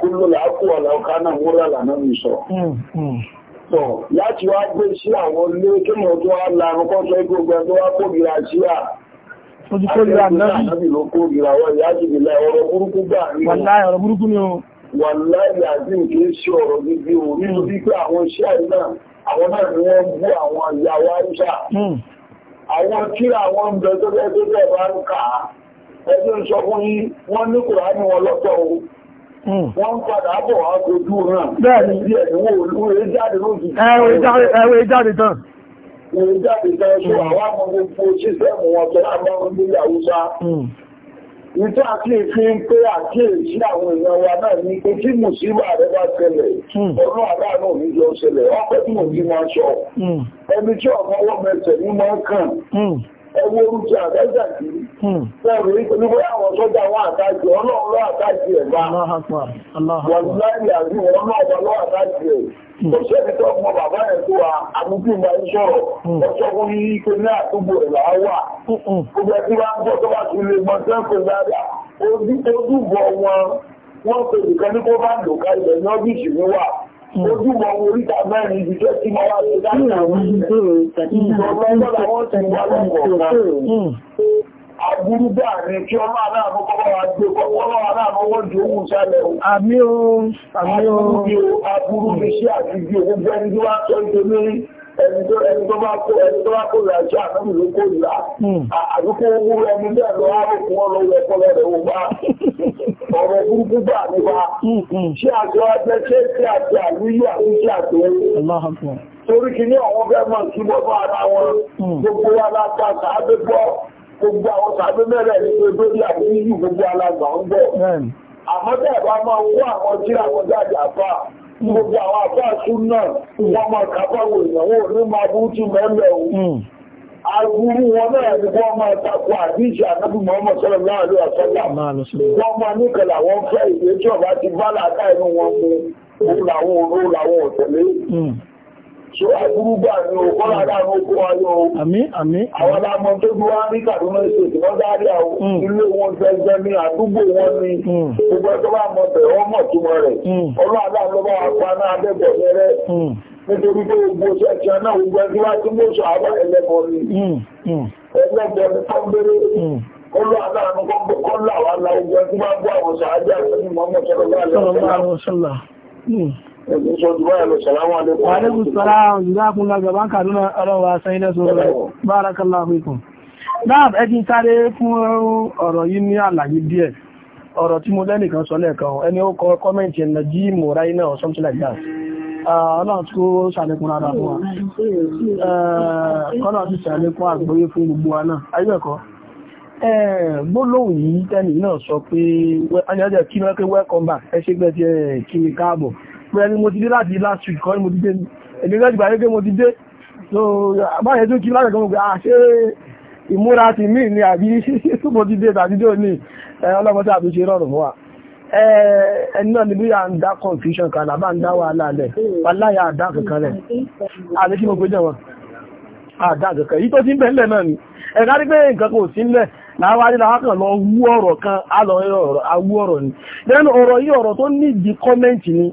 kó ló làákù ọ̀làọ̀ká náà múra lànà mi sọ láti wá gbé sí àwọn ilé kéèyàn tó wá larun kọ́ sọ gbogbo ẹ̀ tó wá kórìíra sí à Ojú náà. Àjẹ́gbẹ̀rẹ̀ náà ló kórìíra wọ́n ìyá wà láyé àti nǹkan ṣe ọ̀rọ̀ gidi o hmm. nínú wípé àwọn iṣẹ́ náà àwọn náà ni wọ́n bú àwọn ìyàwó àìṣà hmm. àwọn kí àwọn ń bẹ tó bẹ́ẹ̀ tó bẹ́ẹ̀ bá ń kà á ẹgbẹ́ wọn lọ́tọ̀ o hmm. wọ́n ń padà bọ̀ wá Ìjọ́ àti ìfin pé àti èsí àwọn èèyàn wa náà ní pé tí mò sí wà rẹ̀ bá tẹ̀lẹ̀, hmm. ọdún àbáàmù mi jọ ṣẹlẹ̀, ọpẹ́ tí mò sí máa sọ. Hmm. Ẹni tí ọmọ ọwọ́ mẹ́sẹ̀ ní máa kàn. Hmm ẹwọ orúkọ àdájà yìí fẹ́ẹ̀rù nígbà àwọn sọ́jà wọn àtàjì ọlọ́run àtàjì ẹ̀ bá wọn láì àbí àtàjì ẹ̀ Ojú wọn oríta mẹ́rin ibi tó ti máa wá kí ọmọ aláàmọ́ kọ́kọ́ wà gbé kọ́kọ́ lọ́wọ́ aláàmọ́ wọ́n jù oòrùn sálẹ̀ ohun. Àmì oòrùn, àmì oòrùn. Àbúrú bí sí àti bí ogun gbẹ́ni tó wá tọ́ ìtò ẹni tó bá kó ẹni tó bá kó rẹ̀ ajá àmì ló kó ìlà hmm. àdúgbò owó ẹni bẹ́ẹ̀ lọ àrùkù ọ̀rọ̀ rẹ̀ kọ́ lọ́rẹ̀ wò bá ọ̀rọ̀ burúkú bá nípa hmm, hmm. ṣé àjọ ẹgbẹ́ ṣé ṣé àti àlúyé àti ṣé àti torí kí ní àwọn fẹ́ sí gbogbo ara wọn gbogbo aláta sàábé gbọ́ gbogbo àwọn sàábé mẹ́rẹ̀ ní pé lórí àbúrú gbogbo alágbà ń bọ̀ àmọ́ tẹ́ẹ̀ bá máa wó àwọn tí àwọn jáde àfáà gbogbo àwọn àfáàsú náà wọ́n hmm. wọn náà ní wọ́n máa takò àdíjì ànábì mọ́mọ́ sọ́rọ̀ láàrin àṣọ́lá wọ́n máa níkẹ̀lẹ̀ àwọn fẹ́ ìgbéjọba ti bá làákà inú wọn mú òun làwọn òun làwọn òtẹ̀lé hmm. Àmì àmì. Àwọn alámọ tó bí wá ní Kàdúnà ìṣèkì wọ́n dárí àwọn hmm. ilé wọn fẹ́gbẹ́ ní àdúgbò wọn ni hmm. gbogbo ẹjọ́ bá mọ̀ bẹ̀rẹ̀ wọ́n mọ̀ túnmọ̀ rẹ̀. Hmm. Ọlọ́ àdáàlọ́bá apá náà dẹ́gbẹ̀ mẹ́rẹ́ nítorí pé gbogbo ṣẹ́ ti ọ̀nà gbogbo ẹjọ́ wá tí mọ́ sọ àwọn ẹlẹ́bọ̀ ni. Ẹlẹ́bọ̀ ni pọ́nbẹ́rẹ́. Ọlọ́ àdáàlọ́bá apá náà dẹ́gbẹ̀ Wàlékún sọ́lá ìdákun lágbàbá kàdúnà ọlọ́wà sáyé náà sọ́rọ̀ bárakàláwà ikùn. Dáàb ẹjí sáré fún ọ̀rọ̀ yìí ní àlàyé díẹ̀. Ọ̀rọ̀ tí mo lẹ́nìkan sọ lẹ́ẹ̀kan ẹni ó kọ kọ́mẹ́ntì ẹ̀nà jí mọ̀rá iná or something like that. Ọlọ́run tí ó sàlékún rárá fún wa. Kọ́lọ̀ ti sàlékún àgbóyé fún gbogbo wa náà. Ayé ẹ̀kọ́. Gbólóhùn yìí tẹ́nì náà sọ pé, ọjọ́ kí ni wọ́n pé welcome back, ẹ ṣe gbẹ́ ti ẹ̀ kí pẹ̀lú mo ti dé láti last week kọ́ mo ti dé ní ti mo ti dé so kí láti ah, ìmúra ti mí àbí ti dé tàbí ní tí ṣe fún wa ẹni náà ni bí a ń dá confusion kan àbá ń dá kankan kí mo jẹ́ wọn kankan yìí tó ti ń náà ni ẹ̀ka rí pé nǹkan kò sí kan lọ ọ̀rọ̀ ni lẹ́nu ọ̀rọ̀ yìí ọ̀rọ̀ tó kọ́mẹ́ǹtì ni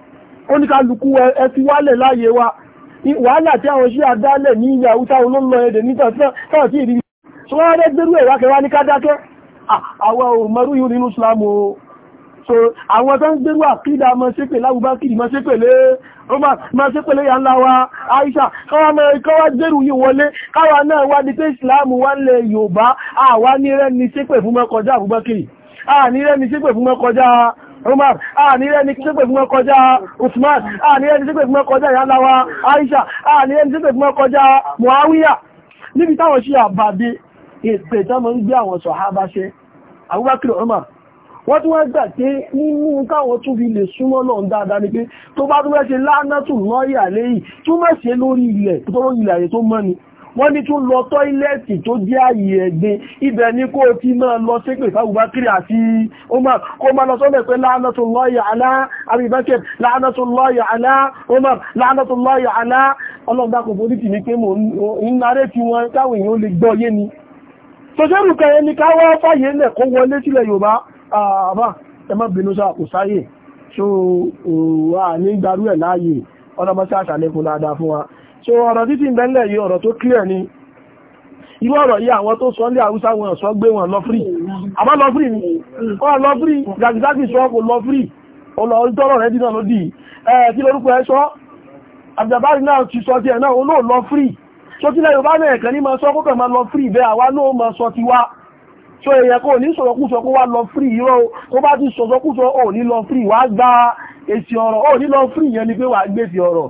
oníkálukú ẹ fi wálẹ̀ láàyè wa wàhálà tí àwọn ṣíà dálẹ̀ ní ilẹ̀ haúsá olóńlọ èdè níta sáà sí ìrírí tí wọ́n rẹ́ gbérú ẹ̀wà kẹwàá ní kádákẹ́ àwọn òmọrú yìí nínú Islam so àwọn tó ń gbérú àkídà mọ́ ṣépè láwùbákìrì mọ́ ṣépè lé Umar mọ́ wa Aisha káwà gbérú yìí wọlé káwà náà wá di pé Islam wá lẹ Yorùbá àwa ní rẹ́ni ṣépè fún mọ́ kọjá àbúbákìrì àní Umar, àníyẹ́ ni kí sípè fún ọkọjá Usman, àníyẹ́ ni sípè fún ọkọjá ìyáláwa Aisha, àníyẹ́ ni sípè fún ọkọjá Muawiya. Níbi táwọn ṣe àbàdé èpè tán mọ́ ń gbé àwọn sọ̀hábá ṣe, Abubakar Umar. Wọ́n tún wọ́n gbà pé nínú káwọn tún fi lè súnmọ́ lọ́n dáadáa ni pé tó bá tún fẹ́ ṣe lánàtù lọ́yà lẹ́yìn túmọ̀ sí lórí ilẹ̀ tó lórí ilẹ̀ tó mọ́ ni wọ́n ní tún lọ tọ́ílẹ̀tì tó jẹ́ ààyè ẹ̀gbin ibẹ̀ ní kó ti máa lọ ṣépè fáwùbákiri àti Umar kó máa lọ sọ́mọ̀ pé la'natullahi ala Abi Bakr la'natullahi ala Umar la'natullahi ala ọlọ́gbàkùn polítì ní pé mò ń narẹ́ fi wọn káwọn èèyàn lè gbọ́ yé ni tọ́jọ́rù kan ẹni káwọ́ fàyè lẹ̀ kó wọlé sílẹ̀ Yorùbá àbá ẹ má bínú sáà kò sáyè so wà ní gbarú ẹ̀ àṣàlẹ́kùn dáadáa fún wa so ọ̀rọ̀ títí ń bẹ́lẹ̀ yìí ọ̀rọ̀ tó clear ni irú ọ̀rọ̀ yìí àwọn tó sọ ní àwúsá wọn sọ gbé wọn lọ́fírí àbá lọ́fírí ni wọ́n lọ́fírí gàgìdágì sọ kò lọ́fírí ọlọ́ọ̀tọ́rọ̀ rẹ̀ dínà ló dì ẹ̀ kí lórúkọ ẹ sọ àbìdàbárí náà ti sọ ti ẹ̀ náà olóò lọ́fírí so tí lẹ́yìn bá náà ẹ̀kẹ́ ní ma sọ kókẹ̀ ma lọ́fírí bẹ́ àwa náà ma sọ ti wá so èèyàn kò ní sọ̀rọ̀kúsọ kó wá lọ́fírí irọ́ kó bá ti sọ̀rọ̀kúsọ ò ní lọ́fírí wá gba èsì ọ̀rọ̀ ò ní lọ́fírí yẹn ni pé wà gbèsè ọ̀rọ̀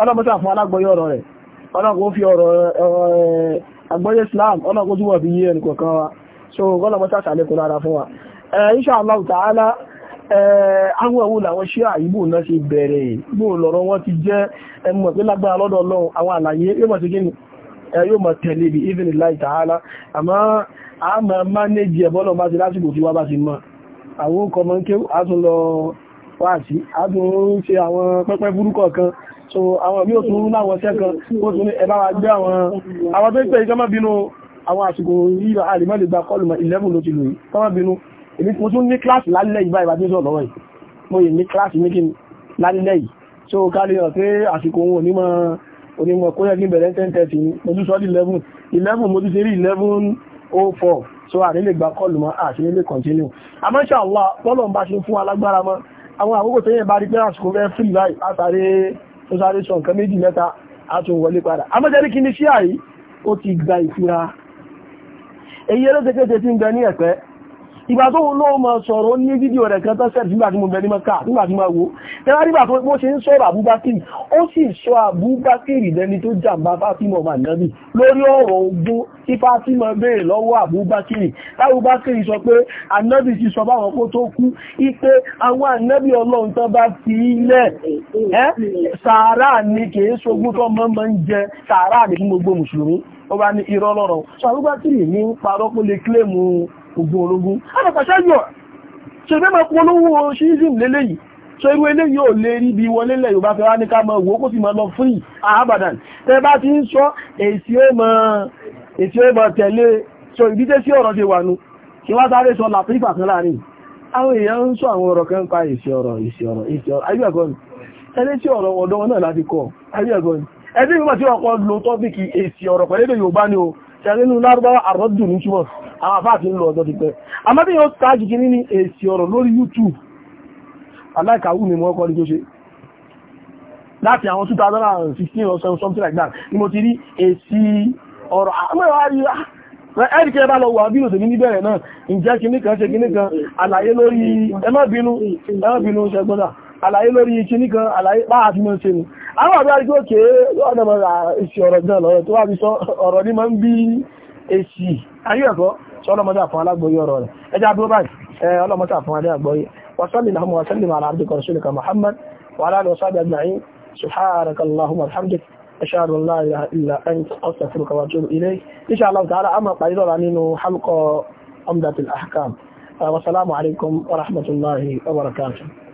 ọlọ́pọ̀tà fún alágbọ́yé ọ̀rọ̀ rẹ̀ ọlọ́pọ̀ fi ọ̀rọ̀ Islam ọlọ́pọ̀ tó fi kọ̀ọ̀kan wa so ọlọ́pọ̀tà sàlékún lára fún wa insha Allah ta'ala àwọn ẹ̀wò làwọn ṣíà ìbò náà ṣe bẹ̀rẹ̀ ìbò lọ́rọ̀ wọn ti a tún lọ ṣe àwọn pẹ́pẹ́ burúkọ̀ kan so àwọn mí ò tún láwọn sẹ́kan ó tún ní ẹbá wa gbé àwọn àwọn tó ń pè ìjọmọ́ bínú àwọn àsìkò yíra àrímọ́lè gba kọlùmọ̀ 11 ló ti lò yìí tọ́mọ́ bínú èmi mo tún ní kíláàsì lálẹ́ ìbá ìbá tí ó sọ̀rọ̀ yìí mo yìí ní kíláàsì méjì lálẹ́ yìí so káàlì hàn pé àsìkò òun onímọ̀ onímọ̀ kó yẹ kí n bẹ̀rẹ̀ 10:30 ni mo tún sọ 11 11 mo tún ṣe rí 11:04 so àrílè gba kọlùmọ̀ àṣírílè continue àmọ́ ṣàlá bọ́lọ̀ ń bá ṣe fún alágbára mọ́ àwọn àkókò tó yẹ bá rí pé àsìkò fẹ́ free life látàrí ó sáré sọ nǹkan méjì mẹ́ta á tún wọlé padà amọ́jẹ́rí kí ni ṣíà yìí ó ti gba ìfura èyí ló ṣe kéde tí ń bẹ ní ẹ̀pẹ́ ìgbà tó ló mọ̀ sọ̀rọ̀ ní fídíò rẹ̀ kan tán sẹ́ẹ̀tì nígbà tí mo bẹ̀ ní mọ́ká nígbà tí máa wo tẹ́lá nígbà tó bó ṣe ń sọ̀rọ̀ àbúbákìrì ó sì sọ àbúbákìrì lẹ́ni tó jàǹbá fátímọ̀ mànábì lórí ọ̀rọ̀ ogún tí fátímọ̀ béèrè lọ́wọ́ àbúbákìrì tábúbákìrì sọ pé ànábì ti sọ báwọn kó tó kú ipe àwọn ànábì ọlọ́run tán bá fi ilẹ̀ ẹ́ sàárà ni kìí sogún tó mọ́ mọ́ ń jẹ sàárà ní gbogbo mùsùlùmí ó bá ní irọ́ lọ́rọ̀ sọ ní parọ́ lè kílèmù ogún ológun alápàṣájọ́ ṣe fẹ́ máa kú olówó ṣíṣìm lélẹ́yìí so irú eléyìí ò lè rí bí wọlé lẹ̀ yóò bá fẹ́ wá ní ká mọ̀ wò kó sì mọ̀ lọ fún àábàdàn tẹ bá ti ń sọ èsì ó mọ̀ tẹ̀lé so ìdíjẹ́ sí ọ̀rọ̀ ṣe wà nú kí wá sáré sọ làpífà kan láàrin àwọn èèyàn ń sọ àwọn ọ̀rọ̀ kan pa èsì ọ̀rọ̀ èsì ọ̀rọ̀ èsì ọ̀rọ̀ ayúbẹ̀gọ́ni ẹni tí ọ̀rọ̀ ọ̀dọ́ náà láti kọ ayúbẹ̀gọ́ni ẹni tí wọ́n ti ọkọ̀ lo tọ́bíkì èsì ọ̀rọ̀ pẹ̀lú Yorùbá ni o ṣẹ̀rínú lárúbáwá àrọ́dù ní túmọ̀ àwọn àfáàfin lọ ọ̀dọ́ ti pẹ́ àmọ́ bí yóò tàájì kí ní èsì ọ̀rọ̀ lórí YouTube aláìkàwù ní 2016 or something like that ni mo ti rí èsì ọ̀rọ̀ àmọ́wárí ẹ́rìkẹ́ mọ́ àwọn ọ̀dọ́ àrígbó kè é ọ̀nà mọ̀ra èsì ọ̀rọ̀ gan lọ́rọ̀ tó wà bí sọ ọ̀rọ̀ ní máa ń bí èsì ayé ẹ̀kọ́ sọ ọlọ́mọdé àfọn alágbóyé ọ̀rọ̀ rẹ̀ ẹjá dúró báyìí ọlọ́mọdé àfọn alágbóyé wasalli lahum wa sallim ala abdika rasulika muhammad wa ala alihi wa sahbihi ajma'in subhanaka allahumma wa bihamdik ashhadu an la ilaha illa anta astaghfiruka wa atubu ilayk insha wa rahmatullahi wa barakatuh